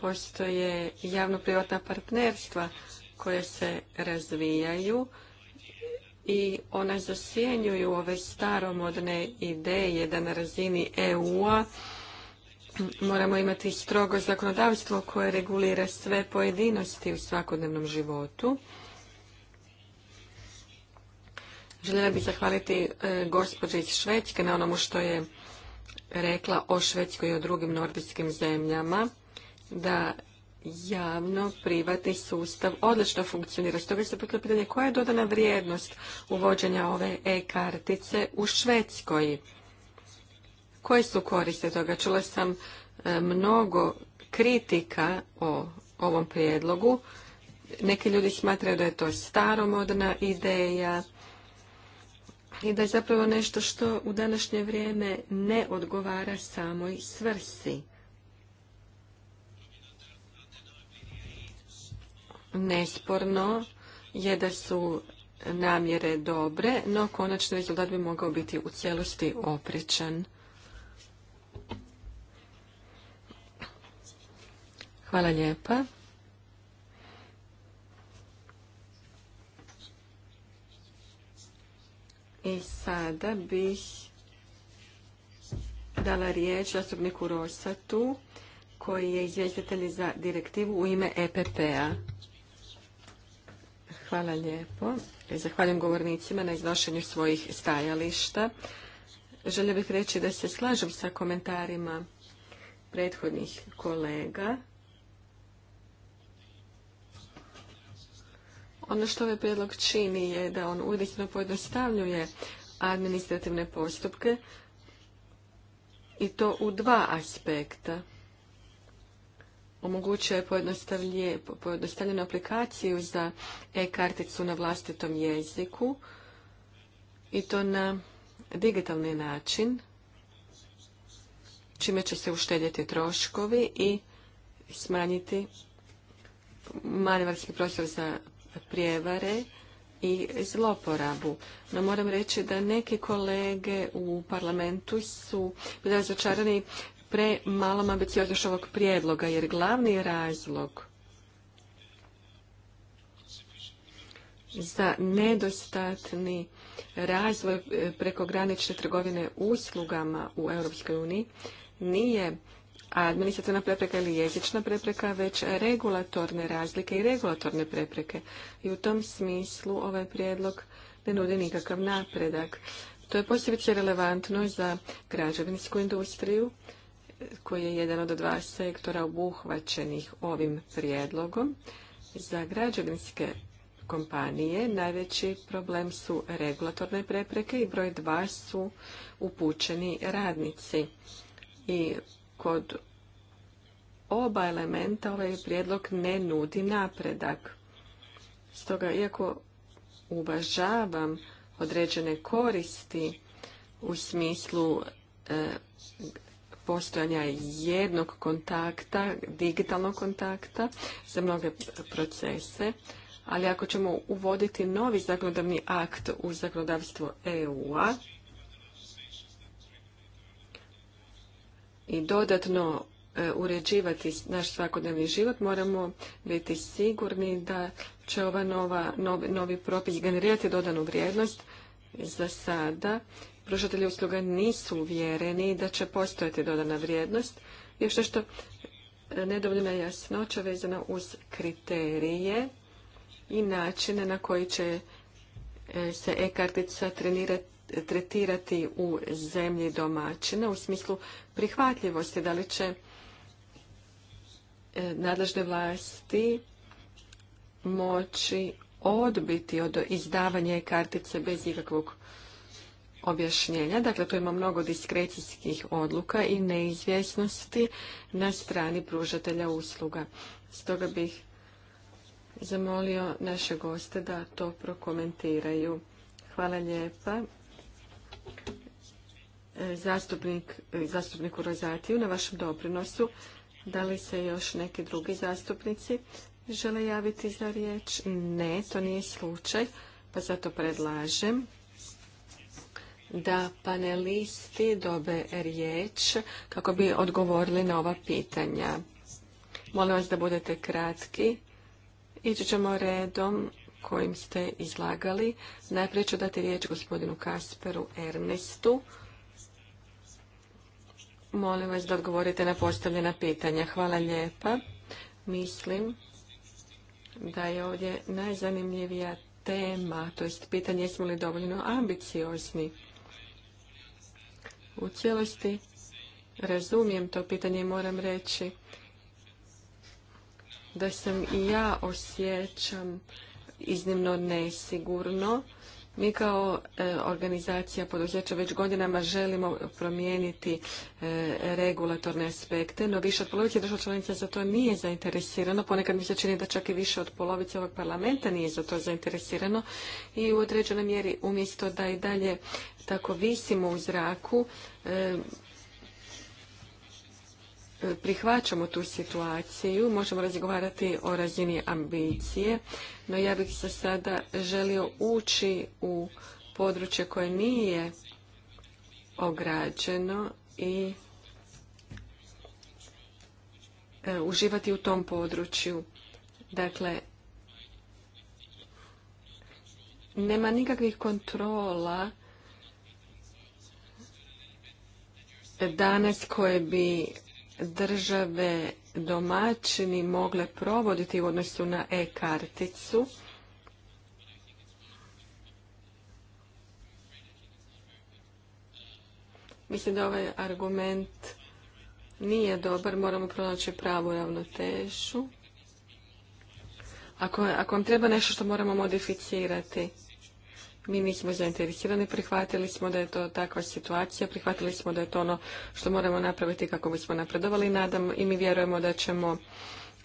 postoje javno-privatna partnerstva koje se razvijaju i ona zasjenjuju ove staromodne ideje da na razini EU-a moramo imati strogo zakonodavstvo koje regulira sve pojedinosti u svakodnevnom životu. Željela bih zahvaliti e, gospođi iz Švedske na onomu što je rekla o Švedskoj i o drugim nordijskim zemljama, da javno-privatni sustav odlično funkcionira. Stoga se potrebno pitanje koja je dodana vrijednost uvođenja ove e-kartice u Švedskoj. Koje su koriste toga? Čula sam e, mnogo kritika o ovom prijedlogu. Neki ljudi smatraju da je to staromodna ideja i da je zapravo nešto što u današnje vrijeme ne odgovara samoj svrsi. Nesporno je da su namjere dobre, no konačni rezultat bi mogao biti u cijelosti oprečan. Hvala lijepa. I sada bih dala riječ zastupniku Rosatu koji je izvjestitelj za direktivu u ime EPP-a. Hvala lijepo. Zahvaljujem govornicima na iznošenju svojih stajališta. Želio bih reći da se slažem sa komentarima prethodnih kolega Ono što ovaj prijedlog čini je da on uistinu pojednostavljuje administrativne postupke i to u dva aspekta. Omogućuje pojednostavljenu aplikaciju za e-karticu na vlastitom jeziku i to na digitalni način, čime će se uštedjeti troškovi i smanjiti manevarski prostor za prijevare i zloporabu. No moram reći da neke kolege u parlamentu su bili razočarani pre malom ambicioznoš ovog prijedloga, jer glavni razlog za nedostatni razvoj eh, prekogranične trgovine uslugama u Europskoj uniji nije administrativna prepreka ili jezična prepreka, već regulatorne razlike i regulatorne prepreke. I u tom smislu ovaj prijedlog ne nudi nikakav napredak. To je posebice relevantno za građevinsku industriju, koji je jedan od dva sektora obuhvaćenih ovim prijedlogom. Za građevinske kompanije najveći problem su regulatorne prepreke i broj dva su upućeni radnici. I Kod oba elementa ovaj prijedlog ne nudi napredak. Stoga, iako uvažavam određene koristi u smislu e, postojanja jednog kontakta, digitalnog kontakta za mnoge procese, ali ako ćemo uvoditi novi zakonodavni akt u zakonodavstvo EU-a, i dodatno e, uređivati naš svakodnevni život, moramo biti sigurni da će ova nova, novi, propis generirati dodanu vrijednost za sada. Pružatelji usluga nisu uvjereni da će postojati dodana vrijednost. Još nešto e, nedovoljna jasnoća vezana uz kriterije i načine na koji će e, se e-kartica trenirati tretirati u zemlji domaćina u smislu prihvatljivosti, da li će e, nadležne vlasti moći odbiti od izdavanja kartice bez ikakvog objašnjenja. Dakle, tu ima mnogo diskrecijskih odluka i neizvjesnosti na strani pružatelja usluga. Stoga bih zamolio naše goste da to prokomentiraju. Hvala lijepa zastupnik, e, zastupniku Rozatiju na vašem doprinosu. Da li se još neki drugi zastupnici žele javiti za riječ? Ne, to nije slučaj, pa zato predlažem da panelisti dobe riječ kako bi odgovorili na ova pitanja. Molim vas da budete kratki. Ići ćemo redom kojim ste izlagali. Najprije ću dati riječ gospodinu Kasperu Ernestu. Molim vas da odgovorite na postavljena pitanja. Hvala lijepa. Mislim da je ovdje najzanimljivija tema, to jest pitanje jesmo li dovoljno ambiciozni. U cijelosti razumijem to pitanje i moram reći da sam i ja osjećam iznimno nesigurno. Mi kao e, organizacija poduzeća već godinama želimo promijeniti e, regulatorne aspekte, no više od polovice država članica za to nije zainteresirano. Ponekad mi se čini da čak i više od polovice ovog parlamenta nije za to zainteresirano i u određenoj mjeri umjesto da i dalje tako visimo u zraku, e, prihvaćamo tu situaciju, možemo razgovarati o razini ambicije, no ja bih se sada želio ući u područje koje nije ograđeno i e, uživati u tom području. Dakle, nema nikakvih kontrola danas koje bi države domaćini mogle provoditi u odnosu na e-karticu. Mislim da ovaj argument nije dobar, moramo pronaći pravu ravnotežu. Ako, ako vam treba nešto što moramo modificirati, mi nismo zainteresirani, prihvatili smo da je to takva situacija, prihvatili smo da je to ono što moramo napraviti kako bismo napredovali nadam i mi vjerujemo da ćemo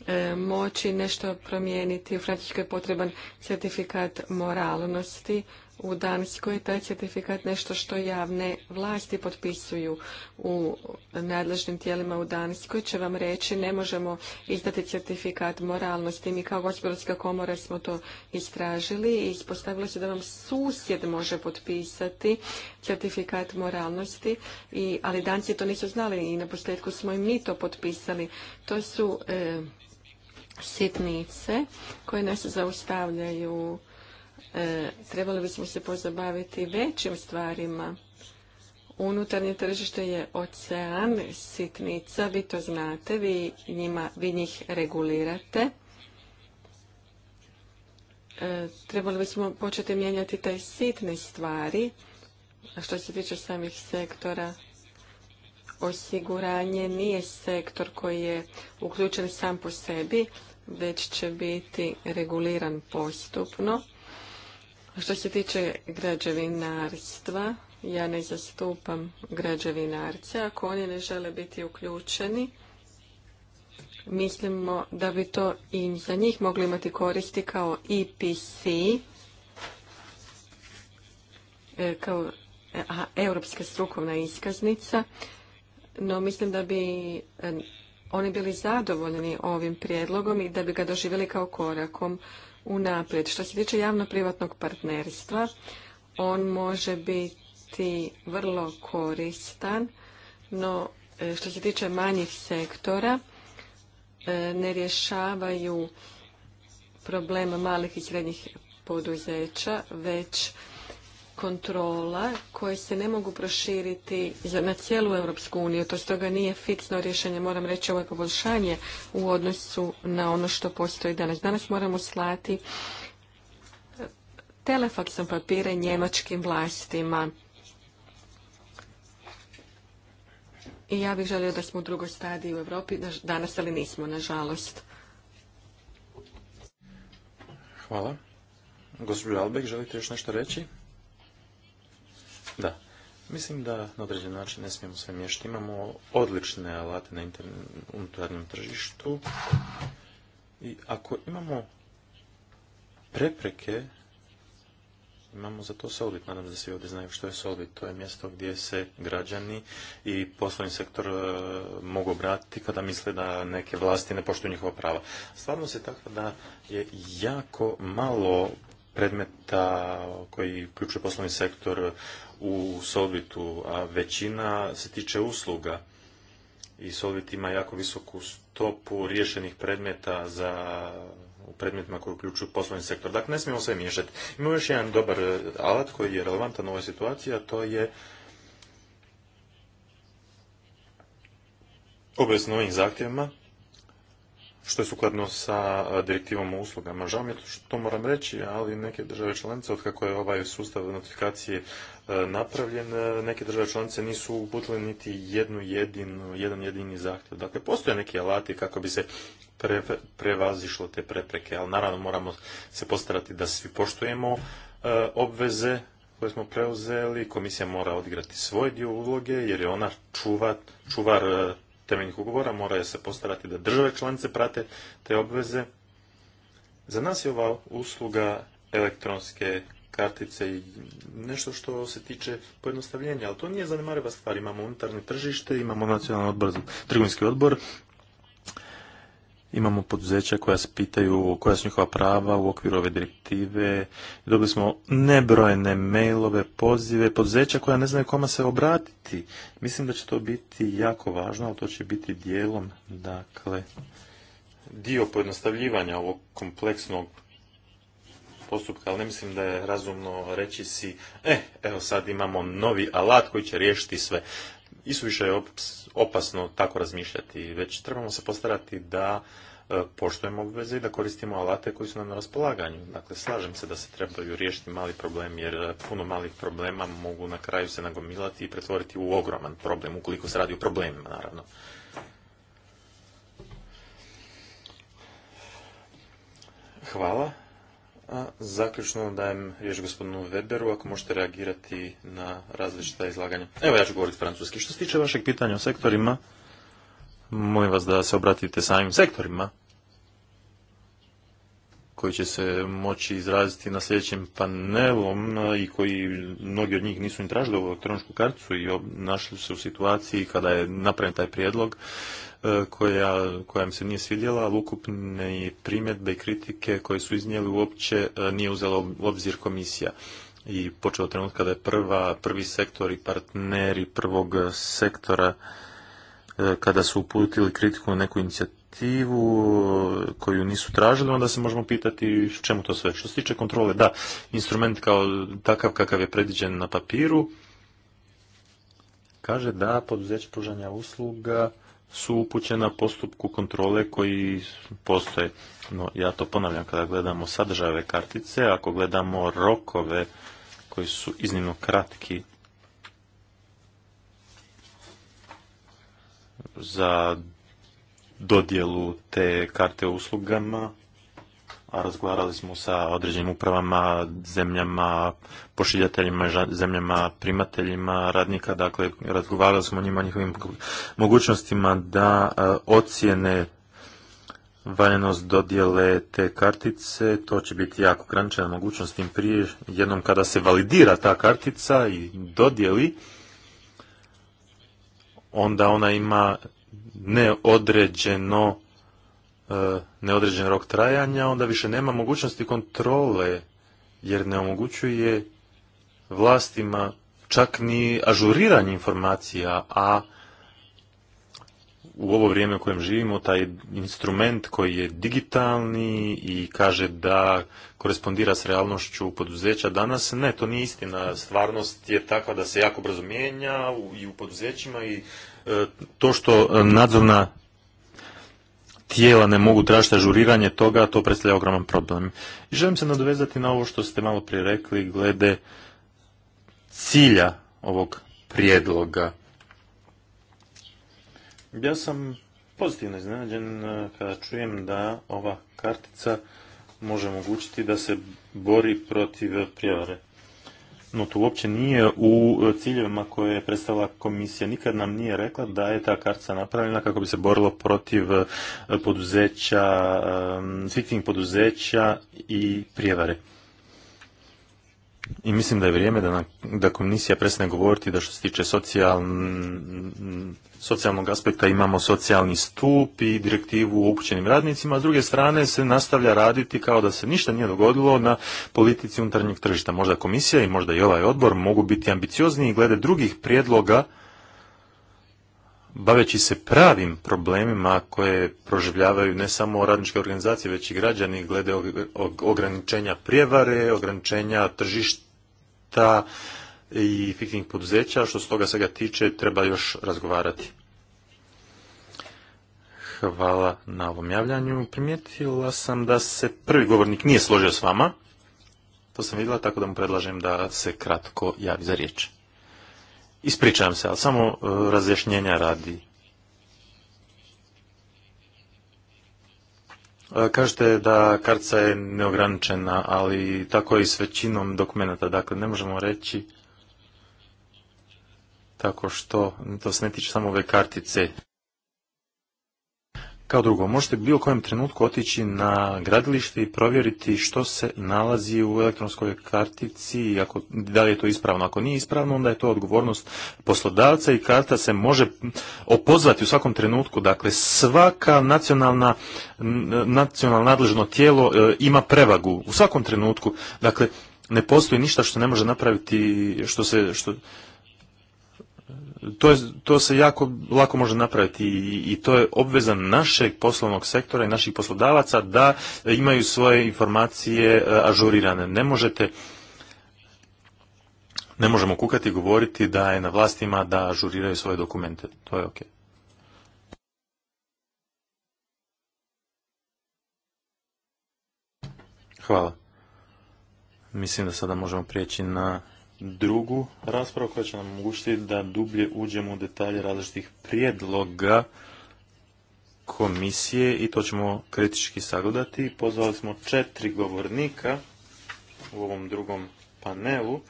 e, moći nešto promijeniti. U Francuskoj je potreban certifikat moralnosti, u Danskoj taj certifikat nešto što javne vlasti potpisuju u nadležnim tijelima u Danskoj će vam reći ne možemo izdati certifikat moralnosti. Mi kao gospodarska komora smo to istražili i ispostavilo se da vam susjed može potpisati certifikat moralnosti, i, ali Danci to nisu znali i na posljedku smo i mi to potpisali. To su e, sitnice koje nas zaustavljaju trebali bismo se pozabaviti većim stvarima. Unutarnje tržište je ocean, sitnica, vi to znate, vi, njima, vi njih regulirate. E, trebali bismo početi mijenjati taj sitne stvari. A što se tiče samih sektora, osiguranje nije sektor koji je uključen sam po sebi, već će biti reguliran postupno. Što se tiče građevinarstva, ja ne zastupam građevinarce. Ako oni ne žele biti uključeni, mislimo da bi to i za njih mogli imati koristi kao EPC, e, kao e, europska strukovna iskaznica, no mislim da bi e, oni bili zadovoljni ovim prijedlogom i da bi ga doživjeli kao korakom unaprijed. Što se tiče javno-privatnog partnerstva, on može biti vrlo koristan, no e, što se tiče manjih sektora, e, ne rješavaju problem malih i srednjih poduzeća, već kontrola koje se ne mogu proširiti na cijelu Europsku uniju. To stoga nije fiksno rješenje, moram reći, ovo je poboljšanje u odnosu na ono što postoji danas. Danas moramo slati eh, telefaksom papire njemačkim vlastima. I ja bih želio da smo u drugoj stadiji u Europi, danas ali nismo, nažalost. Hvala. Gospodin Albek, želite još nešto reći? Da. Mislim da na određen način ne smijemo sve mješati. Imamo odlične alate na unutarnjem tržištu i ako imamo prepreke, imamo za to Solvit. Nadam da svi ovdje znaju što je Solvit. To je mjesto gdje se građani i poslovni sektor e, mogu obratiti kada misle da neke vlasti ne poštuju njihova prava. stvarno se takva da je jako malo predmeta koji uključuje poslovni sektor u Solvitu, a većina se tiče usluga. I Solvit ima jako visoku stopu riješenih predmeta za u predmetima koji uključuju poslovni sektor. Dakle, ne smijemo sve miješati. Imamo još jedan dobar e, alat koji je relevantan u ovoj situaciji, a to je obvezno ovim zahtjevima što je sukladno sa e, direktivom o uslugama. Žao mi je što moram reći, ali neke države članice, kako je ovaj sustav notifikacije e, napravljen, e, neke države članice nisu uputile niti jednu jedinu, jedan jedini zahtjev. Dakle, postoje neki alati kako bi se prevazišlo te prepreke, ali naravno moramo se postarati da svi poštujemo obveze koje smo preuzeli, komisija mora odigrati svoj dio uloge jer je ona čuva, čuvar temeljnih ugovora moraju se postarati da države članice prate te obveze. Za nas je ova usluga elektronske kartice i nešto što se tiče pojednostavljenja, ali to nije zanemariva stvar. Imamo unutarnje tržište, imamo nacionalni odbor, trgovinski odbor, imamo poduzeća koja se pitaju koja su njihova prava u okviru ove direktive. Dobili smo nebrojene mailove, pozive, poduzeća koja ne znaju koma se obratiti. Mislim da će to biti jako važno, ali to će biti dijelom, dakle, dio pojednostavljivanja ovog kompleksnog postupka, ali ne mislim da je razumno reći si, e, eh, evo sad imamo novi alat koji će riješiti sve isuviše je opasno tako razmišljati, već trebamo se postarati da e, poštujemo obveze i da koristimo alate koji su nam na raspolaganju. Dakle, slažem se da se trebaju riješiti mali problem, jer e, puno malih problema mogu na kraju se nagomilati i pretvoriti u ogroman problem, ukoliko se radi o problemima, naravno. Hvala. A zaključno dajem riječ gospodinu Weberu, ako možete reagirati na različita izlaganja. Evo ja ću govoriti francuski. Što se tiče vašeg pitanja o sektorima, molim vas da se obratite samim sektorima koji će se moći izraziti na sljedećem panelom i koji mnogi od njih nisu ni tražili u elektroničku karticu i našli su se u situaciji kada je napravljen taj prijedlog E, koja, koja se nije svidjela, ali ukupne primjedbe i kritike koje su iznijeli uopće e, nije uzela u obzir komisija. I počeo trenutka kada je prva, prvi sektor i partneri prvog sektora e, kada su uputili kritiku na neku inicijativu koju nisu tražili, onda se možemo pitati čemu to sve. Što se tiče kontrole, da, instrument kao takav kakav je predviđen na papiru, kaže da poduzeće pružanja usluga su upućena postupku kontrole koji postoje. No, ja to ponavljam kada gledamo sadržave kartice, ako gledamo rokove koji su iznimno kratki za dodjelu te karte uslugama, razgovarali smo sa određenim upravama, zemljama, pošiljateljima, zemljama, primateljima radnika, dakle razgovarali smo o njima, njihovim mogućnostima da e, ocjene valjenost dodjele te kartice, to će biti jako ograničena mogućnost tim prije, jednom kada se validira ta kartica i dodjeli, onda ona ima neodređeno E, neodređen rok trajanja, onda više nema mogućnosti kontrole, jer ne omogućuje vlastima čak ni ažuriranje informacija, a u ovo vrijeme u kojem živimo, taj instrument koji je digitalni i kaže da korespondira s realnošću poduzeća danas, ne, to nije istina. Stvarnost je takva da se jako brzo mijenja i u poduzećima i e, to što nadzorna tijela ne mogu tražiti ažuriranje toga, to predstavlja ogroman problem. želim se nadovezati na ovo što ste malo prije rekli glede cilja ovog prijedloga. Ja sam pozitivno iznenađen eh, kada čujem da ova kartica može omogućiti da se bori protiv prijevare no to uopće nije u e, ciljevima koje je predstavila komisija. Nikad nam nije rekla da je ta kartica napravljena kako bi se borilo protiv e, poduzeća, e, tih poduzeća i prijevare. I mislim da je vrijeme da, da komisija prestane govoriti da što se tiče socijalnog aspekta imamo socijalni stup i direktivu o upućenim radnicima, a s druge strane se nastavlja raditi kao da se ništa nije dogodilo na politici unutarnjeg tržišta. Možda komisija i možda i ovaj odbor mogu biti ambiciozniji glede drugih prijedloga baveći se pravim problemima koje proživljavaju ne samo radničke organizacije, već i građani glede ograničenja prijevare, ograničenja tržišta i fiktivnih poduzeća, što se toga svega tiče, treba još razgovarati. Hvala na ovom javljanju. Primijetila sam da se prvi govornik nije složio s vama. To sam vidjela, tako da mu predlažem da se kratko javi za riječ. Ispričavam se, ali samo e, razjašnjenja radi. E, kažete da karca je neograničena, ali tako i s većinom dokumenta. Dakle, ne možemo reći tako što to se ne tiče samo ove kartice. Kao drugo, možete bilo kojem trenutku otići na gradilište i provjeriti što se nalazi u elektronskoj kartici i ako, da li je to ispravno. Ako nije ispravno, onda je to odgovornost poslodavca i karta se može opozvati u svakom trenutku. Dakle, svaka nacionalna, nacionalno nadležno tijelo e, ima prevagu u svakom trenutku. Dakle, ne postoji ništa što ne može napraviti, što se, što, to, to se jako lako može napraviti i, i to je obveza našeg poslovnog sektora i naših poslodavaca da imaju svoje informacije e, ažurirane. Ne možete ne možemo kukati i govoriti da je na vlastima da ažuriraju svoje dokumente. To je ok. Hvala. Mislim da sada možemo prijeći na drugu raspravu koja će nam omogućiti da dublje uđemo u detalje različitih prijedloga komisije i to ćemo kritički sagledati. Pozvali smo četiri govornika u ovom drugom panelu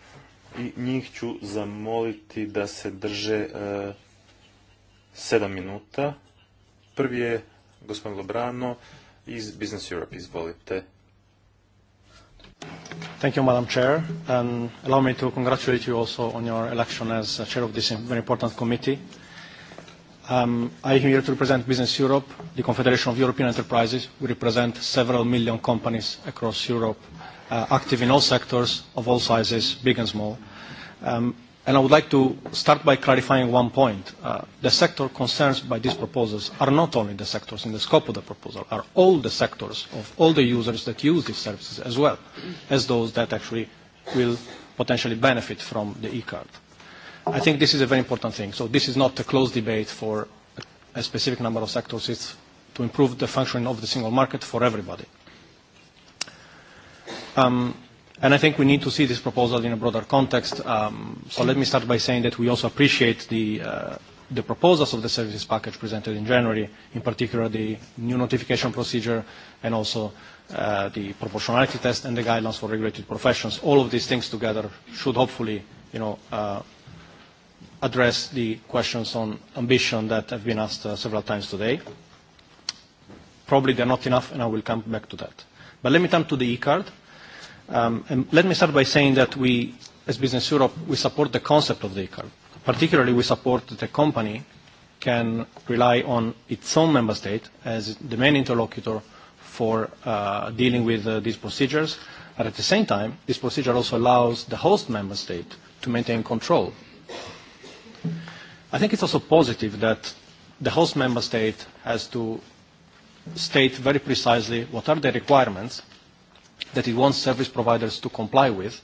i njih ću zamoliti da se drže e, sedam minuta. Prvi je gospodin Lobrano iz Business Europe. Izvolite. Thank you, Madam Chair, and allow me to congratulate you also on your election as Chair of this very important committee. Um, I am here to represent Business Europe, the Confederation of European Enterprises. We represent several million companies across Europe, uh, active in all sectors, of all sizes, big and small. Um, And I would like to start by clarifying one point. Uh, the sector concerns by these proposals are not only the sectors in the scope of the proposal, are all the sectors of all the users that use these services as well as those that actually will potentially benefit from the e-card. I think this is a very important thing. So this is not a closed debate for a specific number of sectors. It's to improve the functioning of the single market for everybody. Um, And I think we need to see this proposal in a broader context. Um, so let me start by saying that we also appreciate the, uh, the proposals of the services package presented in January, in particular the new notification procedure and also uh, the proportionality test and the guidelines for regulated professions. All of these things together should hopefully you know, uh, address the questions on ambition that have been asked uh, several times today. Probably they're not enough, and I will come back to that. But let me turn to the e-card. Um, and let me start by saying that we, as Business Europe, we support the concept of the ICAR. Particularly, we support that the company can rely on its own member state as the main interlocutor for uh, dealing with uh, these procedures. But at the same time, this procedure also allows the host member state to maintain control. I think it's also positive that the host member state has to state very precisely what are the requirements that it wants service providers to comply with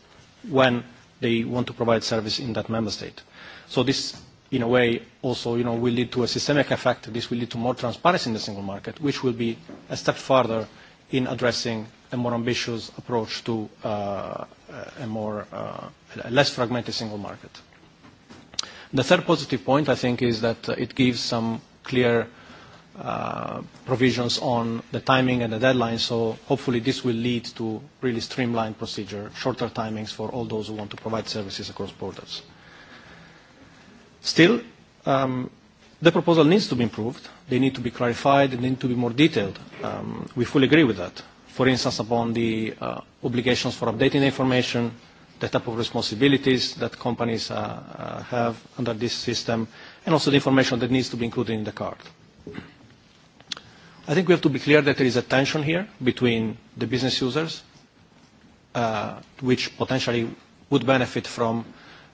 when they want to provide service in that member state. So this, in a way, also you know, will lead to a systemic effect. This will lead to more transparency in the single market, which will be a step further in addressing a more ambitious approach to uh, a more uh, a less fragmented single market. The third positive point, I think, is that it gives some clear uh, provisions on the timing and the deadline, so hopefully this will lead to really streamlined procedure, shorter timings for all those who want to provide services across borders. Still, um, the proposal needs to be improved. They need to be clarified. They need to be more detailed. Um, we fully agree with that. For instance, upon the uh, obligations for updating information, the type of responsibilities that companies uh, uh, have under this system, and also the information that needs to be included in the card. I think we have to be clear that there is a tension here between the business users, uh, which potentially would benefit from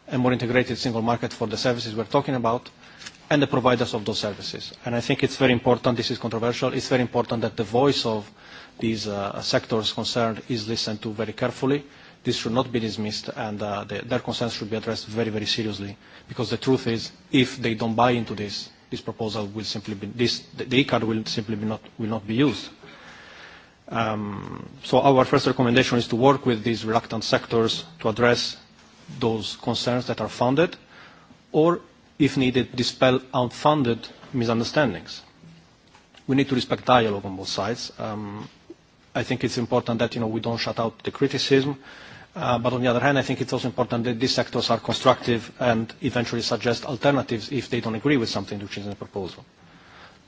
a more integrated single market for the services we're talking about, and the providers of those services. And I think it's very important, this is controversial, it's very important that the voice of these uh, sectors concerned is listened to very carefully. This should not be dismissed and uh, the, their concerns should be addressed very, very seriously because the truth is if they don't buy into this, this proposal will simply be this the e-card will simply be not will not be used. Um, so our first recommendation is to work with these reluctant sectors to address those concerns that are funded, or if needed, dispel unfunded misunderstandings. We need to respect dialogue on both sides. Um, I think it's important that you know we don't shut out the criticism Uh, but on the other hand, I think it's also important that these sectors are constructive and eventually suggest alternatives if they don't agree with something which is in the proposal.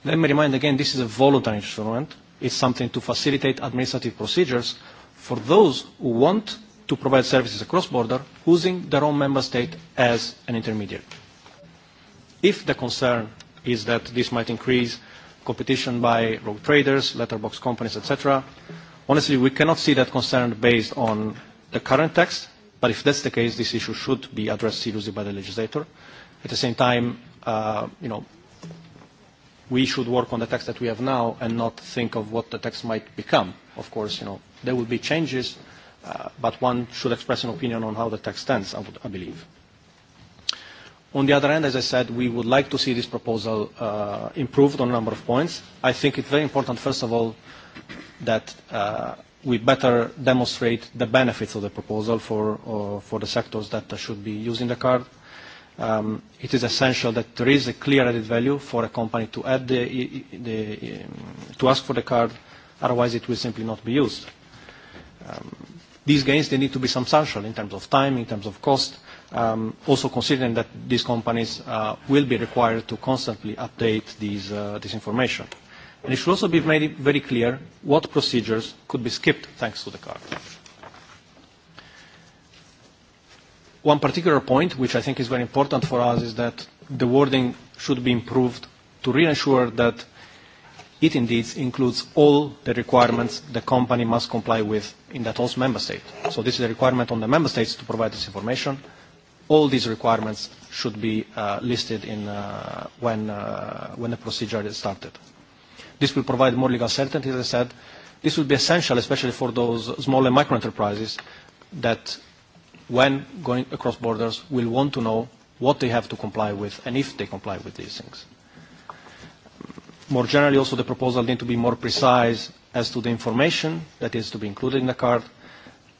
Let me remind again, this is a voluntary instrument. It's something to facilitate administrative procedures for those who want to provide services across border using their own member state as an intermediary. If the concern is that this might increase competition by rogue traders, letterbox companies, etc., honestly, we cannot see that concern based on the current text, but if that's the case, this issue should be addressed seriously by the legislator. At the same time, uh, you know, we should work on the text that we have now and not think of what the text might become. Of course, you know, there will be changes, uh, but one should express an opinion on how the text stands, I, would, I believe. On the other hand, as I said, we would like to see this proposal uh, improved on a number of points. I think it's very important, first of all, that uh, we better demonstrate the benefits of the proposal for, uh, for the sectors that should be using the card. Um, it is essential that there is a clear added value for a company to add the, the, um, to ask for the card, otherwise it will simply not be used. Um, these gains, they need to be substantial in terms of time, in terms of cost, um, also considering that these companies uh, will be required to constantly update these, uh, this information. And it should also be made very clear what procedures could be skipped thanks to the card. One particular point, which I think is very important for us, is that the wording should be improved to reassure that it indeed includes all the requirements the company must comply with in that host member state. So this is a requirement on the member states to provide this information. All these requirements should be uh, listed in, uh, when, uh, when the procedure is started. This will provide more legal certainty, as I said. This will be essential, especially for those small and micro enterprises that, when going across borders, will want to know what they have to comply with and if they comply with these things. More generally, also the proposal needs to be more precise as to the information that is to be included in the card,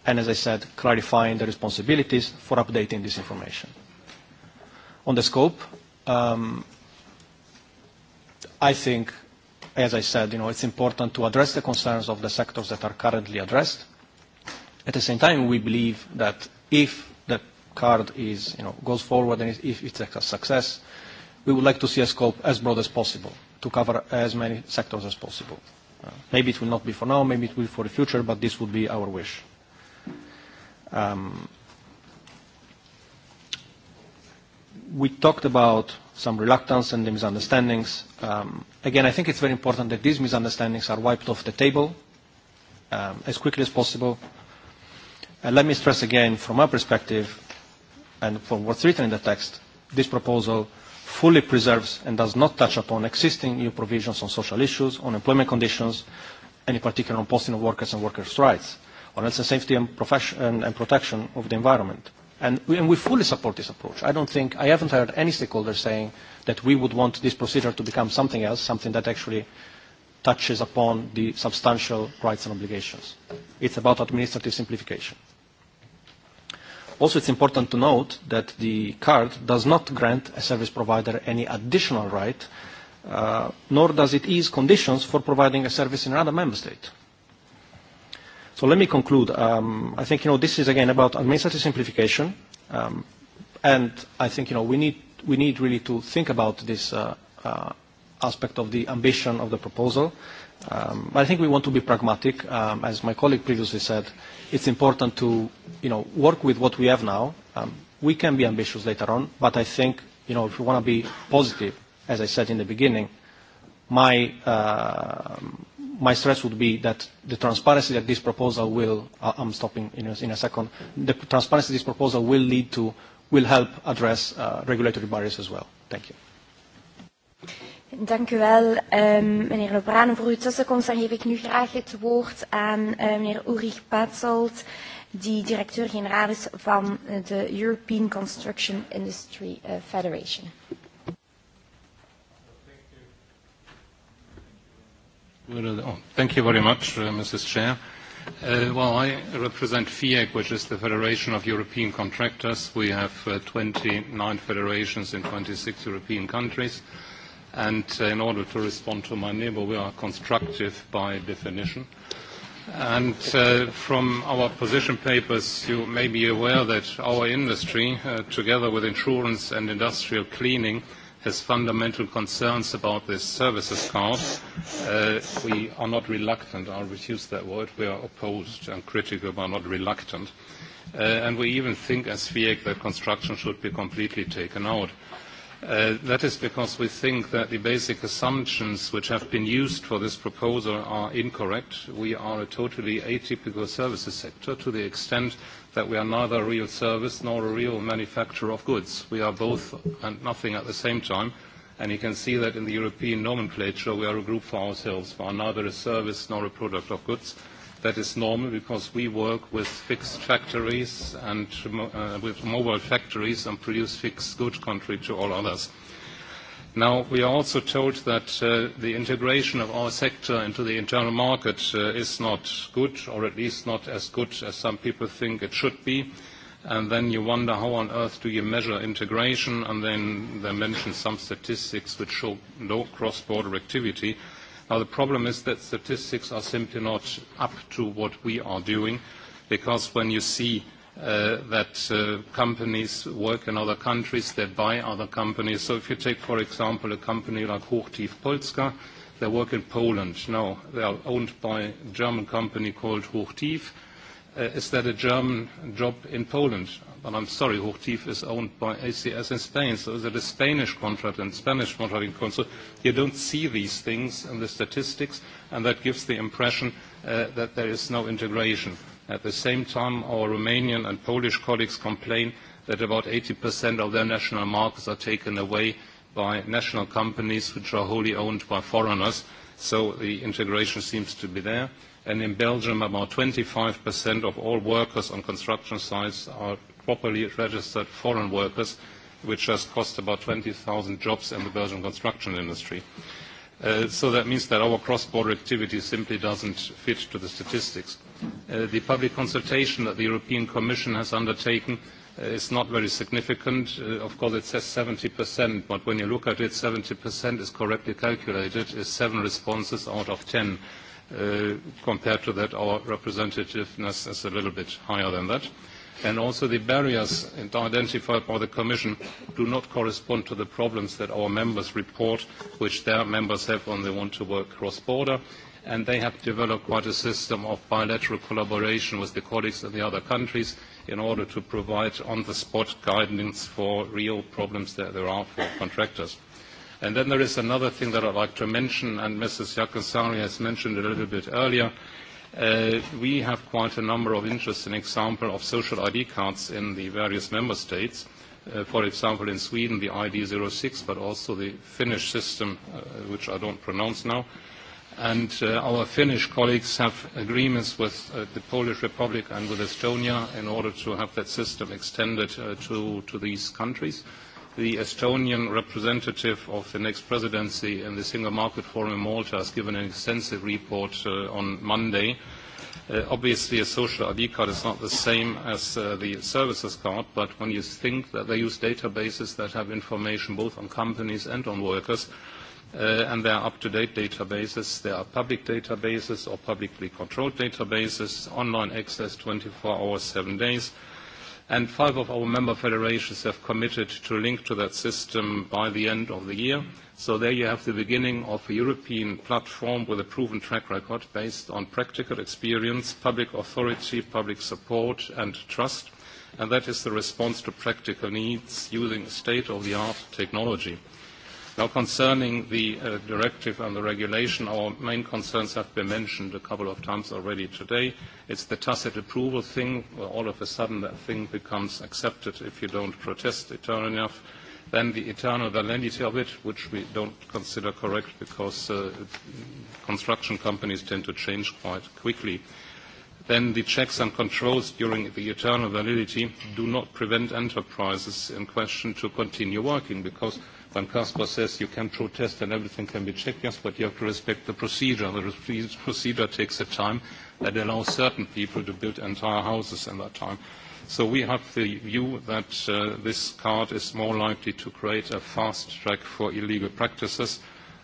and as I said, clarifying the responsibilities for updating this information. On the scope, um, I think as I said, you know, it's important to address the concerns of the sectors that are currently addressed. At the same time, we believe that if the card is, you know, goes forward and if it's a success, we would like to see a scope as broad as possible to cover as many sectors as possible. Uh, maybe it will not be for now, maybe it will be for the future, but this would be our wish. Um, we talked about some reluctance and the misunderstandings. Um, again, I think it's very important that these misunderstandings are wiped off the table um, as quickly as possible. And let me stress again, from our perspective, and from what's written in the text, this proposal fully preserves and does not touch upon existing EU provisions on social issues, on employment conditions, and in particular on posting of workers and workers' rights, on health and safety and, profession, and protection of the environment. And we, and we fully support this approach. I don't think, I haven't heard any stakeholder saying that we would want this procedure to become something else, something that actually touches upon the substantial rights and obligations. It's about administrative simplification. Also, it's important to note that the card does not grant a service provider any additional right, uh, nor does it ease conditions for providing a service in another member state. So let me conclude. Um, I think, you know, this is again about administrative simplification. Um, and I think, you know, we need, we need really to think about this uh, uh, aspect of the ambition of the proposal. Um, I think we want to be pragmatic. Um, as my colleague previously said, it's important to, you know, work with what we have now. Um, we can be ambitious later on, but I think, you know, if we want to be positive, as I said in the beginning, my, uh, my stress would be that the transparency that this proposal will, uh, I'm stopping in a, in a second, the transparency this proposal will lead to, will help address uh, regulatory barriers as well. Thank you. Dank u wel, um, meneer Lobrano. Voor uw tussenkomst geef ik nu graag het woord aan uh, meneer Ulrich Patzold, die directeur-generaal is van de European Construction Industry eh, Federation. Oh, thank you very much, uh, Mrs. Chair. Uh, well, I represent FIEC, which is the Federation of European Contractors. We have uh, 29 federations in 26 European countries. And uh, in order to respond to my neighbor, we are constructive by definition. And uh, from our position papers, you may be aware that our industry, uh, together with insurance and industrial cleaning, has fundamental concerns about this services cost. uh, we are not reluctant. I'll refuse that word. We are opposed and critical, but not reluctant. Uh, and we even think, as FIEC, that construction should be completely taken out. Uh, that is because we think that the basic assumptions which have been used for this proposal are incorrect. We are a totally atypical services sector to the extent that we are neither a real service nor a real manufacturer of goods. We are both and nothing at the same time, and you can see that in the European nomenclature we are a group for ourselves. We are neither a service nor a product of goods That is normal because we work with fixed factories and uh, with mobile factories and produce fixed goods contrary to all others. Now, we are also told that uh, the integration of our sector into the internal market uh, is not good, or at least not as good as some people think it should be. And then you wonder how on earth do you measure integration, and then they mention some statistics which show no cross-border activity Now, the problem is that statistics are simply not up to what we are doing, because when you see uh, that uh, companies work in other countries, they buy other companies. So if you take, for example, a company like Hochtief Polska, they work in Poland. No, they are owned by a German company called Hochtief. Uh, is that a German job in Poland? but I'm sorry, Hochtief is owned by ACS in Spain, so is it a Spanish contract and Spanish contracting council. You don't see these things in the statistics, and that gives the impression uh, that there is no integration. At the same time, our Romanian and Polish colleagues complain that about 80% of their national markets are taken away by national companies which are wholly owned by foreigners, so the integration seems to be there. And in Belgium, about 25% of all workers on construction sites are properly registered foreign workers, which has cost about 20,000 jobs in the Belgian construction industry. Uh, so that means that our cross-border activity simply doesn't fit to the statistics. Uh, the public consultation that the European Commission has undertaken uh, is not very significant. Uh, of course, it says 70%, but when you look at it, 70% is correctly calculated, is seven responses out of 10. Uh, compared to that, our representativeness is a little bit higher than that and also the barriers identified by the Commission do not correspond to the problems that our members report, which their members have when they want to work cross-border. And they have developed quite a system of bilateral collaboration with the colleagues in the other countries in order to provide on-the-spot guidance for real problems that there are for contractors. And then there is another thing that I'd like to mention, and Mrs. Jakansari has mentioned a little bit earlier, Uh, we have quite a number of interesting examples of social ID cards in the various member states. Uh, for example, in Sweden, the ID 06, but also the Finnish system, uh, which I don't pronounce now. And uh, our Finnish colleagues have agreements with uh, the Polish Republic and with Estonia in order to have that system extended uh, to, to these countries the Estonian representative of the next presidency in the Single Market Forum in Malta has given an extensive report uh, on Monday. Uh, obviously, a social ID card is not the same as uh, the services card, but when you think that they use databases that have information both on companies and on workers, Uh, and there are up-to-date databases. There are public databases or publicly controlled databases, online access 24 hours, 7 days, and five of our member federations have committed to link to that system by the end of the year. So there you have the beginning of a European platform with a proven track record based on practical experience, public authority, public support and trust, and that is the response to practical needs using state-of-the-art technology. Now, concerning the uh, directive and the regulation, our main concerns have been mentioned a couple of times already today. It's the tacit approval thing, where all of a sudden that thing becomes accepted if you don't protest eternally enough. Then the eternal validity of it, which we don't consider correct because uh, construction companies tend to change quite quickly then the checks and controls during the eternal validity do not prevent enterprises in question to continue working because When customer says you can protest and everything can be checked, yes, but you have to respect the procedure. The procedure takes a time that allows certain people to build entire houses in that time. So we have the view that uh, this card is more likely to create a fast track for illegal practices,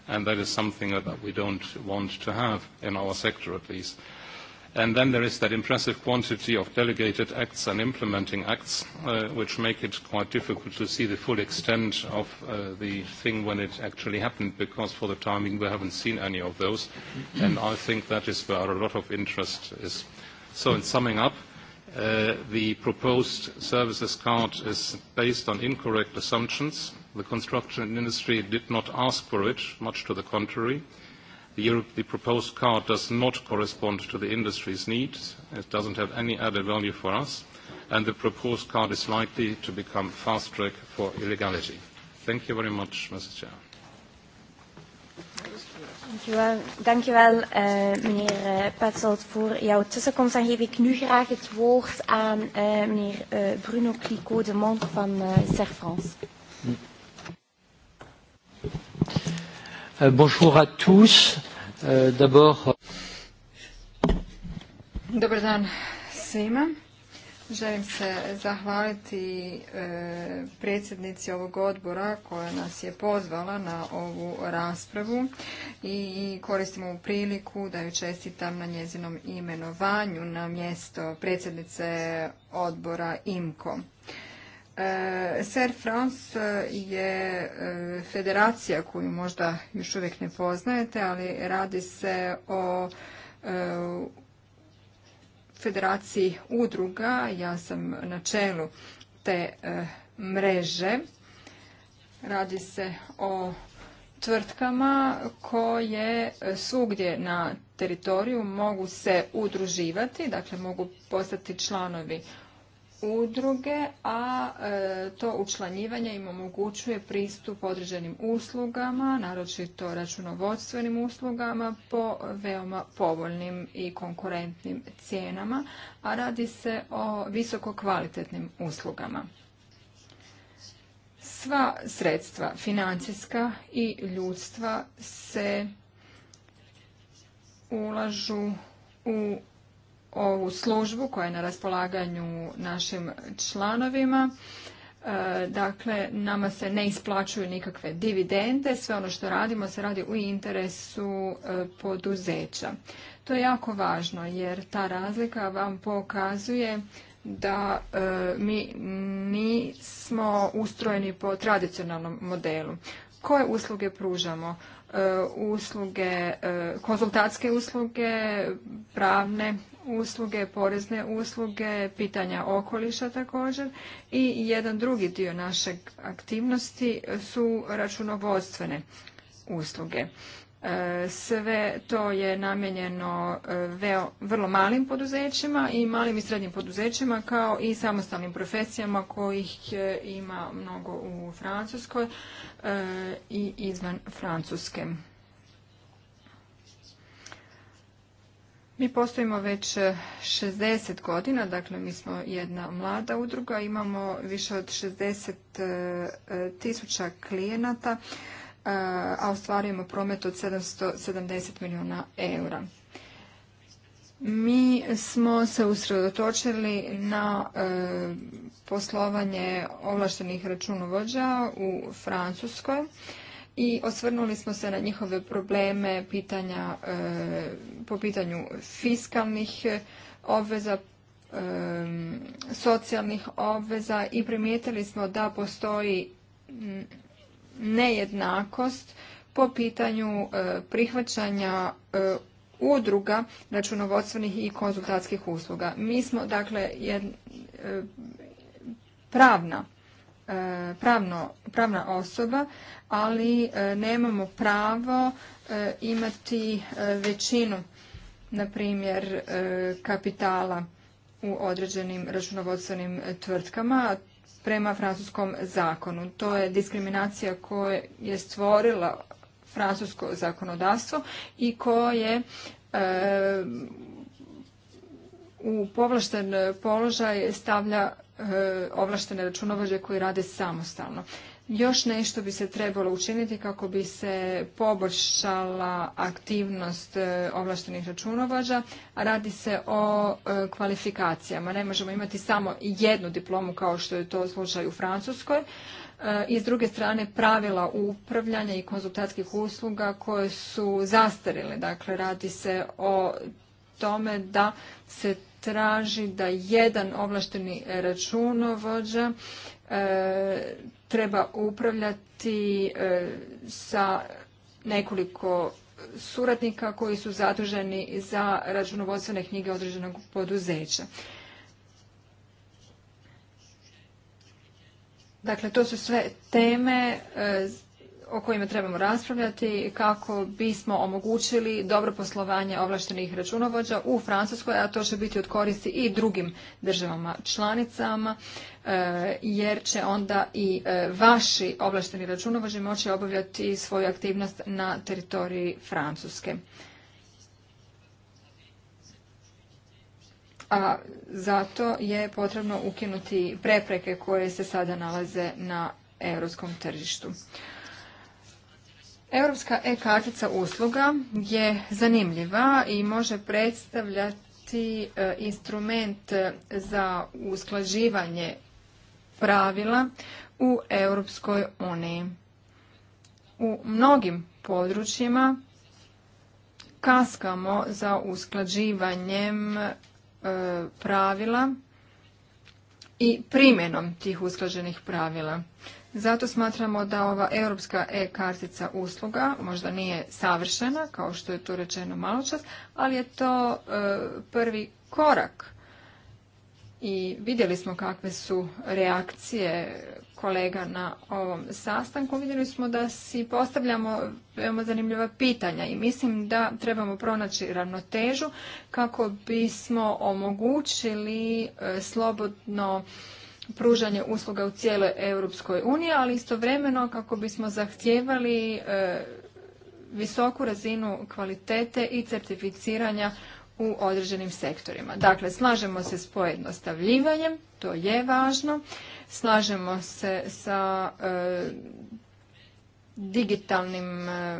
and that is something that we don't want to have in our sector at least. And then there is that impressive quantity of delegated acts and implementing acts, uh, which make it quite difficult to see the full extent of uh, the thing when it actually happened, because for the timing we haven't seen any of those. And I think that is where a lot of interest is. So in summing up, uh, the proposed services card is based on incorrect assumptions. The construction industry did not ask for it, much to the contrary. The, proposed card does not correspond to the industry's needs. It doesn't have any added value for us. And the proposed card is likely to become fast track for illegality. Thank you very much, Mrs. Chair. Dankjewel, dankjewel uh, eh, meneer eh, Petzold voor jouw tussenkomst. Dan geef ik nu graag het woord aan uh, meneer uh, Bruno Clicot de Monk van uh, Euh, bonjour à tous. Euh, d'abord... Euh, Dobar dan svima. Želim se zahvaliti e, predsjednici ovog odbora koja nas je pozvala na ovu raspravu i koristimo u priliku da ju čestitam na njezinom imenovanju na mjesto predsjednice odbora IMKO. E, Ser France je e, federacija koju možda još uvijek ne poznajete, ali radi se o e, federaciji udruga. Ja sam na čelu te mreže. Radi se o tvrtkama koje svugdje na teritoriju mogu se udruživati, dakle mogu postati članovi udruge, a e, to učlanjivanje im omogućuje pristup određenim uslugama, naročito računovodstvenim uslugama, po veoma povoljnim i konkurentnim cijenama, a radi se o visoko kvalitetnim uslugama. Sva sredstva, financijska i ljudstva, se ulažu u ovu službu koja je na raspolaganju našim članovima. E, dakle, nama se ne isplaćuju nikakve dividende, sve ono što radimo se radi u interesu e, poduzeća. To je jako važno jer ta razlika vam pokazuje da e, mi nismo ustrojeni po tradicionalnom modelu. Koje usluge pružamo? usluge, konzultatske usluge, pravne usluge, porezne usluge, pitanja okoliša također i jedan drugi dio našeg aktivnosti su računovodstvene usluge. E, sve to je namijenjeno e, vrlo malim poduzećima i malim i srednjim poduzećima kao i samostalnim profesijama kojih e, ima mnogo u Francuskoj i izvan Francuske. Mi postojimo već 60 e, godina, dakle mi smo jedna mlada udruga, imamo više od 60 e, e, tisuća klijenata, a ostvarujemo promet od 770 milijuna eura. Mi smo se usredotočili na poslovanje ovlaštenih računovođa u Francuskoj i osvrnuli smo se na njihove probleme pitanja eh, po pitanju fiskalnih eh, obveza, eh, socijalnih obveza i primijetili smo da postoji mm, nejednakost po pitanju prihvaćanja udruga računovodstvenih i konzultatskih usluga. Mi smo dakle pravna osoba ali e, nemamo pravo e, imati e, većinu, na primjer, kapitala u određenim računovodstvenim tvrtkama prema francuskom zakonu. To je diskriminacija koja je stvorila francusko zakonodavstvo i koje u povlašten položaj stavlja ovlaštene računovođe koji rade samostalno. Još nešto bi se trebalo učiniti kako bi se poboljšala aktivnost e, ovlaštenih računovođa. Radi se o e, kvalifikacijama. Ne možemo imati samo jednu diplomu kao što je to slučaj u Francuskoj. E, I s druge strane pravila upravljanja i konzultatskih usluga koje su zastarile. Dakle, radi se o tome da se traži da jedan ovlašteni računovođa E, treba upravljati e, sa nekoliko suradnika koji su zaduženi za računovodstvene knjige određenog poduzeća. Dakle, to su sve teme e, o kojima trebamo raspravljati kako bismo omogućili dobro poslovanje ovlaštenih računovođa u Francuskoj, a to će biti od koristi i drugim državama članicama, e, jer će onda i e, vaši ovlašteni računovođe moći obavljati svoju aktivnost na teritoriji Francuske. a zato je potrebno ukinuti prepreke koje se sada nalaze na europskom tržištu. Europska e-kartica usluga je zanimljiva i može predstavljati e, instrument e, za usklađivanje pravila u Europskoj uniji. U mnogim područjima kaskamo za usklađivanjem e, pravila i primjenom tih usklađenih pravila. Zato smatramo da ova europska e-kartica usluga možda nije savršena, kao što je tu rečeno maločas, ali je to e, prvi korak. I vidjeli smo kakve su reakcije kolega na ovom sastanku. Vidjeli smo da si postavljamo veoma zanimljiva pitanja i mislim da trebamo pronaći ravnotežu kako bismo omogućili e, slobodno pružanje usluga u cijeloj Europskoj uniji, ali istovremeno kako bismo zahtijevali e, visoku razinu kvalitete i certificiranja u određenim sektorima. Dakle, slažemo se s pojednostavljivanjem, to je važno, slažemo se sa e, digitalnim e,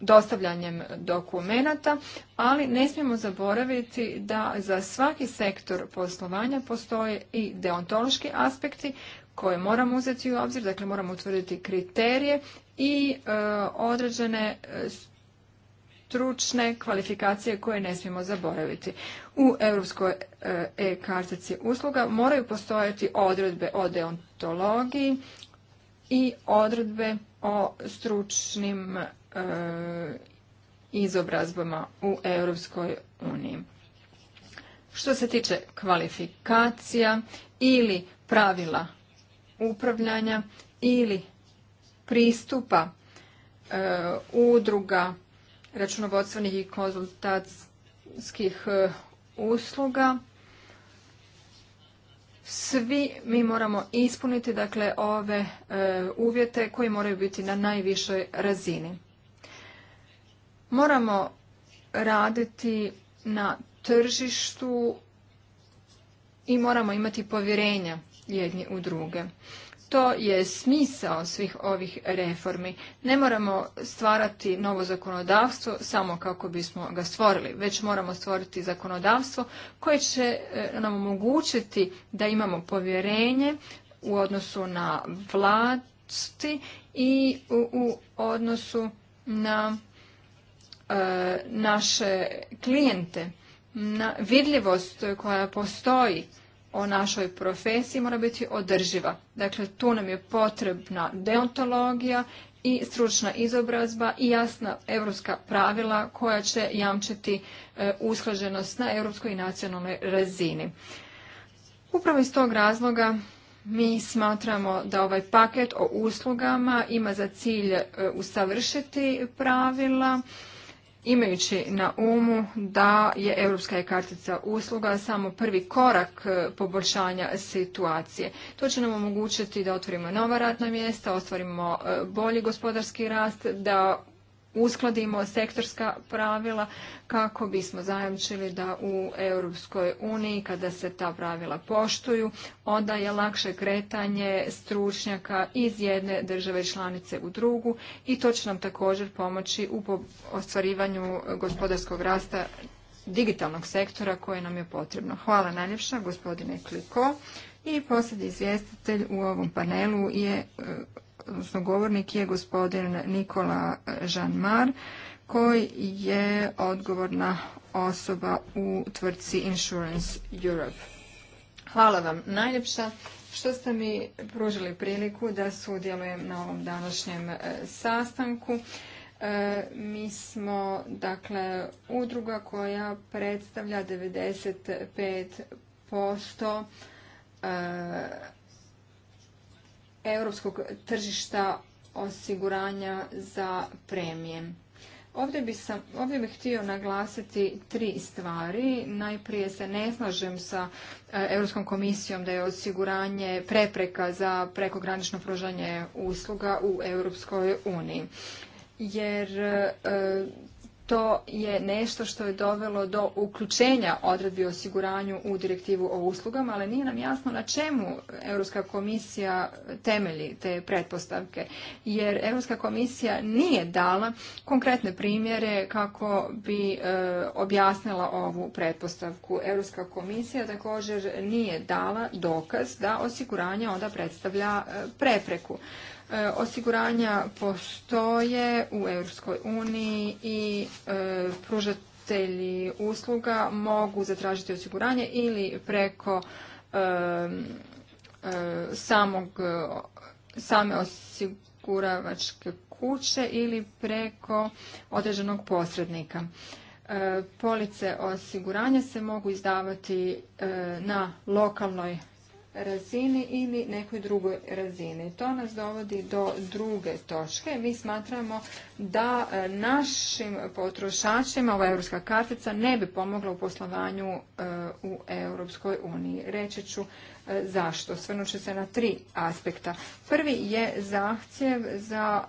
dostavljanjem dokumenata, ali ne smijemo zaboraviti da za svaki sektor poslovanja postoje i deontološki aspekti koje moramo uzeti u obzir, dakle moramo utvrditi kriterije i e, određene e, stručne kvalifikacije koje ne smijemo zaboraviti. U europskoj e, e-kartici usluga moraju postojati odredbe o deontologiji i odredbe o stručnim E, izobrazbama u Europskoj uniji. Što se tiče kvalifikacija ili pravila upravljanja ili pristupa e, udruga računovodstvenih i konzultatskih e, usluga, svi mi moramo ispuniti dakle ove uvjete koji moraju biti na najvišoj razini. Moramo raditi na tržištu i moramo imati povjerenja jedni u druge. To je smisao svih ovih reformi. Ne moramo stvarati novo zakonodavstvo samo kako bismo ga stvorili, već moramo stvoriti zakonodavstvo koje će e, nam omogućiti da imamo povjerenje u odnosu na vlasti i u, u odnosu na E, naše klijente. Na vidljivost koja postoji o našoj profesiji mora biti održiva. Dakle, tu nam je potrebna deontologija i stručna izobrazba i jasna europska pravila koja će jamčiti e, usklađenost na europskoj i nacionalnoj razini. Upravo iz tog razloga mi smatramo da ovaj paket o uslugama ima za cilj e, usavršiti pravila imajući na umu da je europska je kartica usluga samo prvi korak e, poboljšanja situacije. To će nam omogućiti da otvorimo nova radna mjesta, ostvarimo e, bolji gospodarski rast, da uskladimo sektorska pravila kako bismo zajamčili da u Europskoj uniji kada se ta pravila poštuju onda je lakše kretanje stručnjaka iz jedne države članice u drugu i to će nam također pomoći u ostvarivanju gospodarskog rasta digitalnog sektora koje nam je potrebno. Hvala najljepša gospodine Kliko. I posljednji izvjestitelj u ovom panelu je e, odnosno govornik je gospodin Nikola Žanmar koji je odgovorna osoba u tvrtci Insurance Europe. Hvala vam najljepša što ste mi pružili priliku da sudjelujem na ovom današnjem e, sastanku. E, mi smo dakle udruga koja predstavlja 95% europskog tržišta osiguranja za premije. Ovdje bih, ovdje bih htio naglasiti tri stvari. Najprije se ne slažem sa e, Europskom komisijom da je osiguranje prepreka za prekogranično pružanje usluga u Europskoj uniji. Jer e, to je nešto što je dovelo do uključenja odredbi o osiguranju u direktivu o uslugama, ali nije nam jasno na čemu Europska komisija temelji te pretpostavke, jer Europska komisija nije dala konkretne primjere kako bi e, objasnila ovu pretpostavku. Europska komisija također nije dala dokaz da osiguranje onda predstavlja e, prepreku. E, osiguranja postoje u Europskoj uniji i e, pružatelji usluga mogu zatražiti osiguranje ili preko e, samog, same osiguravačke kuće ili preko određenog posrednika. Police osiguranja se mogu izdavati na lokalnoj razini ili nekoj drugoj razini. To nas dovodi do druge točke. Mi smatramo da e, našim potrošačima ova europska kartica ne bi pomogla u poslovanju e, u Europskoj uniji. Reći ću e, zašto. Svrnut se na tri aspekta. Prvi je zahtjev za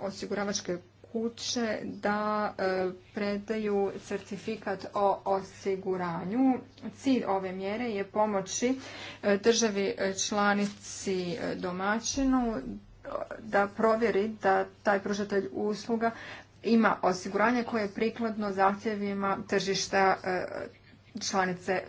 osiguravačke kuće da e, predaju certifikat o osiguranju. Cilj ove mjere je pomoći e, državi e, članici domaćinu da provjeri da taj pružatelj usluga ima osiguranje koje je prikladno zahtjevima tržišta članice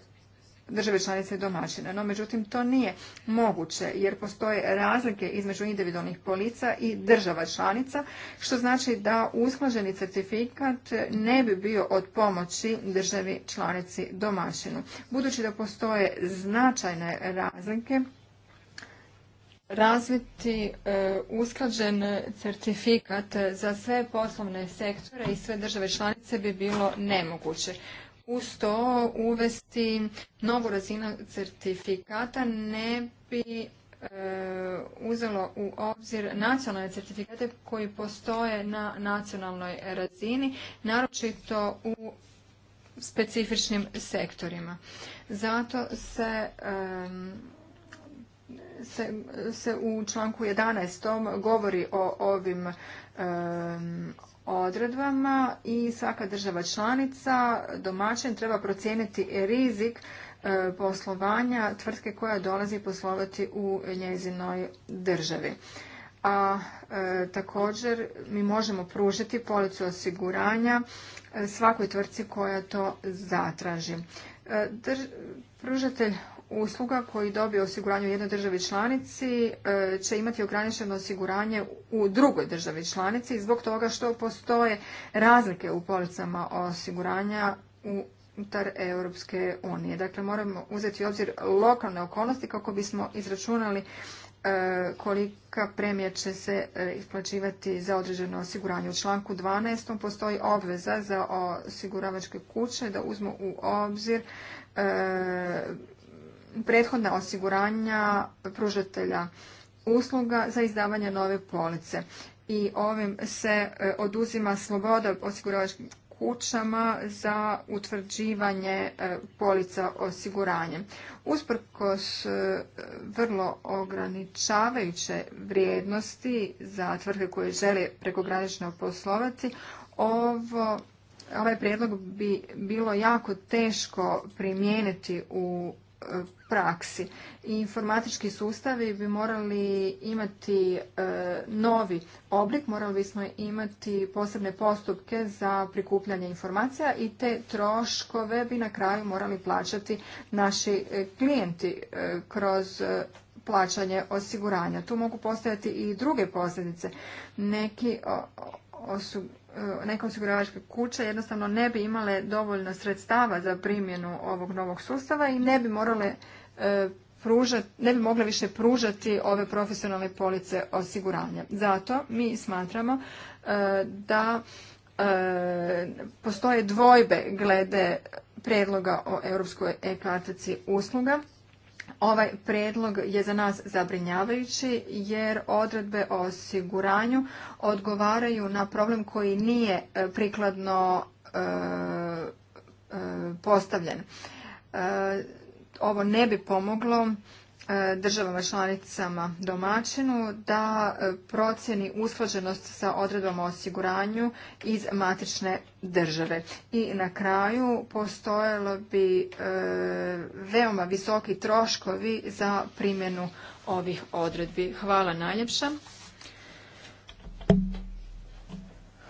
države članice domaćine, No, međutim, to nije moguće jer postoje razlike između individualnih polica i država članica, što znači da usklađeni certifikat ne bi bio od pomoći državi članici domaćinu. Budući da postoje značajne razlike, razviti e, usklađen certifikat za sve poslovne sektore i sve države članice bi bilo nemoguće uz to uvesti novu razinu certifikata ne bi e, uzelo u obzir nacionalne certifikate koji postoje na nacionalnoj razini, naročito u specifičnim sektorima. Zato se, se, u članku 11. govori o ovim odredbama i svaka država članica domaćin treba procijeniti rizik e, poslovanja tvrtke koja dolazi poslovati u njezinoj državi. A e, također mi možemo pružiti policu osiguranja e, svakoj tvrtci koja to zatraži. pružatelj usluga koji dobije osiguranje u jednoj državi članici e, će imati ograničeno osiguranje u drugoj državi članici zbog toga što postoje razlike u policama osiguranja unutar Europske unije. Dakle, moramo uzeti u obzir lokalne okolnosti kako bismo izračunali e, kolika premija će se e, isplaćivati za određeno osiguranje. U članku 12. postoji obveza za osiguravačke kuće da uzmu u obzir prethodna osiguranja pružatelja usluga za izdavanje nove police. I ovim se e, oduzima sloboda osiguravačkim kućama za utvrđivanje e, polica osiguranje. Usprkos e, vrlo ograničavajuće vrijednosti za tvrtke koje žele prekogranično poslovati, ovo, ovaj prijedlog bi bilo jako teško primijeniti u praksi. I informatički sustavi bi morali imati e, novi oblik, morali bismo imati posebne postupke za prikupljanje informacija i te troškove bi na kraju morali plaćati naši e, klijenti e, kroz plaćanje osiguranja. Tu mogu postojati i druge posljedice. Neki o, E, neke osiguravačka kuće jednostavno ne bi imale dovoljno sredstava za primjenu ovog novog sustava i ne bi morale e, pružati, ne bi mogle više pružati ove profesionalne police osiguranja. Zato mi smatramo e, da postoje dvojbe glede prijedloga o europskoj e-kartici usluga Ovaj predlog je za nas zabrinjavajući jer odredbe o osiguranju odgovaraju na problem koji nije e, prikladno e, e, postavljen. Ovo ne bi pomoglo E, državama članicama domaćinu da e, procjeni usklađenost sa odredbama o osiguranju iz matične države. I na kraju postojalo bi e, veoma visoki troškovi za primjenu ovih odredbi. Hvala najljepša.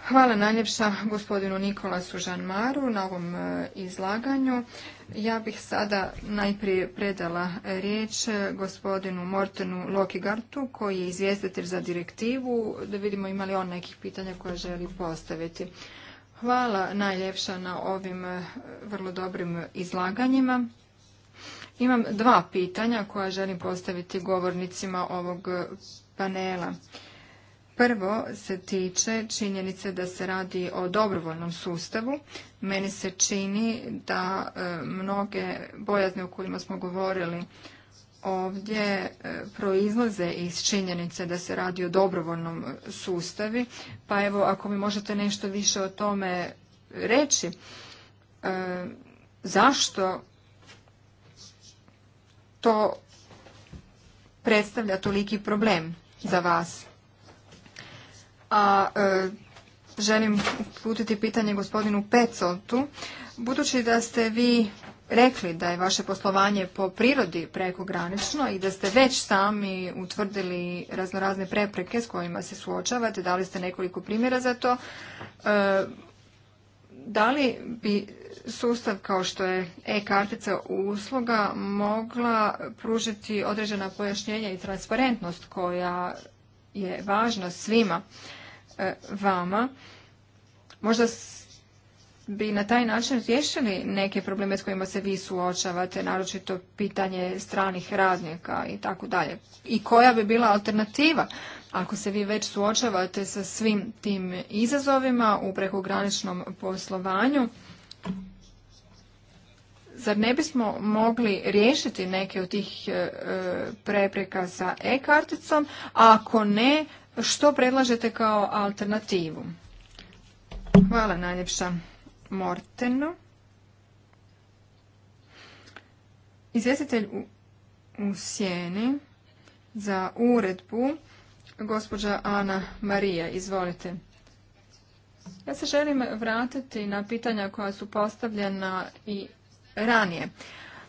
Hvala najljepša gospodinu Nikolasu Žanmaru na ovom e, izlaganju. Ja bih sada najprije predala riječ e, gospodinu Mortenu Lokigartu koji je izvjestitelj za direktivu, da vidimo ima li on nekih pitanja koje želi postaviti. Hvala najljepša na ovim e, vrlo dobrim izlaganjima. Imam dva pitanja koja želim postaviti govornicima ovog panela. Prvo se tiče činjenice da se radi o dobrovoljnom sustavu. Meni se čini da e, mnoge bojazne o kojima smo govorili ovdje e, proizlaze iz činjenice da se radi o dobrovoljnom sustavi. Pa evo, ako mi možete nešto više o tome reći, e, zašto to predstavlja toliki problem za vas? a e, želim uputiti pitanje gospodinu Pecotu. Budući da ste vi rekli da je vaše poslovanje po prirodi prekogranično i da ste već sami utvrdili raznorazne prepreke s kojima se suočavate, dali ste nekoliko primjera za to. E, da li bi sustav kao što je e-kartica usluga mogla pružiti određena pojašnjenja i transparentnost koja je važna svima? E, vama. Možda bi na taj način riješili neke probleme s kojima se vi suočavate, naročito pitanje stranih radnika i tako dalje. I koja bi bila alternativa ako se vi već suočavate sa svim tim izazovima u prekograničnom poslovanju? Zar ne bismo mogli riješiti neke od tih e, e, prepreka sa e-karticom, ako ne, što predlažete kao alternativu? Hvala najljepša Mortenu. Izvjestitelj u, sjeni za uredbu, gospođa Ana Marija, izvolite. Ja se želim vratiti na pitanja koja su postavljena i ranije.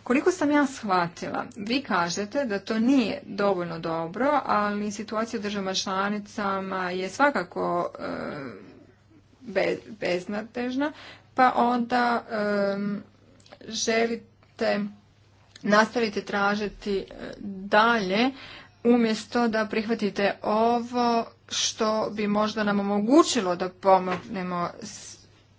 Koliko sam ja shvatila, vi kažete da to nije dovoljno dobro, ali situacija u državama članicama je svakako e, beznatežna, pa onda želite nastaviti tražiti e, dalje umjesto da prihvatite ovo što bi možda nam omogućilo da pomognemo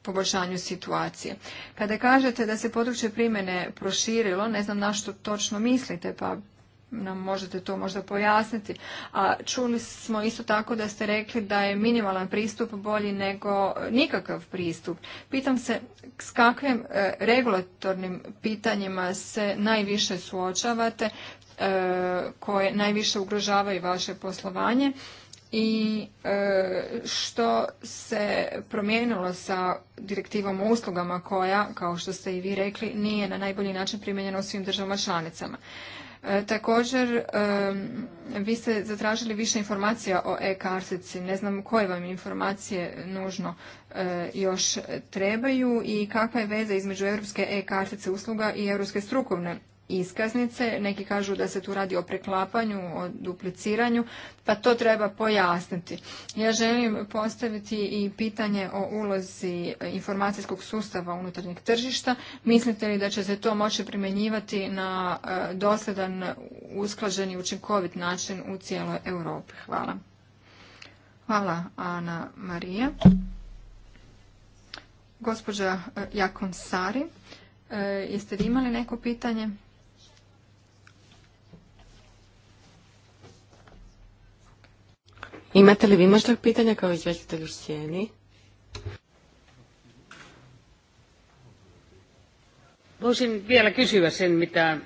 poboljšanju situacije. Kada kažete da se područje primjene proširilo, ne znam na što točno mislite, pa nam možete to možda pojasniti. A čuli smo isto tako da ste rekli da je minimalan pristup bolji nego nikakav pristup. Pitam se s kakvim e, regulatornim pitanjima se najviše suočavate, e, koje najviše ugrožavaju vaše poslovanje i e, što se promijenilo sa direktivom o uslugama koja, kao što ste i vi rekli, nije na najbolji način primijenjena u svim državama članicama. E, također, e, vi ste zatražili više informacija o e-kartici. Ne znam koje vam informacije nužno još trebaju i kakva je veza između europske e-kartice usluga i europske strukovne iskaznice. Neki kažu da se tu radi o preklapanju, o dupliciranju, pa to treba pojasniti. Ja želim postaviti i pitanje o ulozi informacijskog sustava unutarnjeg tržišta. Mislite li da će se to moći primjenjivati na e, dosljedan, usklažen i učinkovit način u cijeloj Europi? Hvala. Hvala, Ana Marija. Gospođa e, Jakon Sari, e, jeste li imali neko pitanje? Imate li vi možda pitanja kao izvjestitelj u sjeni? Voisin vielä kysyä sen, mitä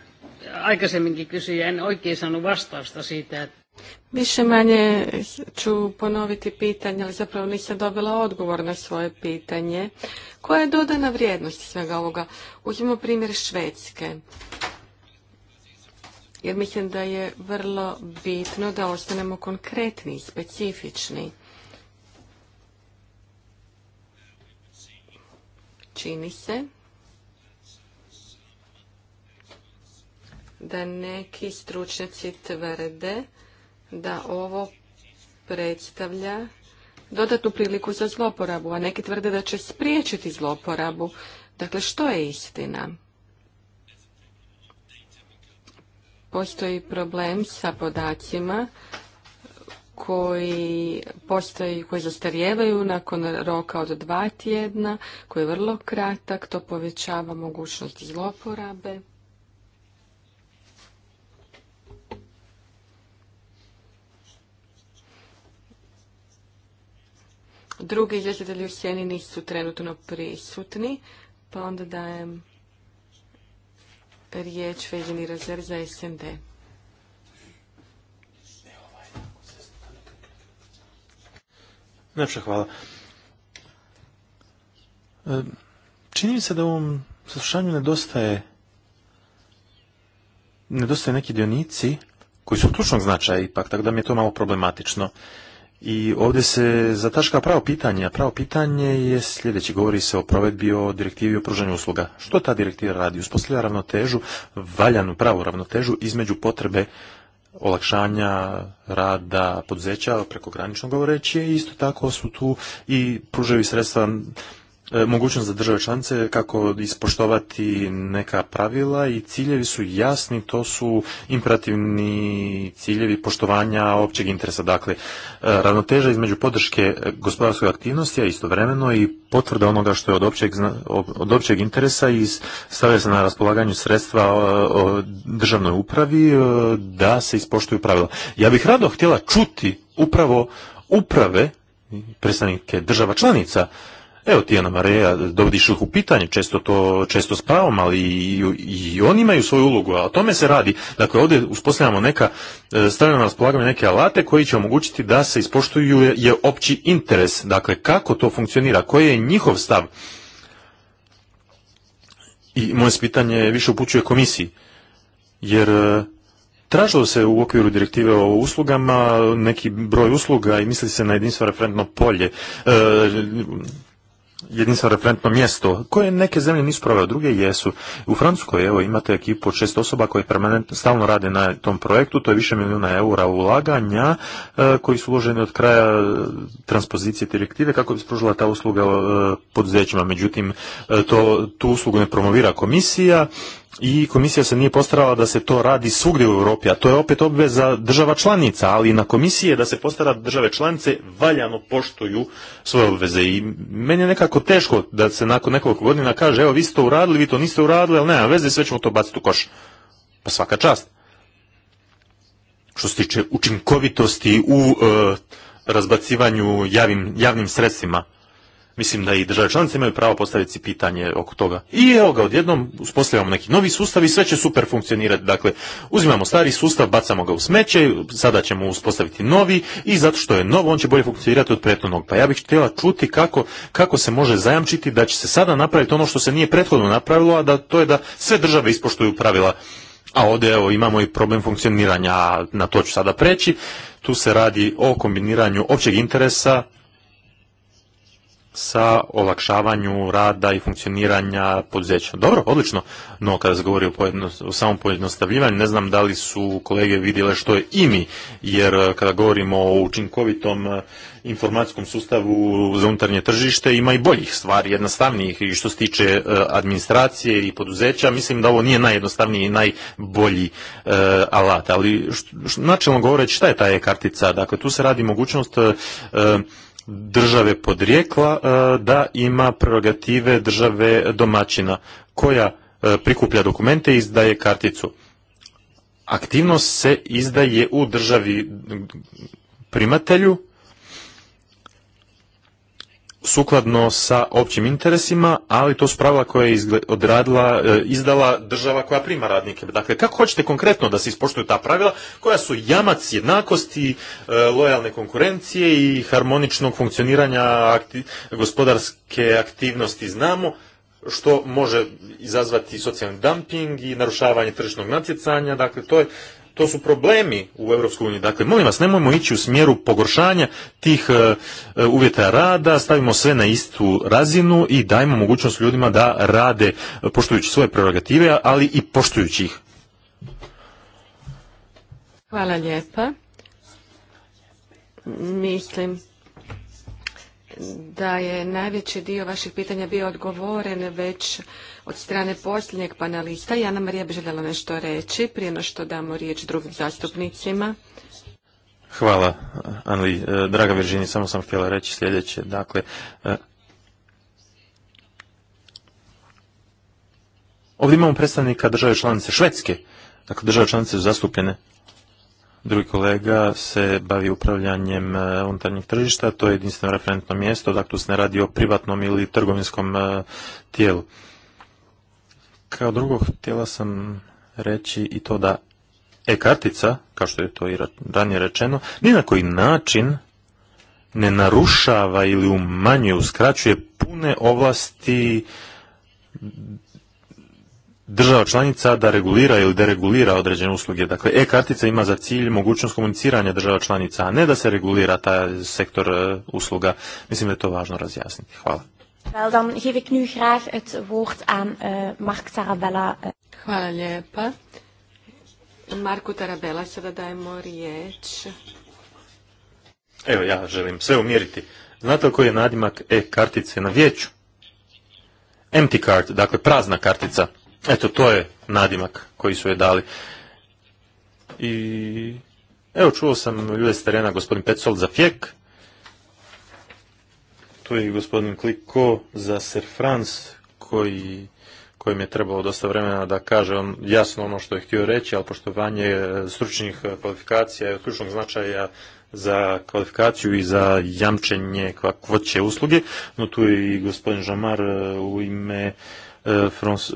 aikaisemminkin kysyin, en oikein saanut vastausta siitä. Više manje ću ponoviti pitanje, ali zapravo nisam dobila odgovor na svoje pitanje. Koja je dodana vrijednost svega ovoga? Uzmimo primjer Švedske jer mislim da je vrlo bitno da ostanemo konkretni, specifični. Čini se da neki stručnjaci tvrde da ovo predstavlja dodatnu priliku za zloporabu, a neki tvrde da će spriječiti zloporabu. Dakle, što je istina? postoji problem sa podacima koji postoji, koji zastarijevaju nakon roka od dva tjedna, koji je vrlo kratak, to povećava mogućnost zloporabe. Drugi izvjestitelji u sjeni nisu trenutno prisutni, pa onda dajem riječ Vezini Razer za SND. Najpša hvala. E, čini mi se da u ovom saslušanju nedostaje nedostaje neki dionici koji su tučnog značaja ipak, tako da mi je to malo problematično. I ovdje se zataška pravo pitanje, a pravo pitanje je sljedeće. Govori se o provedbi o direktivi o pružanju usluga. Što ta direktiva radi? Uspostavlja ravnotežu, valjanu pravu ravnotežu između potrebe olakšanja rada poduzeća preko graničnog govoreći. Isto tako su tu i pružaju sredstva E, mogućnost za države članice kako ispoštovati neka pravila i ciljevi su jasni, to su imperativni ciljevi poštovanja općeg interesa. Dakle, e, ravnoteža između podrške gospodarskoj aktivnosti, a istovremeno i potvrda onoga što je od općeg, od općeg interesa i stavlja se na raspolaganju sredstva e, državnoj upravi da se ispoštuju pravila. Ja bih rado htjela čuti upravo uprave predstavnike država članica Evo Tijana Mareja, dovodiš ih u pitanje, često to često pravom, ali i, oni imaju svoju ulogu, a o tome se radi. Dakle, ovdje uspostavljamo neka, e, stavljamo na raspolaganje neke alate koji će omogućiti da se ispoštuju je, opći interes. Dakle, kako to funkcionira, koji je njihov stav? I moje pitanje više upućuje komisiji, jer e, tražilo se u okviru direktive o uslugama neki broj usluga i misli se na jedinstvo referentno polje. E, jedinstveno referentno mjesto koje neke zemlje nisu provele, druge jesu. U Francuskoj evo imate ekipu od šest osoba koje permanentno stalno rade na tom projektu, to je više milijuna eura ulaganja e, koji su uloženi od kraja e, transpozicije direktive kako bi spružila ta usluga e, poduzećima. Međutim, e, to, tu uslugu ne promovira komisija, i komisija se nije postarala da se to radi svugdje u Europi, a to je opet obveza država članica, ali na komisije da se postara države članice valjano poštuju svoje obveze. I meni je nekako teško da se nakon nekoliko godina kaže, evo vi ste to uradili, vi to niste uradili, ali nema veze, sve ćemo to baciti u koš. Pa svaka čast. Što se tiče učinkovitosti u e, razbacivanju javnim sredstvima, Mislim da i države članice imaju pravo postaviti si pitanje oko toga. I evo ga, odjednom uspostavljamo neki novi sustav i sve će super funkcionirati. Dakle, uzimamo stari sustav, bacamo ga u smeće, sada ćemo uspostaviti novi i zato što je novo, on će bolje funkcionirati od prethodnog. Pa ja bih htjela čuti kako, kako se može zajamčiti da će se sada napraviti ono što se nije prethodno napravilo, a da to je da sve države ispoštuju pravila. A ovdje evo, imamo i problem funkcioniranja, na to ću sada preći. Tu se radi o kombiniranju općeg interesa sa olakšavanju rada i funkcioniranja poduzeća. Dobro, odlično, no kada se govori o, samom pojednostavljivanju, ne znam da li su kolege vidjele što je IMI, jer eh, kada govorimo o učinkovitom eh, informacijskom sustavu za unutarnje tržište, ima i boljih stvari, jednostavnijih i što se tiče eh, administracije i poduzeća, mislim da ovo nije najjednostavniji i najbolji alat, ali načelno govoreći šta je ta e-kartica? Dakle, tu se radi mogućnost države podrijekla e, da ima prerogative države domaćina koja e, prikuplja dokumente i izdaje karticu. Aktivnost se izdaje u državi primatelju sukladno sa općim interesima, ali to su pravila koje je odradila, e, izdala država koja prima radnike. Dakle, kako hoćete konkretno da se ispoštuju ta pravila koja su jamac jednakosti, e, lojalne konkurencije i harmoničnog funkcioniranja gospodarske aktivnosti znamo, što može izazvati socijalni dumping i narušavanje tržišnog natjecanja. Dakle, to je to su problemi u EU. Dakle, molim vas, nemojmo ići u smjeru pogoršanja tih e, e, uvjeta rada, stavimo sve na istu razinu i dajmo mogućnost ljudima da rade e, poštujući svoje prerogative, ali i poštujući ih. Hvala lijepa. Mislim da je najveći dio vaših pitanja bio odgovoren već od strane posljednjeg panelista, Jana Marija bi željela nešto reći prije no što damo riječ drugim zastupnicima. Hvala, Anli. E, draga Viržini, samo sam htjela reći sljedeće. Dakle, e, ovdje imamo predstavnika države članice Švedske. Dakle, države članice su zastupljene. Drugi kolega se bavi upravljanjem e, unutarnjih tržišta, to je jedinstveno referentno mjesto, dakle tu se ne radi o privatnom ili trgovinskom tijelu. Kao drugo, htjela sam reći i to da e-kartica, kao što je to i ranije rečeno, ni na koji način ne narušava ili umanjuje, uskraćuje pune ovlasti država članica da regulira ili deregulira određene usluge. Dakle, e-kartica ima za cilj mogućnost komuniciranja država članica, a ne da se regulira taj sektor e, usluga. Mislim da je to važno razjasniti. Hvala. Wel, dan geef ik nu graag het woord aan uh, Mark Tarabella. Eh. Hvala lijepa. Marku Tarabella sada dajemo riječ. Evo, ja želim sve umjeriti. Znate li koji je nadimak e-kartice na vijeću? Empty card, dakle prazna kartica. Eto, to je nadimak koji su je dali. I evo, čuo sam ljude s terena, gospodin Petzold, za fjek, tu je i gospodin Kliko za Sir Franz koji kojem je trebalo dosta vremena da kaže jasno ono što je htio reći, ali poštovanje e, stručnih e, kvalifikacija je od ključnog značaja za kvalifikaciju i za jamčenje kakvoće usluge. No tu je i gospodin Žamar e, u ime Frans,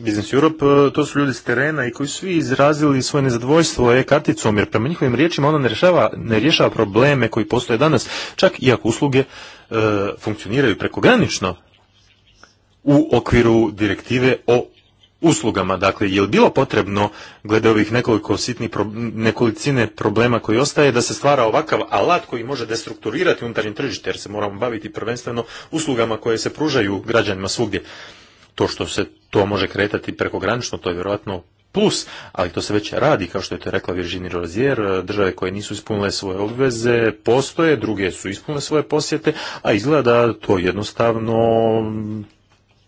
Business Europe, e, to su ljudi s terena i koji su svi izrazili svoje nezadovoljstvo e-karticom, jer prema njihovim riječima ona ne rješava, ne rješava probleme koji postoje danas, čak i ako usluge e, funkcioniraju prekogranično u okviru direktive o uslugama. Dakle, je li bilo potrebno, glede ovih nekoliko sitnih nekolicine problema koji ostaje, da se stvara ovakav alat koji može destrukturirati unutarnje tržište, jer se moramo baviti prvenstveno uslugama koje se pružaju građanima svugdje to što se to može kretati prekogranično, to je vjerojatno plus, ali to se već radi, kao što je to rekla Virginie Rozier, države koje nisu ispunile svoje obveze postoje, druge su ispunile svoje posjete, a izgleda da to jednostavno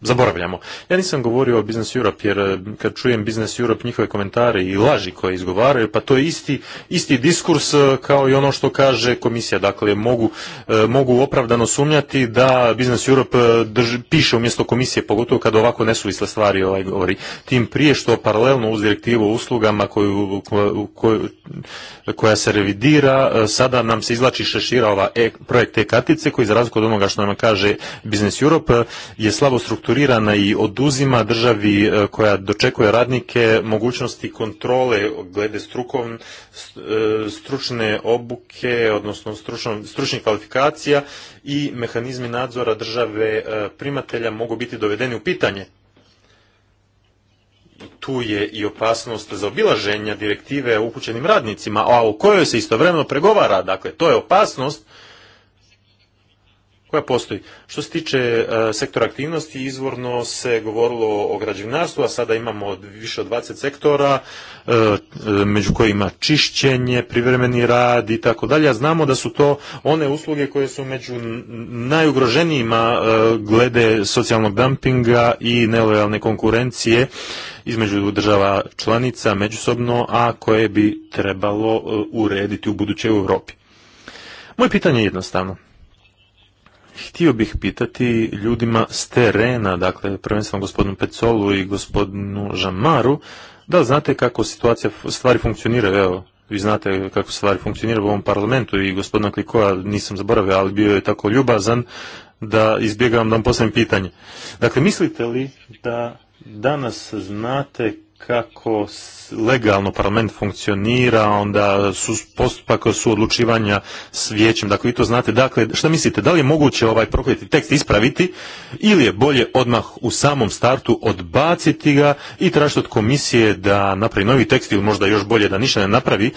zaboravljamo. Ja nisam govorio o Business Europe, jer eh, kad čujem Business Europe njihove komentare i laži koje izgovaraju, pa to je isti, isti diskurs eh, kao i ono što kaže komisija. Dakle, mogu, eh, mogu opravdano sumnjati da Business Europe drži, piše umjesto komisije, pogotovo kad ovako nesuvisle stvari ovaj govori. Tim prije što paralelno uz direktivu o uslugama koju, koja se revidira, sada nam se izlači šešira ova e, projekt e-kartice koji za razliku od onoga što nam kaže Business Europe je slabo strukturirano restrukturirana i oduzima državi e, koja dočekuje radnike mogućnosti kontrole glede e, stručne obuke, odnosno stručnih kvalifikacija i mehanizmi nadzora države e, primatelja mogu biti dovedeni u pitanje. Tu je i opasnost za obilaženja direktive upućenim radnicima, a o kojoj se istovremeno pregovara. Dakle, to je opasnost koja postoji. Što se tiče e, sektora aktivnosti, izvorno se govorilo o građevinarstvu, a sada imamo više od 20 sektora, e, e, među kojima čišćenje, privremeni rad i tako dalje. znamo da su to one usluge koje su među najugroženijima glede socijalnog dumpinga i nelojalne konkurencije između država članica međusobno, a koje bi trebalo urediti u budućoj Europi. Moje pitanje je jednostavno. Htio bih pitati ljudima s terena, dakle prvenstveno gospodinu Pecolu i gospodinu Žamaru, da znate kako situacija, stvari funkcioniraju, evo, vi znate kako stvari funkcionira u ovom parlamentu i gospodina Klikova, nisam zaboravio, ali bio je tako ljubazan da izbjegavam da vam postavim pitanje. Dakle, mislite li da danas znate kako legalno parlament funkcionira, onda su postupak su odlučivanja s vijećem. Dakle, vi to znate. Dakle, šta mislite, da li je moguće ovaj prokleti tekst ispraviti ili je bolje odmah u samom startu odbaciti ga i tražiti od komisije da napravi novi tekst ili možda još bolje da ništa ne napravi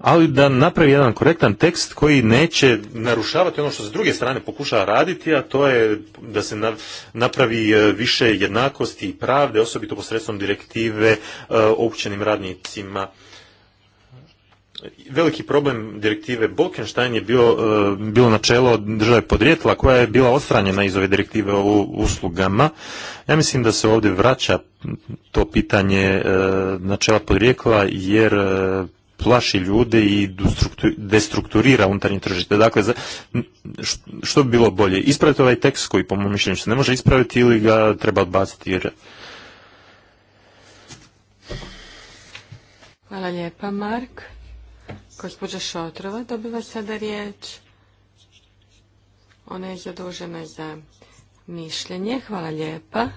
ali da napravi jedan korektan tekst koji neće narušavati ono što s druge strane pokušava raditi, a to je da se napravi e, više jednakosti i pravde, osobito posredstvom direktive e, o radnicima. Veliki problem direktive Bolkenstein je bilo e, bilo načelo države podrijetla koja je bila ostranjena iz ove direktive o uslugama. Ja mislim da se ovdje vraća to pitanje načela podrijetla, jer plaši ljude i destrukturira unutarnje tržište. Dakle, što bi bilo bolje? Ispraviti ovaj tekst koji po mom mišljenju se ne može ispraviti ili ga treba odbaciti jer... Hvala lijepa, Mark. Gospođa Šotrova dobiva sada riječ. Ona je zadužena za mišljenje. Hvala lijepa.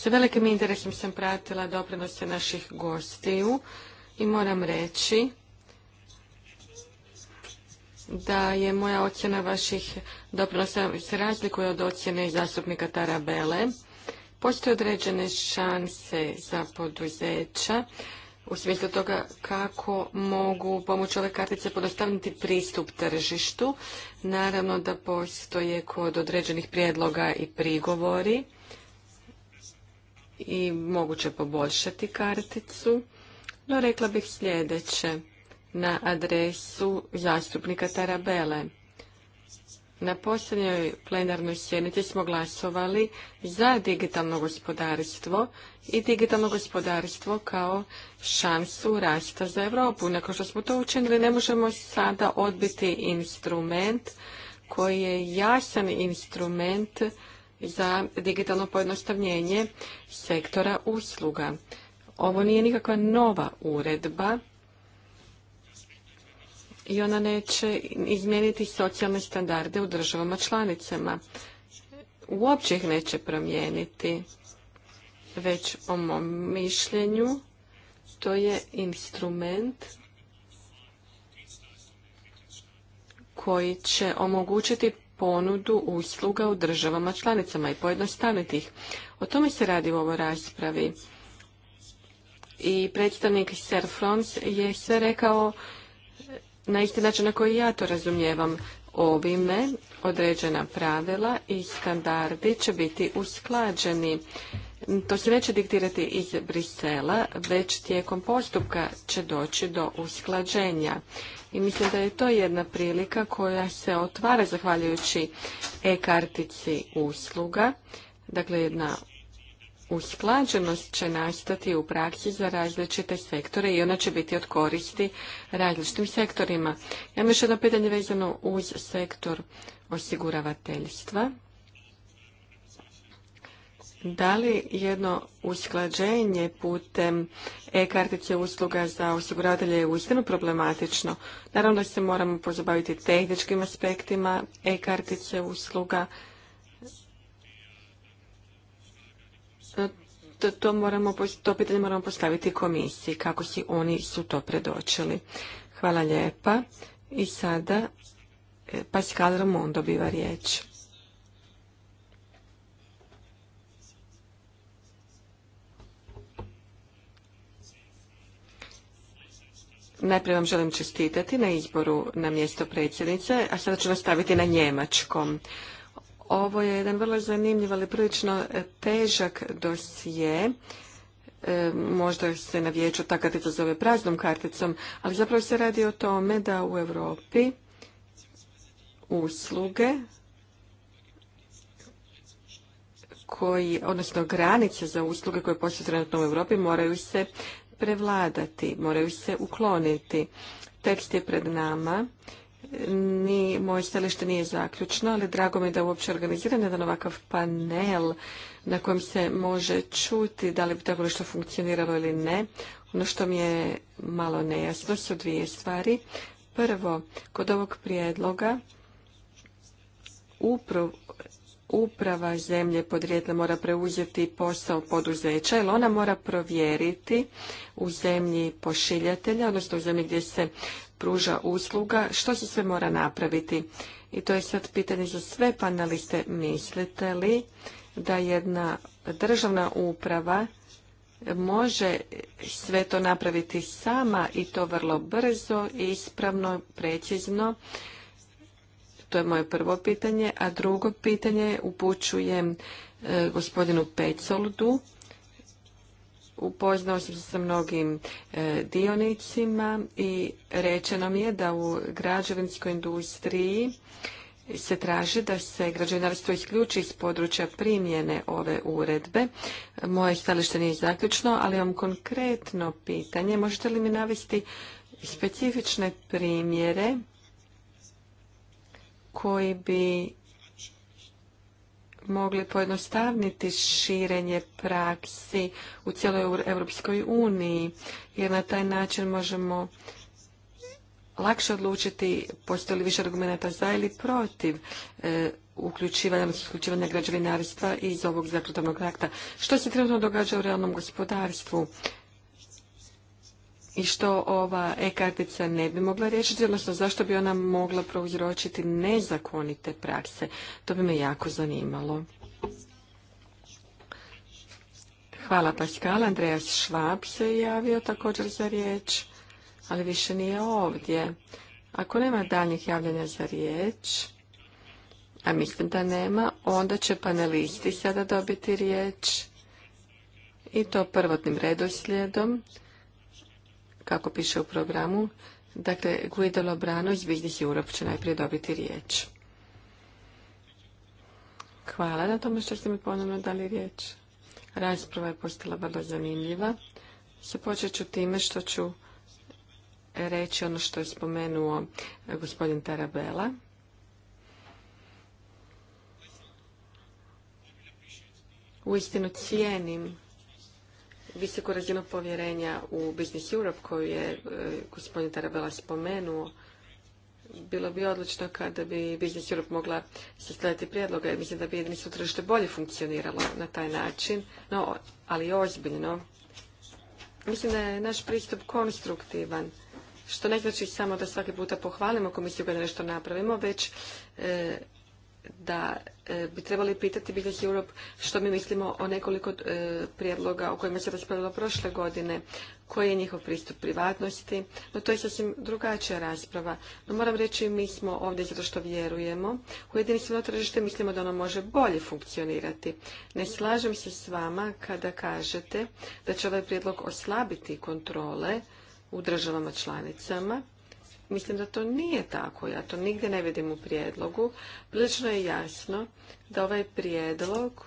Sa velikim interesom sam pratila doprinose naših gostiju i moram reći da je moja ocjena vaših doprinosa se razlikuje od ocjene zastupnika Tarabele. Postoje određene šanse za poduzeća u smislu toga kako mogu pomoći ove kartice podostaviti pristup tržištu. Naravno da postoje kod određenih prijedloga i prigovori i moguće poboljšati karticu. No rekla bih sljedeće na adresu zastupnika Tarabele. Na posljednjoj plenarnoj sjednici smo glasovali za digitalno gospodarstvo i digitalno gospodarstvo kao šansu rasta za Europu. Nakon što smo to učinili, ne možemo sada odbiti instrument koji je jasan instrument za digitalno pojednostavljenje sektora usluga. Ovo nije nikakva nova uredba i ona neće izmijeniti socijalne standarde u državama članicama. Uopće ih neće promijeniti, već o mom mišljenju to je instrument koji će omogućiti ponudu usluga u državama članicama i pojednostaviti ih. O tome se radi u ovoj raspravi. I predstavnik Sir je sve rekao na isti način na koji ja to razumijevam. Ovime određena pravila i standardi će biti usklađeni. To se neće diktirati iz Brisela, već tijekom postupka će doći do usklađenja i mislim da je to jedna prilika koja se otvara zahvaljujući e-kartici usluga. Dakle, jedna usklađenost će nastati u praksi za različite sektore i ona će biti od koristi različitim sektorima. Ja imam još jedno pitanje vezano uz sektor osiguravateljstva. Da li jedno usklađenje putem e-kartice usluga za osiguravatelje je uistinu problematično? Naravno da se moramo pozabaviti tehničkim aspektima e-kartice usluga. To, moramo, to pitanje moramo postaviti komisiji, kako si oni su to predočili. Hvala lijepa. I sada e, Pascal Ramon dobiva riječ. Najprije vam želim čestitati na izboru na mjesto predsjednice, a sada ću nastaviti na njemačkom. Ovo je jedan vrlo zanimljiv, ali prilično e, težak dosije. E, možda se na vijeću ta kartica zove praznom karticom, ali zapravo se radi o tome da u Europi usluge koji, odnosno granice za usluge koje postoje trenutno u Europi moraju se prevladati, moraju se ukloniti. Tekst je pred nama. Ni, moje stalište nije zaključno, ali drago mi je da uopće organiziran jedan ovakav panel na kojem se može čuti da li bi tako nešto funkcioniralo ili ne. Ono što mi je malo nejasno su dvije stvari. Prvo, kod ovog prijedloga upravo uprava zemlje podrijetla mora preuzeti posao poduzeća, jer ona mora provjeriti u zemlji pošiljatelja, odnosno u zemlji gdje se pruža usluga, što se sve mora napraviti. I to je sad pitanje za sve paneliste. Mislite li da jedna državna uprava može sve to napraviti sama i to vrlo brzo, ispravno, precizno, to je moje prvo pitanje. A drugo pitanje upućujem e, gospodinu Pecoldu. Upoznao sam se sa mnogim e, dionicima i rečeno mi je da u građevinskoj industriji se traži da se građevinarstvo isključi iz područja primjene ove uredbe. Moje stalište nije zaključno, ali imam konkretno pitanje. Možete li mi navesti specifične primjere koji bi mogli pojednostavniti širenje praksi u cijeloj Europskoj uniji, jer na taj način možemo lakše odlučiti postoji li više argumenta za ili protiv e, uključivanja, uključivanja građevinarstva iz ovog zakonodavnog akta. Što se trenutno događa u realnom gospodarstvu? i što ova e-kartica ne bi mogla riješiti, odnosno zašto bi ona mogla prouzročiti nezakonite prakse. To bi me jako zanimalo. Hvala Paskala, Andreas Švab se javio također za riječ, ali više nije ovdje. Ako nema daljnjih javljanja za riječ, a mislim da nema, onda će panelisti sada dobiti riječ i to prvotnim redoslijedom kako piše u programu. Dakle, Guido Lobrano iz Europe će najprije dobiti riječ. Hvala na tome što ste mi ponovno dali riječ. Rasprava je postala vrlo zanimljiva. Započet ću time što ću reći ono što je spomenuo gospodin Tarabela. Uistinu cijenim visoku razinu povjerenja u Business Europe koju je e, gospodin Tarabela spomenuo, bilo bi odlično kada bi Business Europe mogla sastaviti prijedloga i mislim da bi jedinstvo tržište bolje funkcioniralo na taj način, no, ali ozbiljno. Mislim da je naš pristup konstruktivan, što ne znači samo da svaki puta pohvalimo komisiju kada nešto napravimo, već e, da e, bi trebali pitati Business Europe što mi mislimo o nekoliko e, prijedloga o kojima se raspravilo prošle godine, koji je njihov pristup privatnosti, no to je sasvim drugačija rasprava. No moram reći mi smo ovdje zato što vjerujemo. U jedinstveno tržište mislimo da ono može bolje funkcionirati. Ne slažem se s vama kada kažete da će ovaj prijedlog oslabiti kontrole u državama članicama Mislim da to nije tako, ja to nigdje ne vidim u prijedlogu. Prilično je jasno da ovaj prijedlog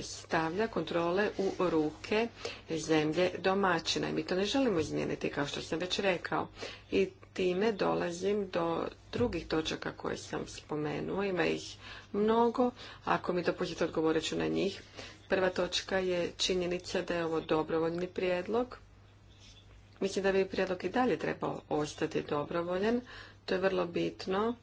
stavlja kontrole u ruke zemlje domaćina. I mi to ne želimo izmijeniti, kao što sam već rekao. I time dolazim do drugih točaka koje sam spomenuo. Ima ih mnogo. Ako mi dopustite, odgovorit ću na njih. Prva točka je činjenica da je ovo dobrovoljni prijedlog. Mislim da bi prijedlog i dalje trebao ostati dobrovoljan. To je vrlo bitno.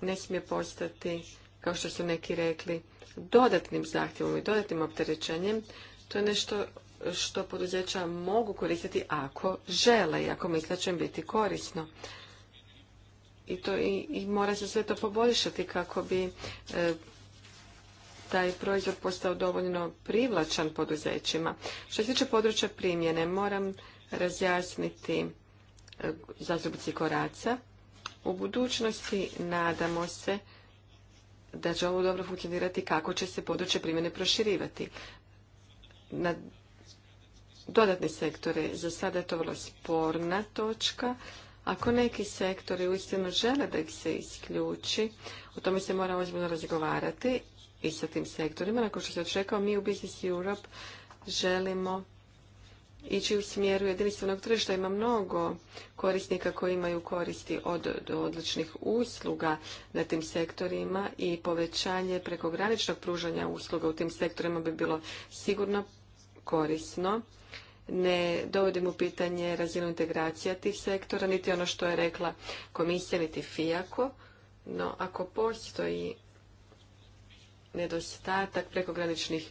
Ne smije postati, kao što su neki rekli, dodatnim zahtjevom i dodatnim opterećenjem. To je nešto što poduzeća mogu koristiti ako žele i ako misle će im biti korisno. I, to, i, mora se sve to poboljšati kako bi e, taj proizvod postao dovoljno privlačan poduzećima. Što se tiče područja primjene, moram razjasniti e, zastupnici Koraca. U budućnosti nadamo se da će ovo dobro funkcionirati kako će se područje primjene proširivati. Na dodatne sektore za sada je to vrlo sporna točka. Ako neki sektori uistinu žele da ih se isključi, o tome se mora ozbiljno razgovarati i sa tim sektorima. Nakon što se očekao, mi u Business Europe želimo ići u smjeru jedinstvenog tržišta. Ima mnogo korisnika koji imaju koristi od, odličnih usluga na tim sektorima i povećanje prekograničnog pružanja usluga u tim sektorima bi bilo sigurno korisno. Ne dovodim u pitanje razinu integracija tih sektora, niti ono što je rekla komisija, niti FIAKO, no ako postoji nedostatak prekograničnih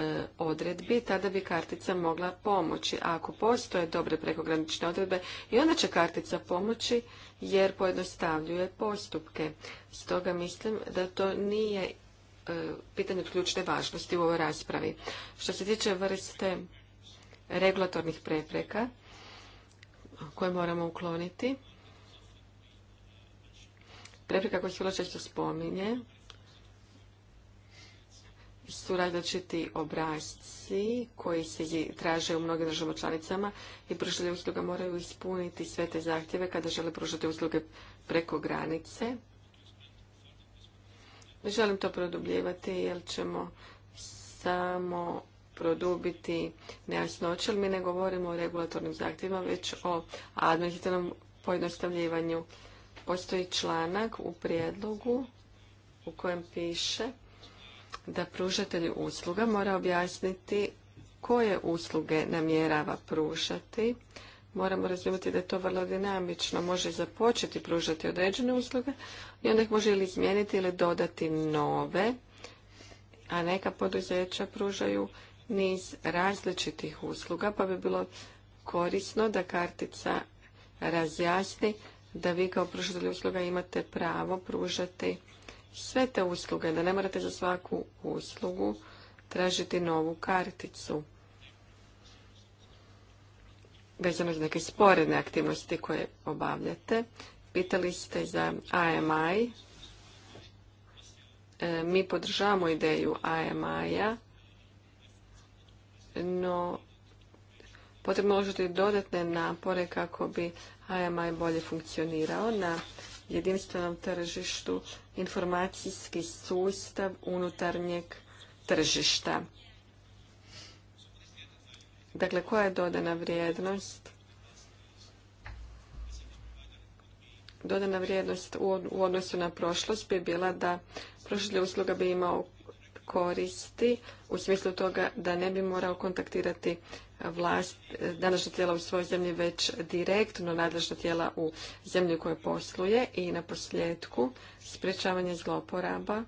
E, odredbi, tada bi kartica mogla pomoći. A ako postoje dobre prekogranične odredbe, i onda će kartica pomoći jer pojednostavljuje postupke. Stoga mislim da to nije e, pitanje od ključne važnosti u ovoj raspravi. Što se tiče vrste regulatornih prepreka koje moramo ukloniti, prepreka koja se vrlo često spominje, su različiti obrazci koji se traže u mnogim državama članicama i pružatelji usluga moraju ispuniti sve te zahtjeve kada žele pružati usluge preko granice. Ne želim to produbljivati jer ćemo samo produbiti nejasnoće, ali mi ne govorimo o regulatornim zahtjevima, već o administrativnom pojednostavljivanju. Postoji članak u prijedlogu u kojem piše da pružatelj usluga mora objasniti koje usluge namjerava pružati. Moramo razumjeti da je to vrlo dinamično. Može započeti pružati određene usluge i onda ih može ili izmijeniti ili dodati nove. A neka poduzeća pružaju niz različitih usluga, pa bi bilo korisno da kartica razjasni da vi kao pružatelj usluga imate pravo pružati sve te usluge, da ne morate za svaku uslugu tražiti novu karticu. Vezano za neke sporedne aktivnosti koje obavljate, pitali ste za AMI. E, mi podržavamo ideju AMI-a, no potrebno uložiti dodatne napore kako bi AMI bolje funkcionirao na jedinstvenom tržištu informacijski sustav unutarnjeg tržišta. Dakle, koja je dodana vrijednost? Dodana vrijednost u odnosu na prošlost bi bila da prošlost usluga bi imao koristi u smislu toga da ne bi morao kontaktirati vlast, današnja tijela u svojoj zemlji, već direktno nadležna tijela u zemlji kojoj posluje i na posljedku sprječavanje zloporaba.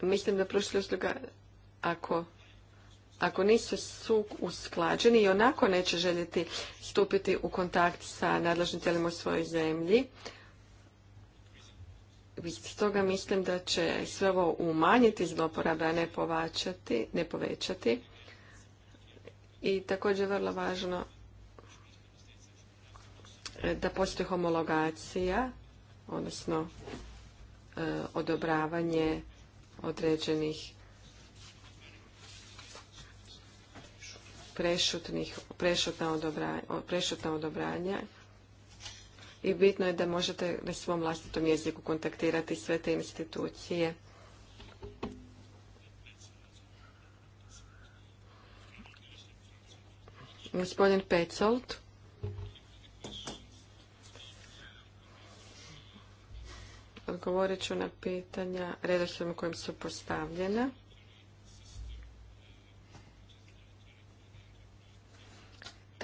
Mislim da prošli usluga, ako ako nisu su usklađeni i onako neće željeti stupiti u kontakt sa nadležnim tijelima u svojoj zemlji, Stoga mislim da će sve ovo umanjiti zloporabe, a ne, ne povećati. I također je vrlo važno e, da postoji homologacija, odnosno e, odobravanje određenih prešutna, prešutna odobranja i bitno je da možete na svom vlastitom jeziku kontaktirati sve te institucije. Gospodin Pecolt. Odgovorit ću na pitanja redoslijedom kojim su postavljena.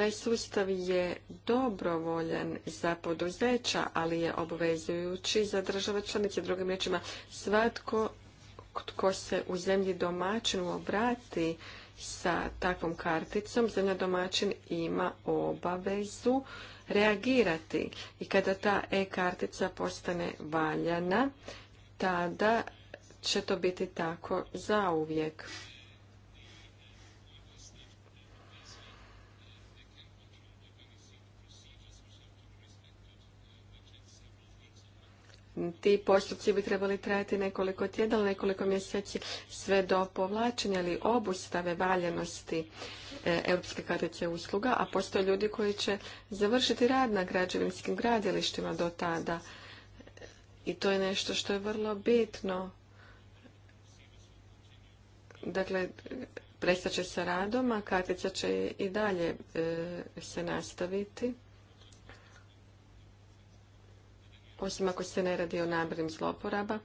Taj sustav je dobrovoljan za poduzeća, ali je obvezujući za države članice. Drugim riječima, svatko tko se u zemlji domaćinu obrati sa takvom karticom, zemlja domaćin ima obavezu reagirati. I kada ta e-kartica postane valjana, tada će to biti tako zauvijek. ti postupci bi trebali trajati nekoliko tjedana, nekoliko mjeseci sve do povlačenja ili obustave valjenosti e, Europske kartice usluga, a postoje ljudi koji će završiti rad na građevinskim gradilištima do tada. I to je nešto što je vrlo bitno. Dakle, prestaće sa radom, a kartica će i dalje e, se nastaviti. osim ako se ne radi o nabrim zloporaba.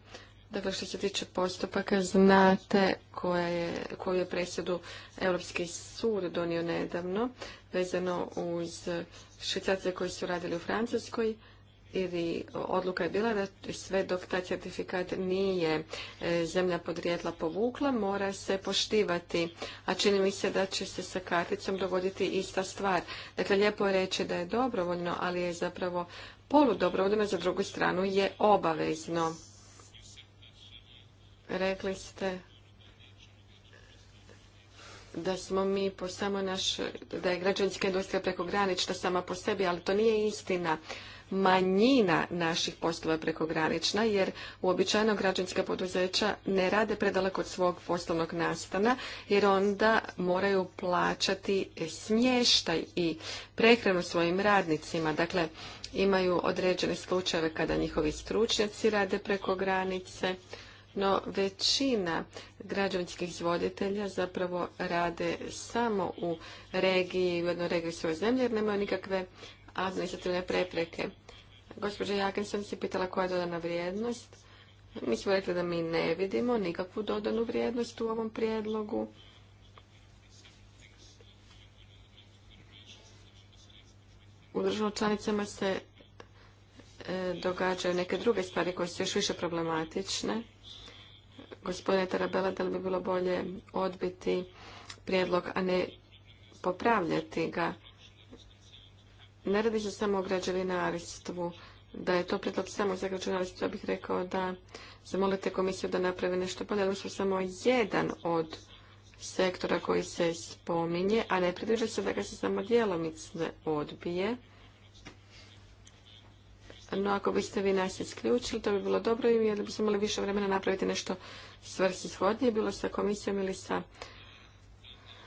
Dakle, što se tiče postupaka, znate koja je, koju je presudu Europski sud donio nedavno, vezano uz švicarce koji su radili u Francuskoj, ili odluka je bila da sve dok taj certifikat nije e, zemlja podrijetla povukla, mora se poštivati. A čini mi se da će se sa karticom dogoditi ista stvar. Dakle, lijepo je reći da je dobrovoljno, ali je zapravo Poludobrovodima za drugu stranu je obavezno. Rekli ste da smo mi po samo naš, da je građevinska industrija prekogranična sama po sebi, ali to nije istina. Manjina naših poslova je prekogranična, jer uobičajeno građanska poduzeća ne rade predaleko od svog poslovnog nastana, jer onda moraju plaćati smještaj i prehranu svojim radnicima. Dakle, imaju određene slučajeve kada njihovi stručnjaci rade preko granice, no većina građevinskih izvoditelja zapravo rade samo u regiji, u jednoj regiji svoje zemlje jer nemaju nikakve administrativne prepreke. Gospođa Jakinson se pitala koja je dodana vrijednost. Mi smo rekli da mi ne vidimo nikakvu dodanu vrijednost u ovom prijedlogu. u državama članicama se e, događaju neke druge stvari koje su još više problematične. Gospodine Tarabela, da li bi bilo bolje odbiti prijedlog, a ne popravljati ga? Ne radi se samo o građevinarstvu. Da je to prijedlog samo za građevinarstvo, ja bih rekao da zamolite komisiju da napravi nešto bolje, ali smo samo jedan od sektora koji se spominje, a ne predviđa se da ga se samo djelomice odbije. No ako biste vi nas isključili, to bi bilo dobro i da bismo imali više vremena napraviti nešto svrsishodnije, bilo sa komisijom ili sa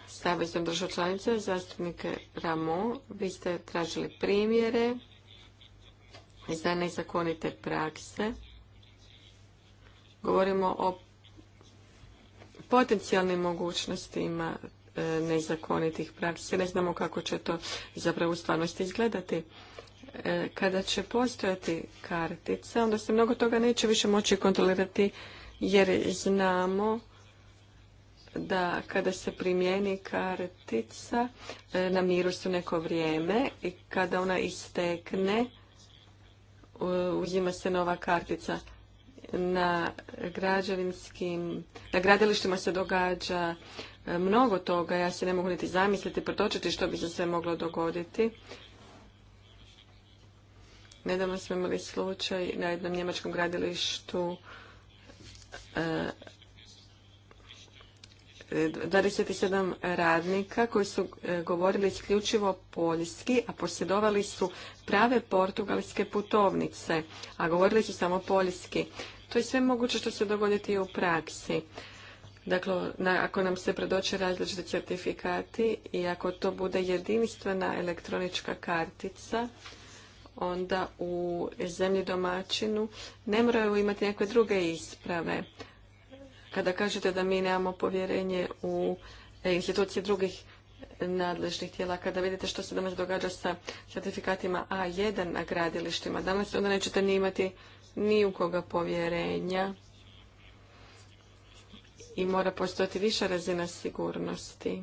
Savezom država članica, zastupnike Ramo. Vi ste tražili primjere za nezakonite prakse. Govorimo o potencijalnim mogućnostima e, nezakonitih praksi. Ne znamo kako će to zapravo u stvarnosti izgledati. E, kada će postojati kartica, onda se mnogo toga neće više moći kontrolirati jer znamo da kada se primijeni kartica e, na miru su neko vrijeme i kada ona istekne uzima se nova kartica na građevinskim, na gradilištima se događa e, mnogo toga, ja se ne mogu niti zamisliti, protočiti što bi se sve moglo dogoditi. Nedavno smo imali slučaj na jednom njemačkom gradilištu 27 e, radnika koji su e, govorili isključivo poljski, a posjedovali su prave portugalske putovnice, a govorili su samo poljski. To je sve moguće što se dogoditi u praksi. Dakle, ako nam se predoče različiti certifikati i ako to bude jedinstvena elektronička kartica, onda u zemlji domaćinu ne moraju imati neke druge isprave. Kada kažete da mi nemamo povjerenje u institucije drugih nadležnih tijela, kada vidite što se danas događa sa certifikatima A1 na gradilištima, danas onda nećete ni imati ni u koga povjerenja i mora postojati više razina sigurnosti.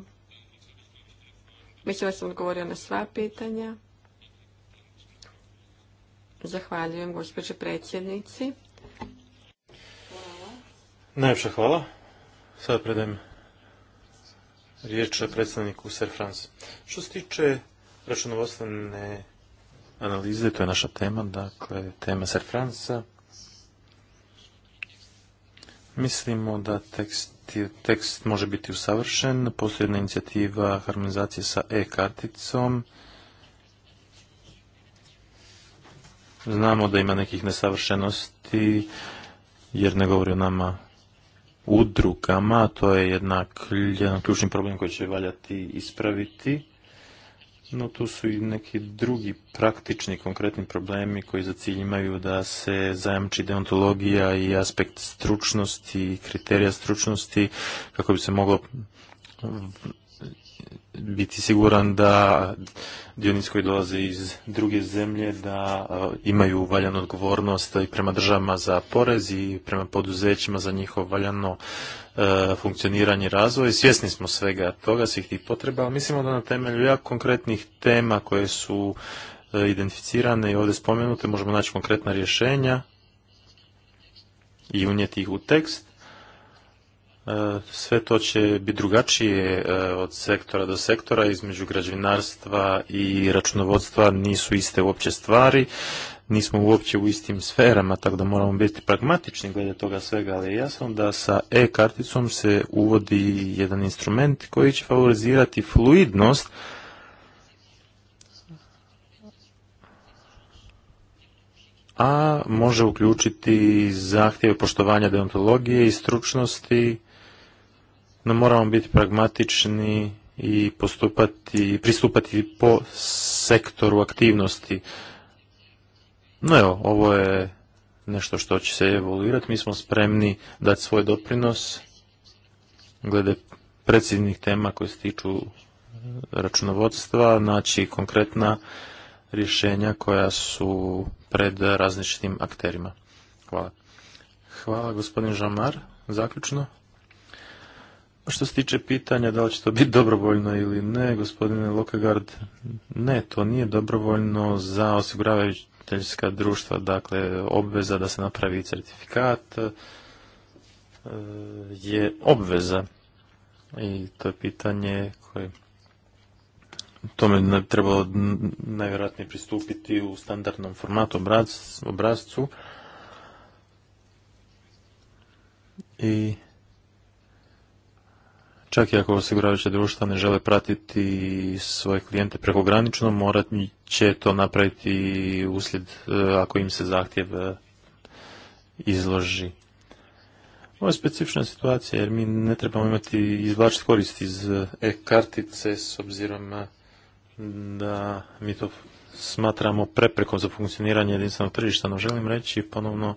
Mislim da sam odgovorio na sva pitanja. Zahvaljujem gospođe predsjednici. Najljepša hvala. Sada predajem riječ predstavniku Sir Franz. Što se tiče računovodstvene analize, to je naša tema, dakle tema Ser Franca. Mislimo da tekst, tekst može biti usavršen, postoji inicijativa harmonizacije sa e-karticom. Znamo da ima nekih nesavršenosti, jer ne govori o nama udrugama, to je jednak jedan ključni problem koji će valjati ispraviti. No tu su i neki drugi praktični konkretni problemi koji za cilj imaju da se zajamči deontologija i aspekt stručnosti, kriterija stručnosti kako bi se moglo biti siguran da dionici koji dolaze iz druge zemlje da e, imaju valjanu odgovornost i prema državama za porez i prema poduzećima za njihov valjano e, funkcioniranje i razvoj. Svjesni smo svega toga, svih tih potreba, ali mislimo da na temelju jako konkretnih tema koje su e, identificirane i ovdje spomenute možemo naći konkretna rješenja i unijeti ih u tekst E, sve to će biti drugačije e, od sektora do sektora, između građevinarstva i računovodstva nisu iste uopće stvari, nismo uopće u istim sferama, tako da moramo biti pragmatični glede toga svega, ali je jasno da sa e-karticom se uvodi jedan instrument koji će favorizirati fluidnost, a može uključiti zahtjeve poštovanja deontologije i stručnosti no moramo biti pragmatični i postupati, pristupati po sektoru aktivnosti. No evo, ovo je nešto što će se evoluirati. Mi smo spremni dati svoj doprinos glede predsjednih tema koje se tiču računovodstva, naći konkretna rješenja koja su pred različitim akterima. Hvala. Hvala gospodin Žamar. Zaključno. Što se tiče pitanja da li će to biti dobrovoljno ili ne, gospodine Lokegard, ne, to nije dobrovoljno za osiguravateljska društva, dakle obveza da se napravi certifikat e, je obveza i to je pitanje koje tome ne trebalo najvjerojatnije pristupiti u standardnom formatu obrazcu i Čak i ako osiguravajuća društva ne žele pratiti svoje klijente prekogranično, morat će to napraviti uslijed e, ako im se zahtjev e, izloži. Ovo je specifična situacija jer mi ne trebamo imati izvlačiti korist iz e, e-kartice s obzirom da mi to smatramo preprekom za funkcioniranje jedinstvenog tržišta, no želim reći ponovno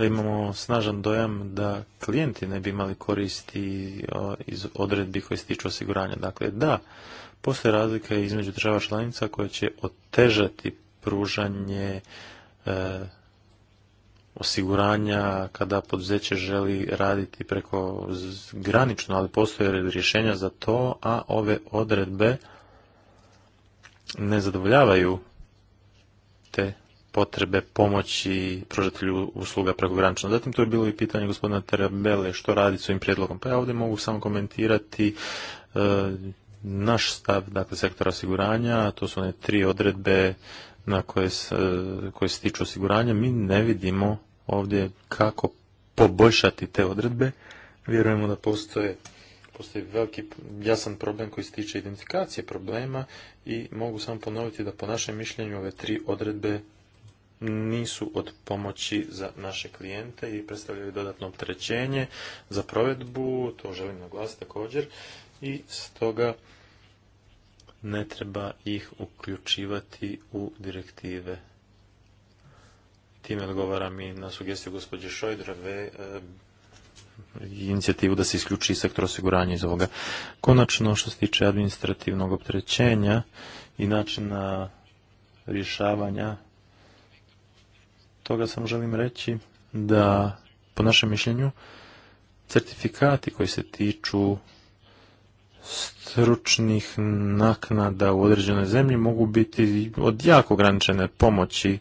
da imamo snažan dojam da klijenti ne bi imali koristi e, iz odredbi koje se tiču osiguranja. Dakle, da, postoje razlika između država članica koje će otežati pružanje e, osiguranja kada poduzeće želi raditi preko granično, ali postoje rješenja za to, a ove odredbe ne zadovoljavaju te potrebe pomoći pružatelju usluga prekogranično. Zatim to je bilo i pitanje gospodina Terabele što radi s ovim prijedlogom. Pa ja ovdje mogu samo komentirati e, naš stav dakle, sektora osiguranja, to su one tri odredbe na koje se, koje se tiču osiguranja. Mi ne vidimo ovdje kako poboljšati te odredbe. Vjerujemo da postoje postoji veliki jasan problem koji se tiče identifikacije problema i mogu samo ponoviti da po našem mišljenju ove tri odredbe nisu od pomoći za naše klijente i predstavljaju dodatno opterećenje za provedbu, to želim naglasiti također, i stoga ne treba ih uključivati u direktive. Time odgovaram i na sugestiju gospođe Šojdrove, eh, inicijativu da se isključi sektor osiguranja iz ovoga. Konačno, što se tiče administrativnog opterećenja i načina rješavanja toga samo želim reći da, po našem mišljenju, certifikati koji se tiču stručnih naknada u određenoj zemlji mogu biti od jako ograničene pomoći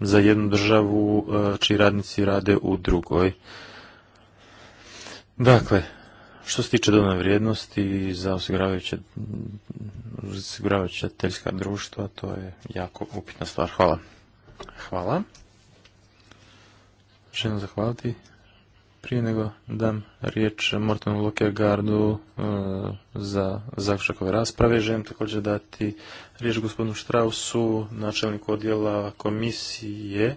za jednu državu e, čiji radnici rade u drugoj. Dakle, što se tiče dodane vrijednosti za osiguravajuća teljska društva, to je jako upitna stvar. Hvala. Hvala. Želim zahvaliti. Prije nego dam riječ Mortonu Lokegardu e, za zaključak ove rasprave, želim također dati riječ gospodinu Strausu, načelniku odjela komisije,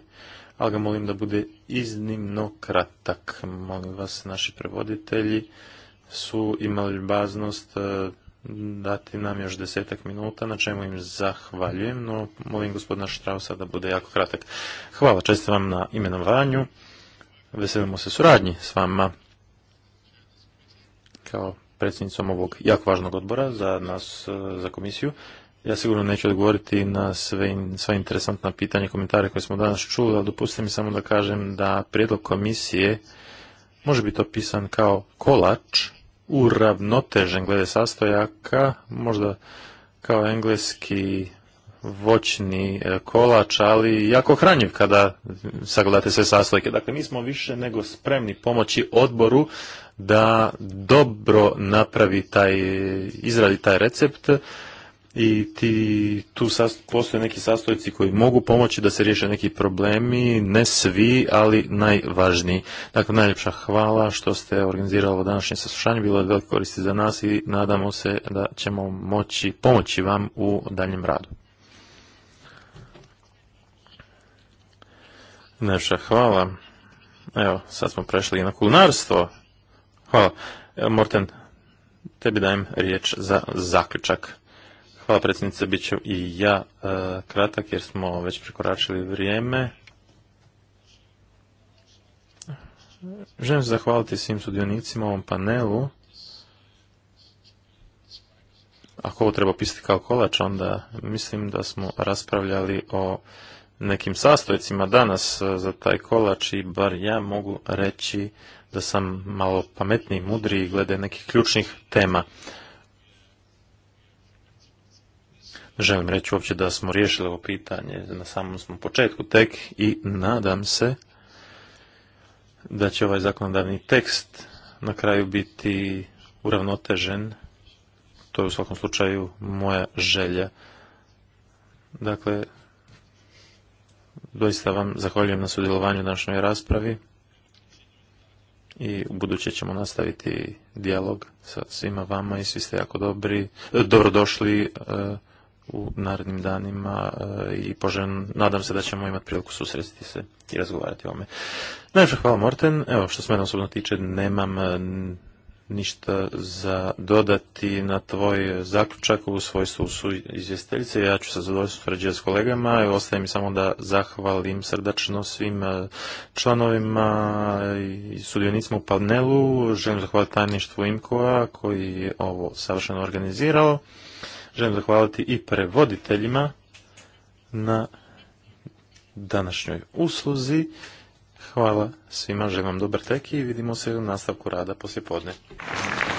ali ga molim da bude iznimno kratak. Molim vas, naši prevoditelji su imali baznost e, dati nam još desetak minuta, na čemu im zahvaljujem, no molim gospodina Štrausa da bude jako kratak. Hvala, često vam na imenovanju, veselimo se suradnji s vama kao predsjednicom ovog jako važnog odbora za nas, za komisiju. Ja sigurno neću odgovoriti na sve, sva interesantna pitanja i komentare koje smo danas čuli, ali dopustite mi samo da kažem da prijedlog komisije može biti opisan kao kolač, uravnotežen glede sastojaka, možda kao engleski voćni e, kolač, ali jako hranjiv kada sagledate sve sastojke. Dakle, mi smo više nego spremni pomoći odboru da dobro napravi taj, izradi taj recept i ti, tu postoje neki sastojci koji mogu pomoći da se riješe neki problemi, ne svi, ali najvažniji. Dakle, najljepša hvala što ste organizirali ovo današnje saslušanje, bilo je veliko koristi za nas i nadamo se da ćemo moći pomoći vam u daljem radu. Najljepša hvala. Evo, sad smo prešli na kulinarstvo. Hvala. Morten, tebi dajem riječ za zaključak. Hvala predsjednice, bit ću i ja e, kratak jer smo već prekoračili vrijeme. Želim se zahvaliti svim sudionicima u ovom panelu. Ako ovo treba pisati kao kolač, onda mislim da smo raspravljali o nekim sastojcima danas e, za taj kolač i bar ja mogu reći da sam malo pametniji, mudriji glede nekih ključnih tema. želim reći uopće da smo riješili ovo pitanje, na samom smo početku tek i nadam se da će ovaj zakonodavni tekst na kraju biti uravnotežen. To je u svakom slučaju moja želja. Dakle, doista vam zahvaljujem na sudjelovanju u današnjoj raspravi i u buduće ćemo nastaviti dijalog sa svima vama i svi ste jako dobri, e, dobrodošli e, u narednim danima e, i poželj, nadam se da ćemo imati priliku susretiti se i razgovarati o ovome. Najviše hvala Morten, evo što se mene osobno tiče nemam e, ništa za dodati na tvoj zaključak u svojstvu su izvjestiteljice. Ja ću se zadovoljstvo s kolegama. Ostaje mi samo da zahvalim srdačno svim e, članovima i sudionicima u panelu. Želim zahvaliti tajništvu Imkova koji je ovo savršeno organizirao. Želim zahvaliti i prevoditeljima na današnjoj usluzi. Hvala svima, želim vam dobar tek i vidimo se u nastavku rada poslijepodne. podne.